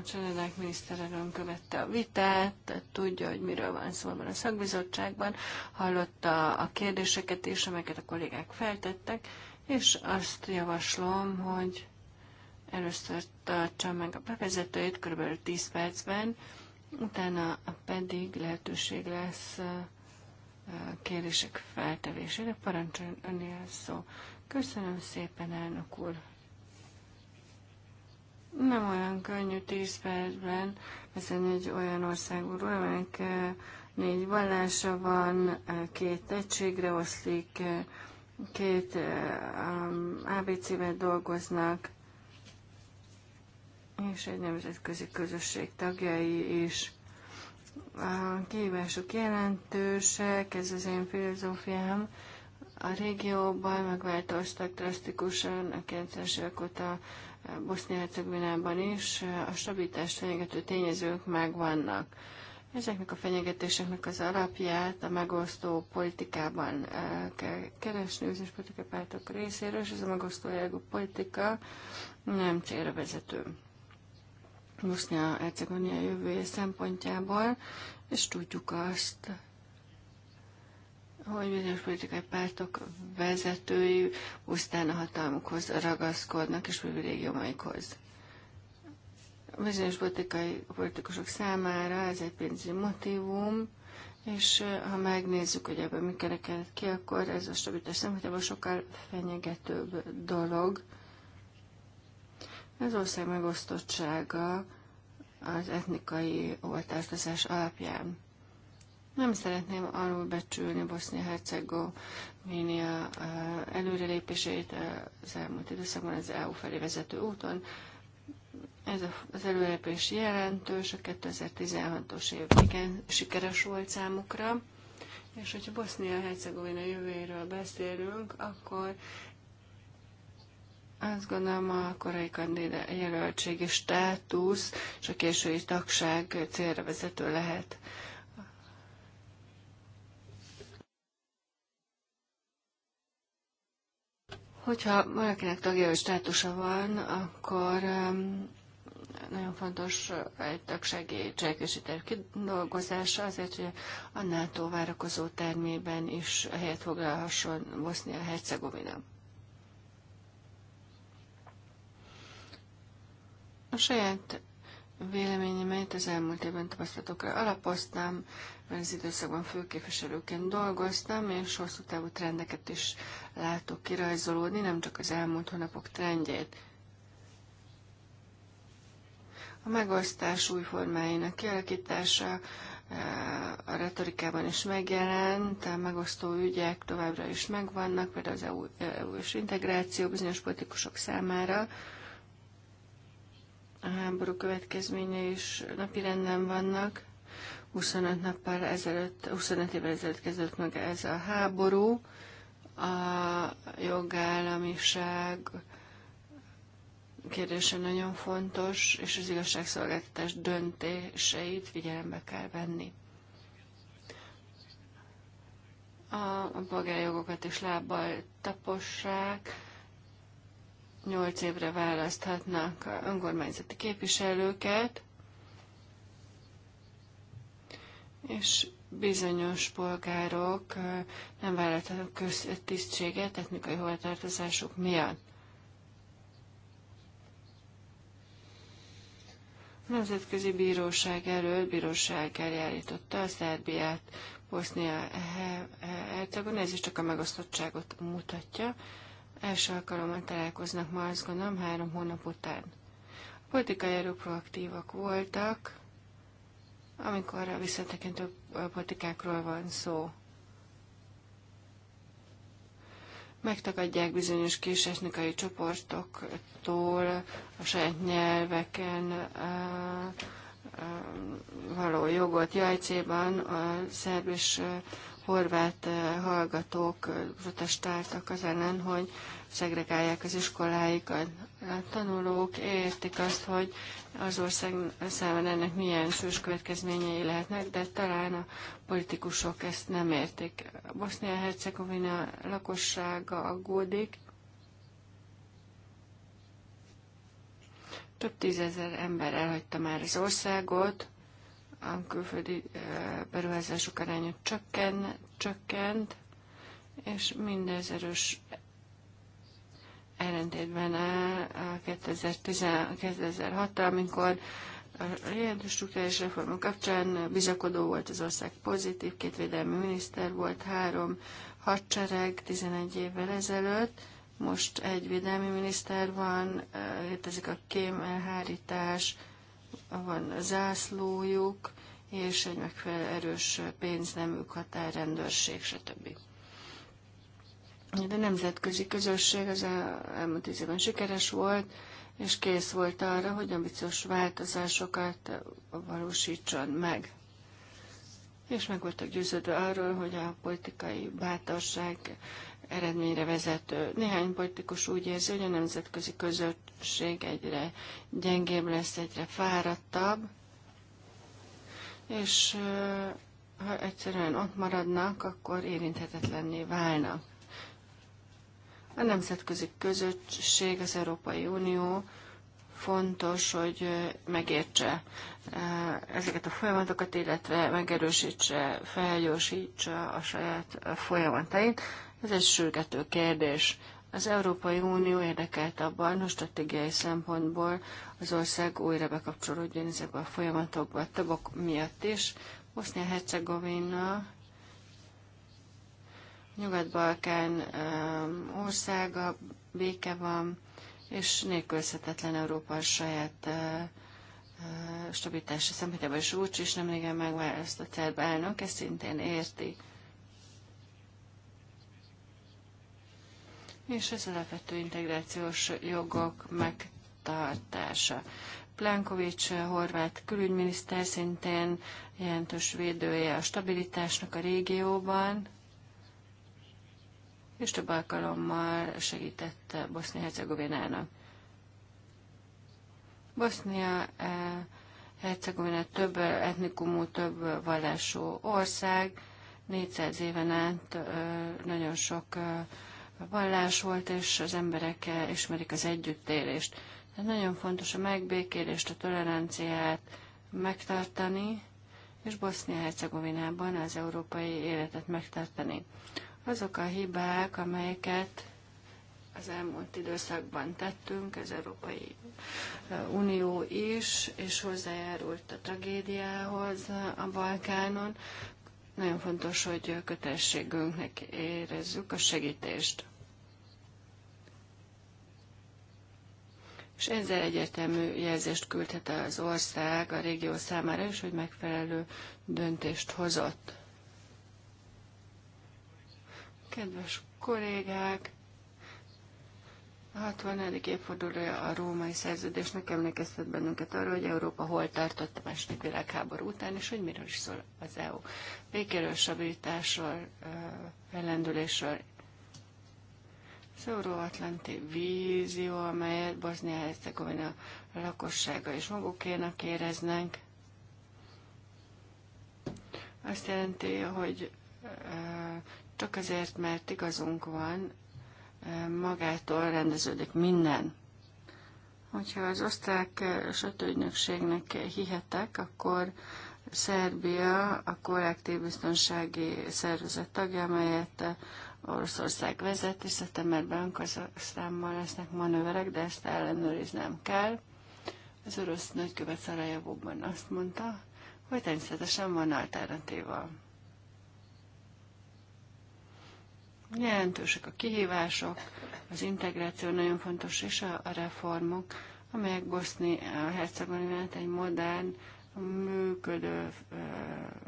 Családának miniszterelőn követte a vitát, tudja, hogy miről van szó szóval a szakbizottságban, hallotta a kérdéseket is, amelyeket a kollégák feltettek, és azt javaslom, hogy először tartsa meg a bevezetőjét kb. 10 percben, utána pedig lehetőség lesz kérdések feltevésére. Parancsoljon önnél szó. Köszönöm szépen, elnök úr! Nem olyan könnyű 10 percben beszélni egy olyan országról, amelynek eh, négy vallása van, eh, két egységre oszlik, eh, két ABC-vel um, dolgoznak, és egy nemzetközi közösség tagjai is. A kihívások jelentősek, ez az én filozófiám. A régióban megváltoztak drasztikusan a 90-es évek óta Bosznia-Hercegovinában is a stabilitást fenyegető tényezők megvannak. Ezeknek a fenyegetéseknek az alapját a megosztó politikában eh, kell keresni az politikai pártok részéről, és ez a megosztó jelgő politika nem célra vezető. Bosznia-Hercegovina jövője szempontjából, és tudjuk azt, hogy bizonyos politikai pártok vezetői pusztán a hatalmukhoz ragaszkodnak és privilégiumaikhoz. A bizonyos politikai politikusok számára ez egy pénzügyi motivum, és ha megnézzük, hogy ebből mi kerekedett ki, akkor ez a stabilitás szempontjából sokkal fenyegetőbb dolog. Az ország megosztottsága az etnikai oltártozás alapján. Nem szeretném arról becsülni Bosznia-Hercegovina előrelépéseit az elmúlt időszakban az EU felé vezető úton. Ez az előrelépés jelentős, a 2016-os év igen sikeres volt számukra. És hogyha Bosznia-Hercegovina jövőjéről beszélünk, akkor azt gondolom a korai jelöltségi státusz és a késői tagság célra vezető lehet. Hogyha valakinek tagjelölt státusa van, akkor um, nagyon fontos uh, egy tagsági cselekvési terv kidolgozása azért, hogy a NATO várakozó termében is helyet foglalhasson Bosznia-Hercegovina. A saját véleményemet az elmúlt évben tapasztalatokra alapoztam, Ebben az időszakban főképviselőként dolgoztam, és hosszú távú trendeket is látok kirajzolódni, nem csak az elmúlt hónapok trendjét. A megosztás új formáinak kialakítása e, a retorikában is megjelent, a megosztó ügyek továbbra is megvannak, például az EU, EU-s integráció bizonyos politikusok számára, a háború következménye is napirenden vannak. 25 nappal ezelőtt, 25 évvel ezelőtt kezdődött meg ez a háború, a jogállamiság kérdése nagyon fontos, és az igazságszolgáltatás döntéseit figyelembe kell venni. A, a polgárjogokat is lábbal tapossák, nyolc évre választhatnak önkormányzati képviselőket, és bizonyos polgárok nem vállalhatnak köztisztséget etnikai hovatartozásuk miatt. A Nemzetközi Bíróság előtt bíróság eljárította a Szerbiát, Bosznia Hercegovina, ez is csak a megosztottságot mutatja. Első alkalommal találkoznak ma, azt gondolom, három hónap után. A politikai erők proaktívak voltak, amikor a visszatekintő politikákról van szó. Megtagadják bizonyos kis etnikai csoportoktól a saját nyelveken való jogot. Jajcéban a szerb és horvát hallgatók protestáltak az ellen, hogy szegregálják az iskoláikat. A tanulók értik azt, hogy az ország számára ennek milyen sős következményei lehetnek, de talán a politikusok ezt nem értik. Bosznia-Hercegovina lakossága aggódik. Több tízezer ember elhagyta már az országot, a külföldi beruházások aránya csökkent, csökkent, és mindez erős ellentétben áll a 2006-tal, amikor a struktúrális reformok kapcsán bizakodó volt az ország pozitív, két védelmi miniszter volt, három hadsereg 11 évvel ezelőtt, most egy védelmi miniszter van, létezik a kém elhárítás, van zászlójuk, és egy megfelelő erős ők határrendőrség, stb. De nemzetközi közösség az elmúlt tíz évben sikeres volt, és kész volt arra, hogy ambiciós változásokat valósítson meg. És meg voltak győződve arról, hogy a politikai bátorság eredményre vezető. Néhány politikus úgy érzi, hogy a nemzetközi közösség egyre gyengébb lesz, egyre fáradtabb, és ha egyszerűen ott maradnak, akkor érinthetetlenné válnak. A nemzetközi közösség, az Európai Unió fontos, hogy megértse ezeket a folyamatokat, illetve megerősítse, felgyorsítsa a saját folyamatait. Ez egy sürgető kérdés. Az Európai Unió érdekelt abban, hogy stratégiai szempontból az ország újra bekapcsolódjon ezekbe a folyamatokba, többok miatt is. Bosznia-Hercegovina Nyugat-Balkán országa, béke van, és nélkülözhetetlen Európa a saját stabilitása szempontjából is úgy, és nemrégen megválasztott szerb elnök, ezt szintén érti. És az alapvető integrációs jogok megtartása. Plankovic, horvát külügyminiszter szintén jelentős védője a stabilitásnak a régióban, és több alkalommal segített Bosznia-Hercegovinának. Bosznia Hercegovina több etnikumú, több vallású ország, 400 éven át nagyon sok vallás volt, és az emberek ismerik az együttélést. Tehát nagyon fontos a megbékélést, a toleranciát megtartani, és Bosznia-Hercegovinában az európai életet megtartani. Azok a hibák, amelyeket az elmúlt időszakban tettünk, az Európai Unió is, és hozzájárult a tragédiához a Balkánon. Nagyon fontos, hogy kötességünknek érezzük a segítést. És ezzel egyetemű jelzést küldhet az ország a régió számára is, hogy megfelelő döntést hozott. Kedves kollégák, a 60. évfordulója a római szerződésnek emlékeztet bennünket arra, hogy Európa hol tartott a második világháború után, és hogy miről is szól az EU. Békéről, stabilitásról, fellendülésről. Az euróatlanti vízió, amelyet Bosznia-Hercegovina lakossága és magukénak éreznek, azt jelenti, hogy csak azért, mert igazunk van, magától rendeződik minden. Hogyha az osztrák sötőügynökségnek hihetek, akkor Szerbia a kollektív biztonsági szervezet tagja, amelyet Oroszország vezet, és szeptemberben Kazasztánban lesznek manőverek, de ezt ellenőriznem kell. Az orosz nagykövet Szarajevóban azt mondta, hogy természetesen van alternatíva. Jelentősek a kihívások, az integráció nagyon fontos, és a, a reformok, amelyek a hercegovinát egy modern, működő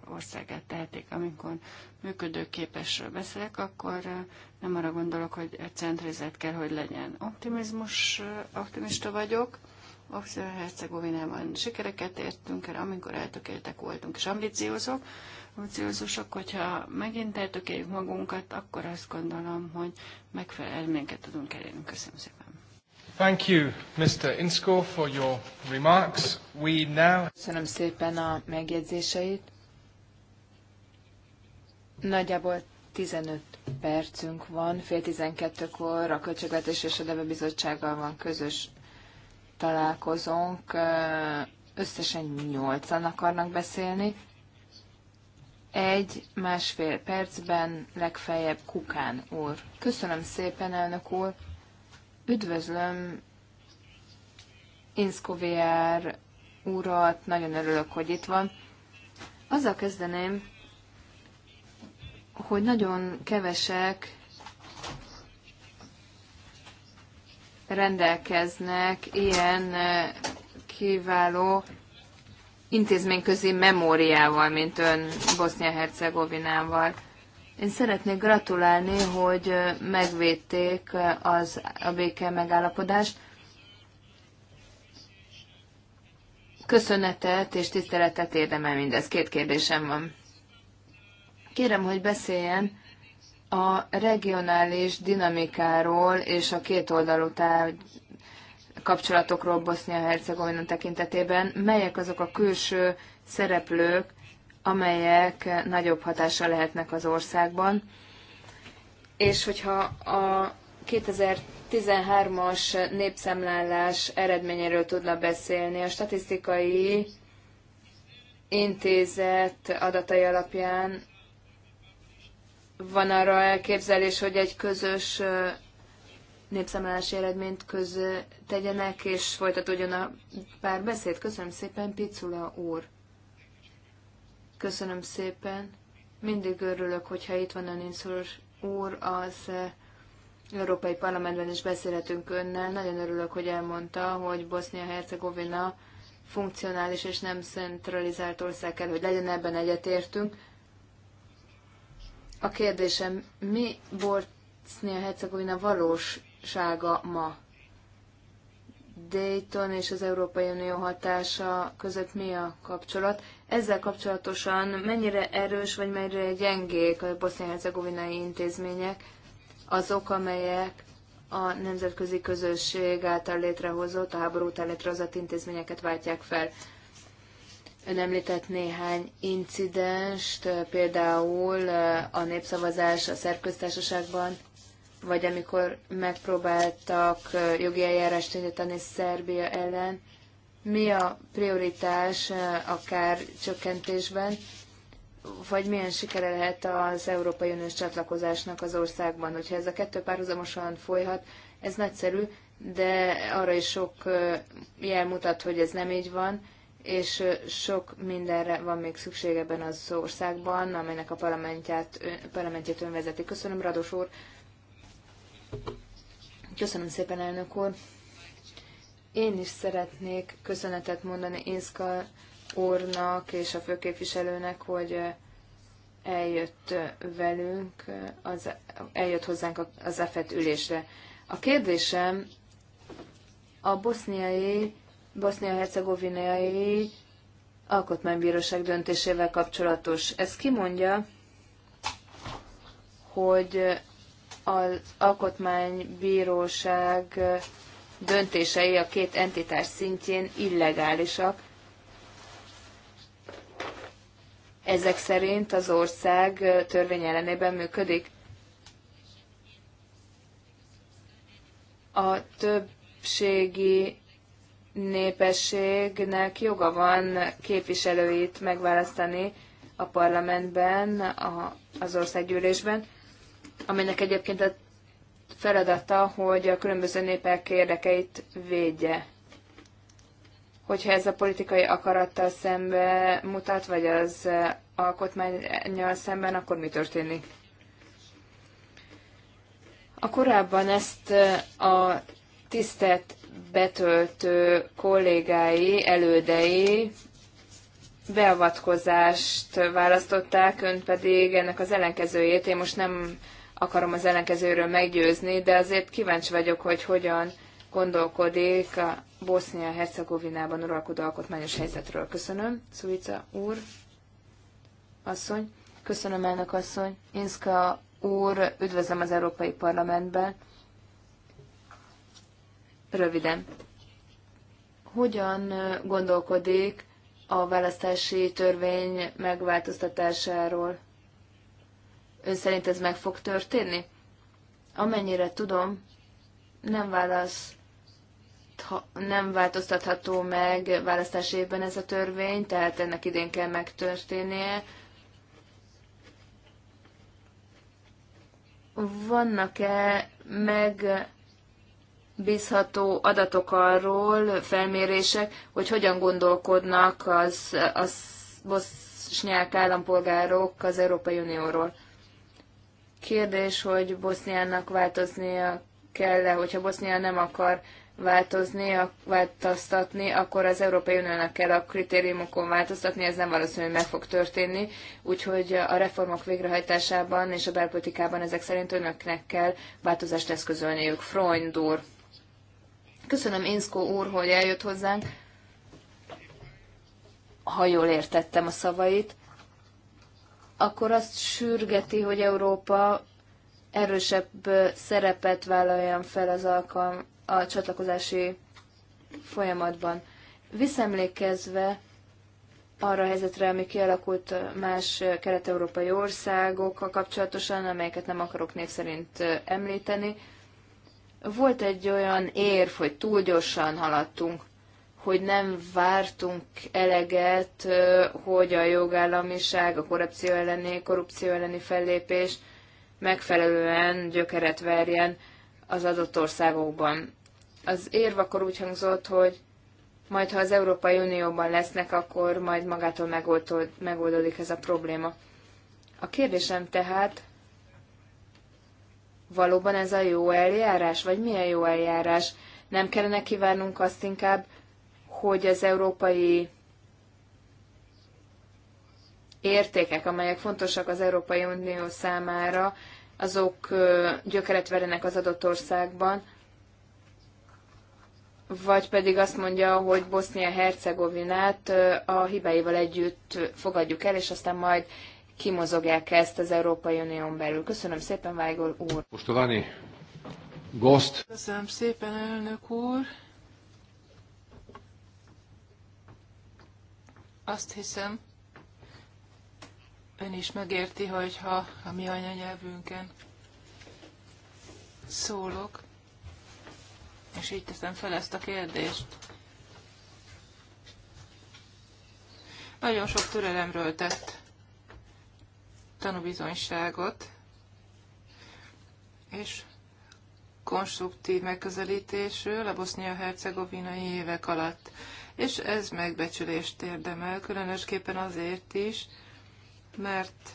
országát tehetik. Amikor működőképesről beszélek, akkor nem arra gondolok, hogy centrizált kell, hogy legyen. Optimizmus, optimista vagyok. Bosznia-Hercegovinában sikereket értünk el, amikor eltökéltek voltunk és ambiciózok, funkciózusok, hogyha megint eltökéljük magunkat, akkor azt gondolom, hogy megfelelő eredményeket tudunk elérni. Köszönöm szépen. Thank you, Mr. Insko, for your remarks. We now... Köszönöm szépen a megjegyzéseit. Nagyjából 15 percünk van, fél 12-kor a Költségvetés és a Deve Bizottsággal van közös találkozónk összesen nyolcan akarnak beszélni egy másfél percben legfeljebb Kukán úr. Köszönöm szépen, elnök úr. Üdvözlöm Inszkoviár úrat, nagyon örülök, hogy itt van. Azzal kezdeném, hogy nagyon kevesek rendelkeznek ilyen eh, kiváló intézményközi memóriával, mint ön Bosznia-Hercegovinával. Én szeretnék gratulálni, hogy megvédték az, a béke megállapodást. Köszönetet és tiszteletet érdemel mindez. Két kérdésem van. Kérem, hogy beszéljen a regionális dinamikáról és a kétoldalú kapcsolatokról Bosznia-Hercegovina tekintetében, melyek azok a külső szereplők, amelyek nagyobb hatása lehetnek az országban. És hogyha a 2013-as népszámlálás eredményéről tudna beszélni, a statisztikai intézet adatai alapján van arra elképzelés, hogy egy közös népszámlálási eredményt köz tegyenek, és folytatódjon a párbeszéd. Köszönöm szépen, Picula úr. Köszönöm szépen. Mindig örülök, hogyha itt van a Ninszor úr, az eh, Európai Parlamentben is beszélhetünk önnel. Nagyon örülök, hogy elmondta, hogy Bosznia-Hercegovina funkcionális és nem centralizált ország kell, hogy legyen, ebben egyetértünk. A kérdésem, mi Bosznia-Hercegovina valós sága ma. Dayton és az Európai Unió hatása között mi a kapcsolat? Ezzel kapcsolatosan mennyire erős vagy mennyire gyengék a bosznia-hercegovinai intézmények, azok, amelyek a nemzetközi közösség által létrehozott, a háború után létrehozott intézményeket váltják fel. Ön említett néhány incidenst, például a népszavazás a szerköztársaságban, vagy amikor megpróbáltak jogi eljárást indítani Szerbia ellen, mi a prioritás akár csökkentésben, vagy milyen sikere lehet az Európai Uniós csatlakozásnak az országban. Hogyha ez a kettő párhuzamosan folyhat, ez nagyszerű, de arra is sok jel mutat, hogy ez nem így van, és sok mindenre van még szükségeben az országban, amelynek a parlamentját, parlamentjét önvezeti. Köszönöm, Rados úr! Köszönöm szépen, elnök úr. Én is szeretnék köszönetet mondani Inszka úrnak és a főképviselőnek, hogy eljött velünk, az, eljött hozzánk az EFET ülésre. A kérdésem a boszniai, bosznia-hercegovinai alkotmánybíróság döntésével kapcsolatos. Ez kimondja, hogy az alkotmánybíróság döntései a két entitás szintjén illegálisak. Ezek szerint az ország törvény ellenében működik. A többségi népességnek joga van képviselőit megválasztani a parlamentben, a, az országgyűlésben amelynek egyébként a feladata, hogy a különböző népek érdekeit védje. Hogyha ez a politikai akarattal szembe mutat, vagy az eh, alkotmányjal szemben, akkor mi történik? A korábban ezt eh, a tisztet betöltő kollégái, elődei beavatkozást választották, ön pedig ennek az ellenkezőjét. Én most nem akarom az ellenkezőről meggyőzni, de azért kíváncsi vagyok, hogy hogyan gondolkodik a Bosznia-Hercegovinában uralkodó alkotmányos helyzetről. Köszönöm, Szuica úr, asszony. Köszönöm, elnök asszony. Inszka úr, üdvözlöm az Európai Parlamentben. Röviden. Hogyan gondolkodik a választási törvény megváltoztatásáról? Ön szerint ez meg fog történni? Amennyire tudom, nem válasz nem változtatható meg választásében évben ez a törvény, tehát ennek idén kell megtörténnie. Vannak-e bízható adatok arról, felmérések, hogy hogyan gondolkodnak az, az bosznyák állampolgárok az Európai Unióról? Kérdés, hogy Boszniának változnia kell-e, hogyha Bosznia nem akar változni, változtatni, akkor az Európai Uniónak kell a kritériumokon változtatni, ez nem valószínű, hogy meg fog történni, úgyhogy a reformok végrehajtásában és a belpolitikában ezek szerint önöknek kell változást eszközölniük. Freund úr. Köszönöm Inszkó úr, hogy eljött hozzánk. Ha jól értettem a szavait, akkor azt sürgeti, hogy Európa erősebb szerepet vállaljon fel az alkalm, a csatlakozási folyamatban. Visszemlékezve arra a helyzetre, ami kialakult más kelet-európai országokkal kapcsolatosan, amelyeket nem akarok név szerint említeni, volt egy olyan érv, hogy túl gyorsan haladtunk hogy nem vártunk eleget, hogy a jogállamiság, a korrupció elleni, korrupció elleni fellépés megfelelően gyökeret verjen az adott országokban. Az érv akkor úgy hangzott, hogy majd ha az Európai Unióban lesznek, akkor majd magától megoldod, megoldódik ez a probléma. A kérdésem tehát, valóban ez a jó eljárás, vagy milyen jó eljárás? Nem kellene kívánunk azt inkább, hogy az európai értékek, amelyek fontosak az Európai Unió számára, azok gyökeret verenek az adott országban, vagy pedig azt mondja, hogy Bosznia-Hercegovinát a hibáival együtt fogadjuk el, és aztán majd kimozogják ezt az Európai Unión belül. Köszönöm szépen, Weigel úr! gost! Köszönöm szépen, elnök úr! Azt hiszem, ön is megérti, hogyha a mi anyanyelvünken szólok, és így teszem fel ezt a kérdést. Nagyon sok türelemről tett tanúbizonyságot, és konstruktív megközelítésről a bosznia-hercegovinai évek alatt és ez megbecsülést érdemel, különösképpen azért is, mert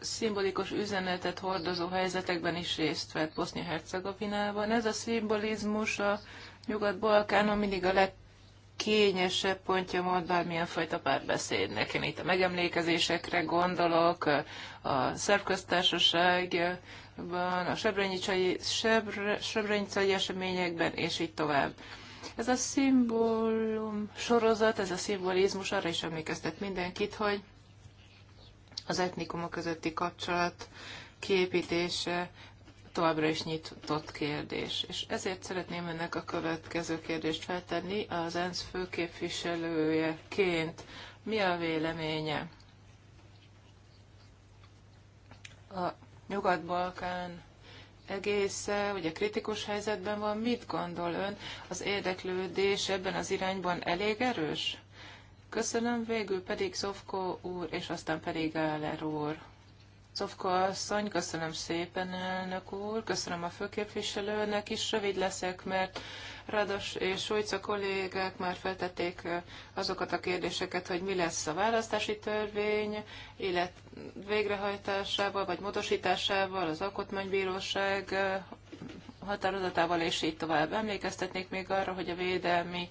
szimbolikus üzenetet hordozó helyzetekben is részt vett Bosznia-Hercegovinában. Ez a szimbolizmus a Nyugat-Balkánon mindig a legkényesebb pontja volt bármilyen fajta párbeszédnek. Én itt a megemlékezésekre gondolok, a szervköztársaság Irakban, a srebrenicai, sebre, sebrenicai eseményekben, és így tovább. Ez a szimbólum sorozat, ez a szimbolizmus arra is emlékeztet mindenkit, hogy az etnikumok közötti kapcsolat kiépítése továbbra is nyitott kérdés. És ezért szeretném ennek a következő kérdést feltenni az ENSZ főképviselőjeként. Mi a véleménye? A Nyugat-Balkán egésze, ugye kritikus helyzetben van. Mit gondol ön, az érdeklődés ebben az irányban elég erős? Köszönöm, végül pedig Szofko úr, és aztán pedig Gáler úr. Szofko asszony, köszönöm szépen, elnök úr, köszönöm a főképviselőnek is, rövid leszek, mert Rados és Sojca kollégák már feltették azokat a kérdéseket, hogy mi lesz a választási törvény, illet végrehajtásával vagy módosításával, az alkotmánybíróság határozatával, és így tovább. Emlékeztetnék még arra, hogy a védelmi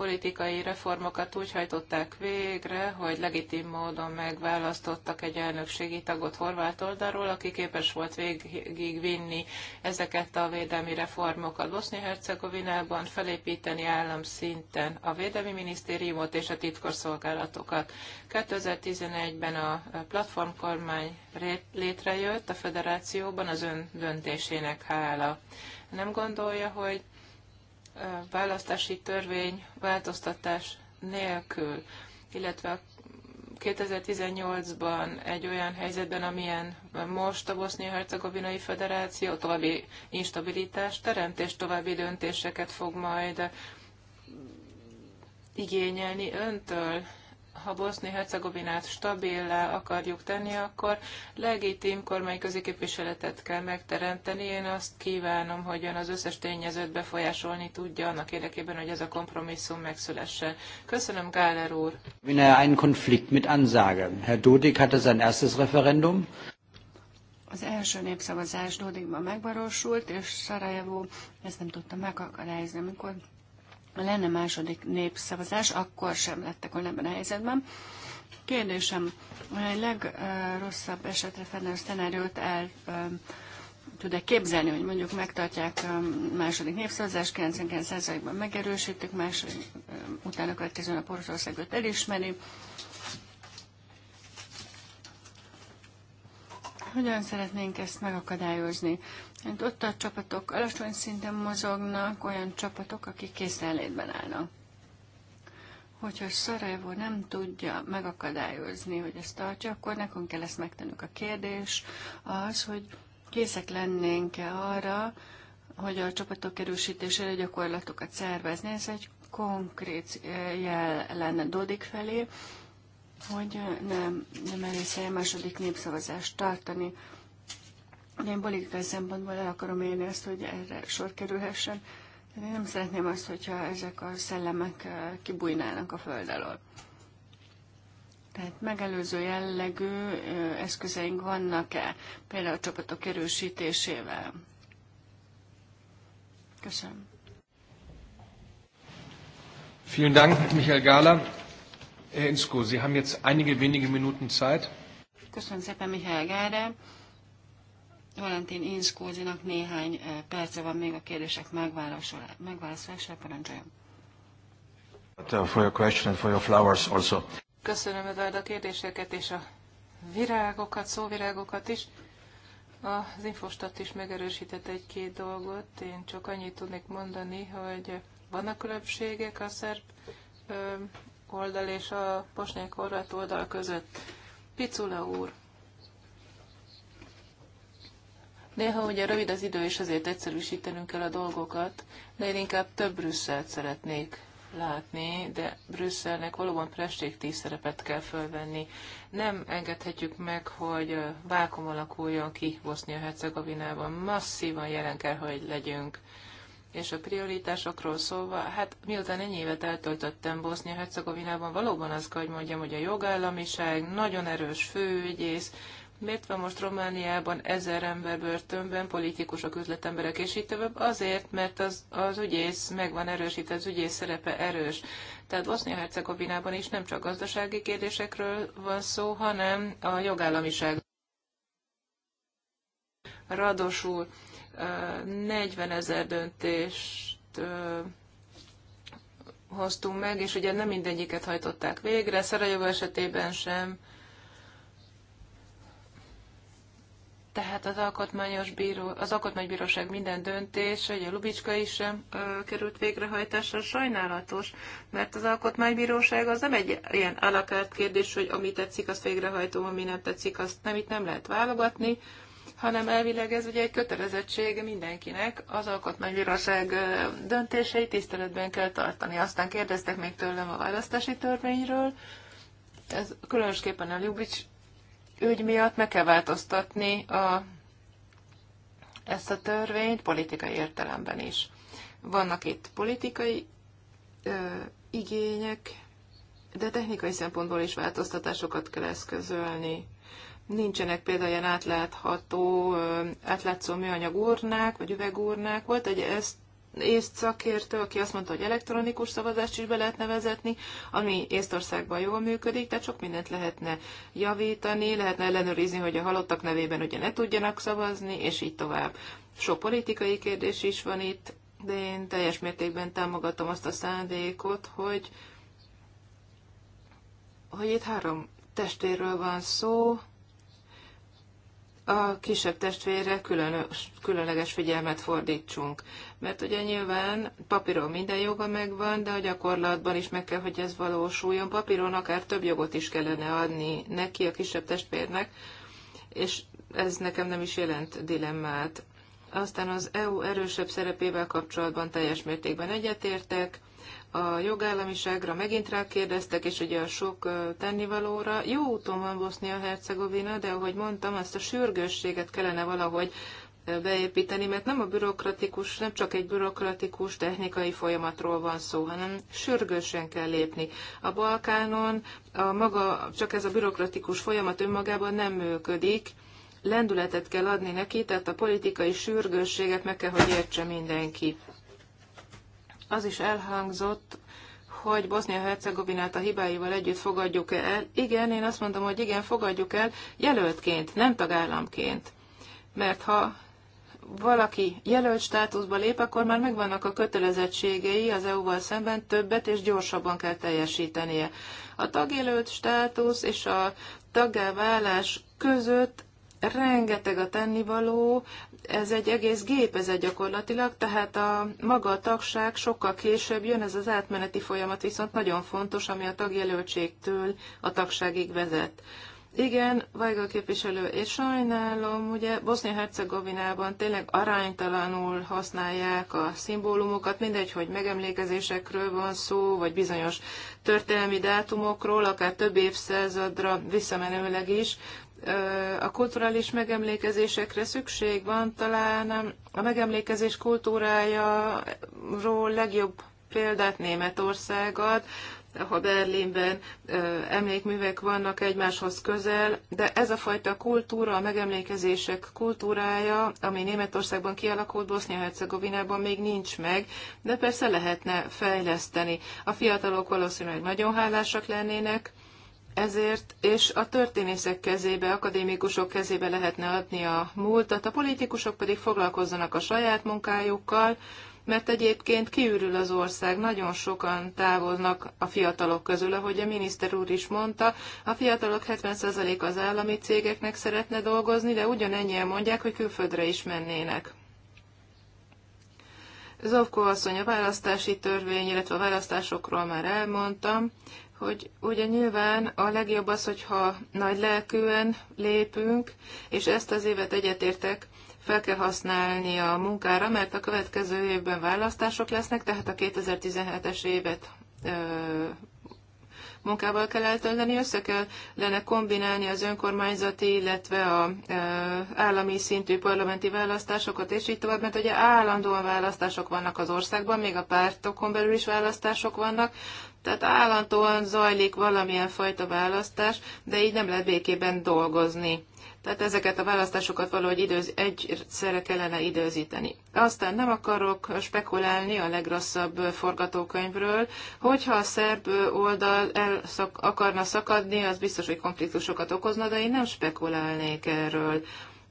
politikai reformokat úgy hajtották végre, hogy legitim módon megválasztottak egy elnökségi tagot horvát oldalról, aki képes volt végigvinni ezeket a védelmi reformokat Bosznia-Hercegovinában, felépíteni államszinten a védelmi minisztériumot és a titkosszolgálatokat. 2011-ben a platformkormány létrejött a federációban az ön döntésének hála. Nem gondolja, hogy választási törvény változtatás nélkül, illetve a 2018-ban egy olyan helyzetben, amilyen most a Bosznia-Hercegovinai Federáció további instabilitást teremt, és további döntéseket fog majd igényelni öntől, ha Bosznia-Hercegovinát stabilá akarjuk tenni, akkor legitim kormányközi képviseletet kell megteremteni. Én azt kívánom, hogy ön az összes tényezőt befolyásolni tudja annak érdekében, hogy ez a kompromisszum megszülessen. Köszönöm, Gáler úr. Wenn er Konflikt mit Ansage. Herr Dodik hatte sein erstes Referendum. Az első népszavazás Dodikban megvalósult, és Szarajevó ezt nem tudta megakadályozni, amikor lenne második népszavazás, akkor sem lettek volna ebben a helyzetben. Kérdésem, a legrosszabb esetre fennálló szenáriót el tud-e képzelni, hogy mondjuk megtartják a második népszavazást, 99%-ban megerősítik, más utána következően a Poroszországot elismeri. Hogyan szeretnénk ezt megakadályozni? Hát ott a csapatok alacsony szinten mozognak, olyan csapatok, akik készenlétben állnak. Hogyha Szarajevó nem tudja megakadályozni, hogy ezt tartja, akkor nekünk kell ezt megtennünk. A kérdés az, hogy készek lennénk-e arra, hogy a csapatok erősítésére gyakorlatokat szervezni. Ez egy konkrét eh, jel lenne Dodik felé, hogy eh, nem, nem a második népszavazást tartani. Én politikai szempontból el akarom élni ezt, hogy erre sor kerülhessen. De én nem szeretném azt, hogyha ezek a szellemek kibújnának a föld alól. Tehát megelőző jellegű eszközeink vannak-e, például a csapatok erősítésével? Köszönöm. Vielen Dank, Michael Gala. Herr Insko, Sie haben jetzt einige wenige Minuten Zeit. Köszönöm szépen, Michael Gala. Valentin Inszkózinak néhány eh, perce van még a kérdések megválaszolására. Parancsoljon. For your question, for your flowers also. Köszönöm Edward a kérdéseket és a virágokat, szóvirágokat is. Az Infostat is megerősített egy-két dolgot. Én csak annyit tudnék mondani, hogy vannak különbségek a szerb oldal és a posnyák horvát oldal között. Picula úr Néha ugye rövid az idő, és azért egyszerűsítenünk kell a dolgokat, de én inkább több Brüsszelt szeretnék látni, de Brüsszelnek valóban prestigtív szerepet kell fölvenni. Nem engedhetjük meg, hogy vákum alakuljon ki Bosznia-Hercegovinában. Masszívan jelen kell, hogy legyünk. És a prioritásokról szólva, hát miután ennyi évet eltöltöttem Bosznia-Hercegovinában, valóban az kell, hogy mondjam, hogy a jogállamiság, nagyon erős főügyész, Miért van most Romániában ezer ember börtönben, politikusok, üzletemberek és így tovább? Azért, mert az, az ügyész megvan erősítve, az ügyész szerepe erős. Tehát Bosznia-Hercegovinában is nem csak gazdasági kérdésekről van szó, hanem a jogállamiság. Radosul 40 ezer döntést hoztunk meg, és ugye nem mindegyiket hajtották végre, Szarajeva esetében sem, tehát az alkotmányos bíró, az alkotmánybíróság minden döntés, hogy a Lubicska is sem ö, került végrehajtásra, sajnálatos, mert az alkotmánybíróság az nem egy ilyen alakárt kérdés, hogy ami tetszik, azt végrehajtom, ami nem tetszik, azt nem, itt nem lehet válogatni, hanem elvileg ez ugye egy kötelezettség mindenkinek, az alkotmánybíróság döntései tiszteletben kell tartani. Aztán kérdeztek még tőlem a választási törvényről, ez különösképpen a Lubics ügy miatt meg kell változtatni a, ezt a törvényt politikai értelemben is. Vannak itt politikai ö, igények, de technikai szempontból is változtatásokat kell eszközölni. Nincsenek például ilyen átlátható, átlátszó műanyag urnák, vagy üvegurnák. Volt egy ezt észt szakértő, aki azt mondta, hogy elektronikus szavazást is be lehetne vezetni, ami Észtországban jól működik, tehát sok mindent lehetne javítani, lehetne ellenőrizni, hogy a halottak nevében ugye ne tudjanak szavazni, és így tovább. Sok politikai kérdés is van itt, de én teljes mértékben támogatom azt a szándékot, hogy, hogy itt három testvérről van szó, a kisebb testvérre különös, különleges figyelmet fordítsunk. Mert ugye nyilván papíron minden joga megvan, de a gyakorlatban is meg kell, hogy ez valósuljon. Papíron akár több jogot is kellene adni neki, a kisebb testvérnek, és ez nekem nem is jelent dilemmát. Aztán az EU erősebb szerepével kapcsolatban teljes mértékben egyetértek, a jogállamiságra megint rákérdeztek, és ugye a sok tennivalóra. Jó úton van Bosznia-Hercegovina, de ahogy mondtam, azt a sürgősséget kellene valahogy beépíteni, mert nem a bürokratikus, nem csak egy bürokratikus technikai folyamatról van szó, hanem sürgősen kell lépni. A Balkánon a maga, csak ez a bürokratikus folyamat önmagában nem működik, lendületet kell adni neki, tehát a politikai sürgősséget meg kell, hogy értse mindenki. Az is elhangzott, hogy Bosznia-Hercegovinát a hibáival együtt fogadjuk el. Igen, én azt mondom, hogy igen, fogadjuk el jelöltként, nem tagállamként. Mert ha valaki jelölt státuszba lép, akkor már megvannak a kötelezettségei az EU-val szemben, többet és gyorsabban kell teljesítenie. A tagjelölt státusz és a válás között rengeteg a tennivaló, ez egy egész gépezet gyakorlatilag, tehát a maga a tagság sokkal később jön, ez az átmeneti folyamat viszont nagyon fontos, ami a tagjelöltségtől a tagságig vezet. Igen, Vajga képviselő, és sajnálom, ugye Bosznia-Hercegovinában tényleg aránytalanul használják a szimbólumokat, mindegy, hogy megemlékezésekről van szó, vagy bizonyos történelmi dátumokról, akár több évszázadra visszamenőleg is, a kulturális megemlékezésekre szükség van, talán a megemlékezés kultúrájáról legjobb példát Németország ad, ha Berlinben emlékművek vannak egymáshoz közel, de ez a fajta kultúra, a megemlékezések kultúrája, ami Németországban kialakult, Bosznia-Hercegovinában még nincs meg, de persze lehetne fejleszteni. A fiatalok valószínűleg nagyon hálásak lennének, ezért, és a történészek kezébe, akadémikusok kezébe lehetne adni a múltat, a politikusok pedig foglalkozzanak a saját munkájukkal, mert egyébként kiürül az ország, nagyon sokan távoznak a fiatalok közül, ahogy a miniszter úr is mondta, a fiatalok 70% az állami cégeknek szeretne dolgozni, de ugyanennyien mondják, hogy külföldre is mennének. Zovko asszony a választási törvény, illetve a választásokról már elmondtam, hogy ugye nyilván a legjobb az, hogyha nagy lelkűen lépünk, és ezt az évet egyetértek fel kell használni a munkára, mert a következő évben választások lesznek, tehát a 2017-es évet munkával kell eltölteni, össze kellene kombinálni az önkormányzati, illetve a állami szintű parlamenti választásokat, és így tovább, mert ugye állandóan választások vannak az országban, még a pártokon belül is választások vannak, tehát állandóan zajlik valamilyen fajta választás, de így nem lehet békében dolgozni tehát ezeket a választásokat valahogy időz, egyszerre kellene időzíteni. Aztán nem akarok spekulálni a legrosszabb forgatókönyvről, hogyha a szerb oldal el szak, akarna szakadni, az biztos, hogy konfliktusokat okozna, de én nem spekulálnék erről.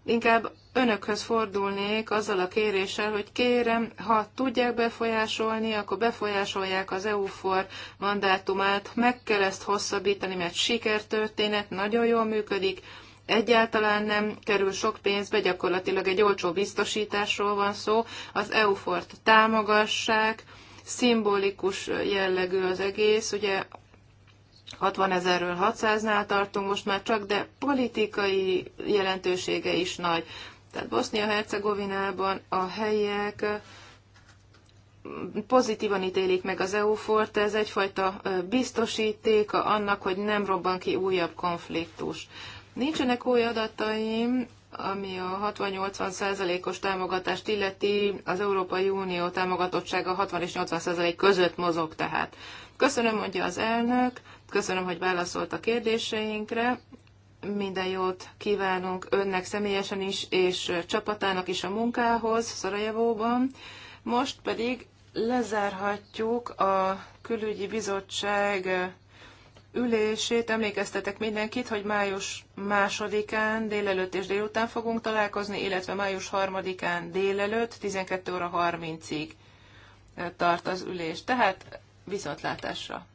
Inkább önökhöz fordulnék azzal a kéréssel, hogy kérem, ha tudják befolyásolni, akkor befolyásolják az EUFOR mandátumát, meg kell ezt hosszabbítani, mert sikertörténet, nagyon jól működik, egyáltalán nem kerül sok pénzbe, gyakorlatilag egy olcsó biztosításról van szó, az EUFORT támogassák, szimbolikus jellegű az egész, ugye 60 ezerről 600-nál tartunk most már csak, de politikai jelentősége is nagy. Tehát Bosznia-Hercegovinában a helyiek pozitívan ítélik meg az EU-fort, ez egyfajta biztosítéka annak, hogy nem robban ki újabb konfliktus. Nincsenek új adataim, ami a 60-80 százalékos támogatást illeti, az Európai Unió támogatottsága 60 és 80 százalék között mozog tehát. Köszönöm, mondja az elnök, köszönöm, hogy válaszolt a kérdéseinkre, minden jót kívánunk önnek személyesen is, és csapatának is a munkához Szarajevóban. Most pedig lezárhatjuk a külügyi bizottság ülését. Emlékeztetek mindenkit, hogy május másodikán délelőtt és délután fogunk találkozni, illetve május harmadikán délelőtt 12 óra 30-ig tart az ülés. Tehát viszontlátásra!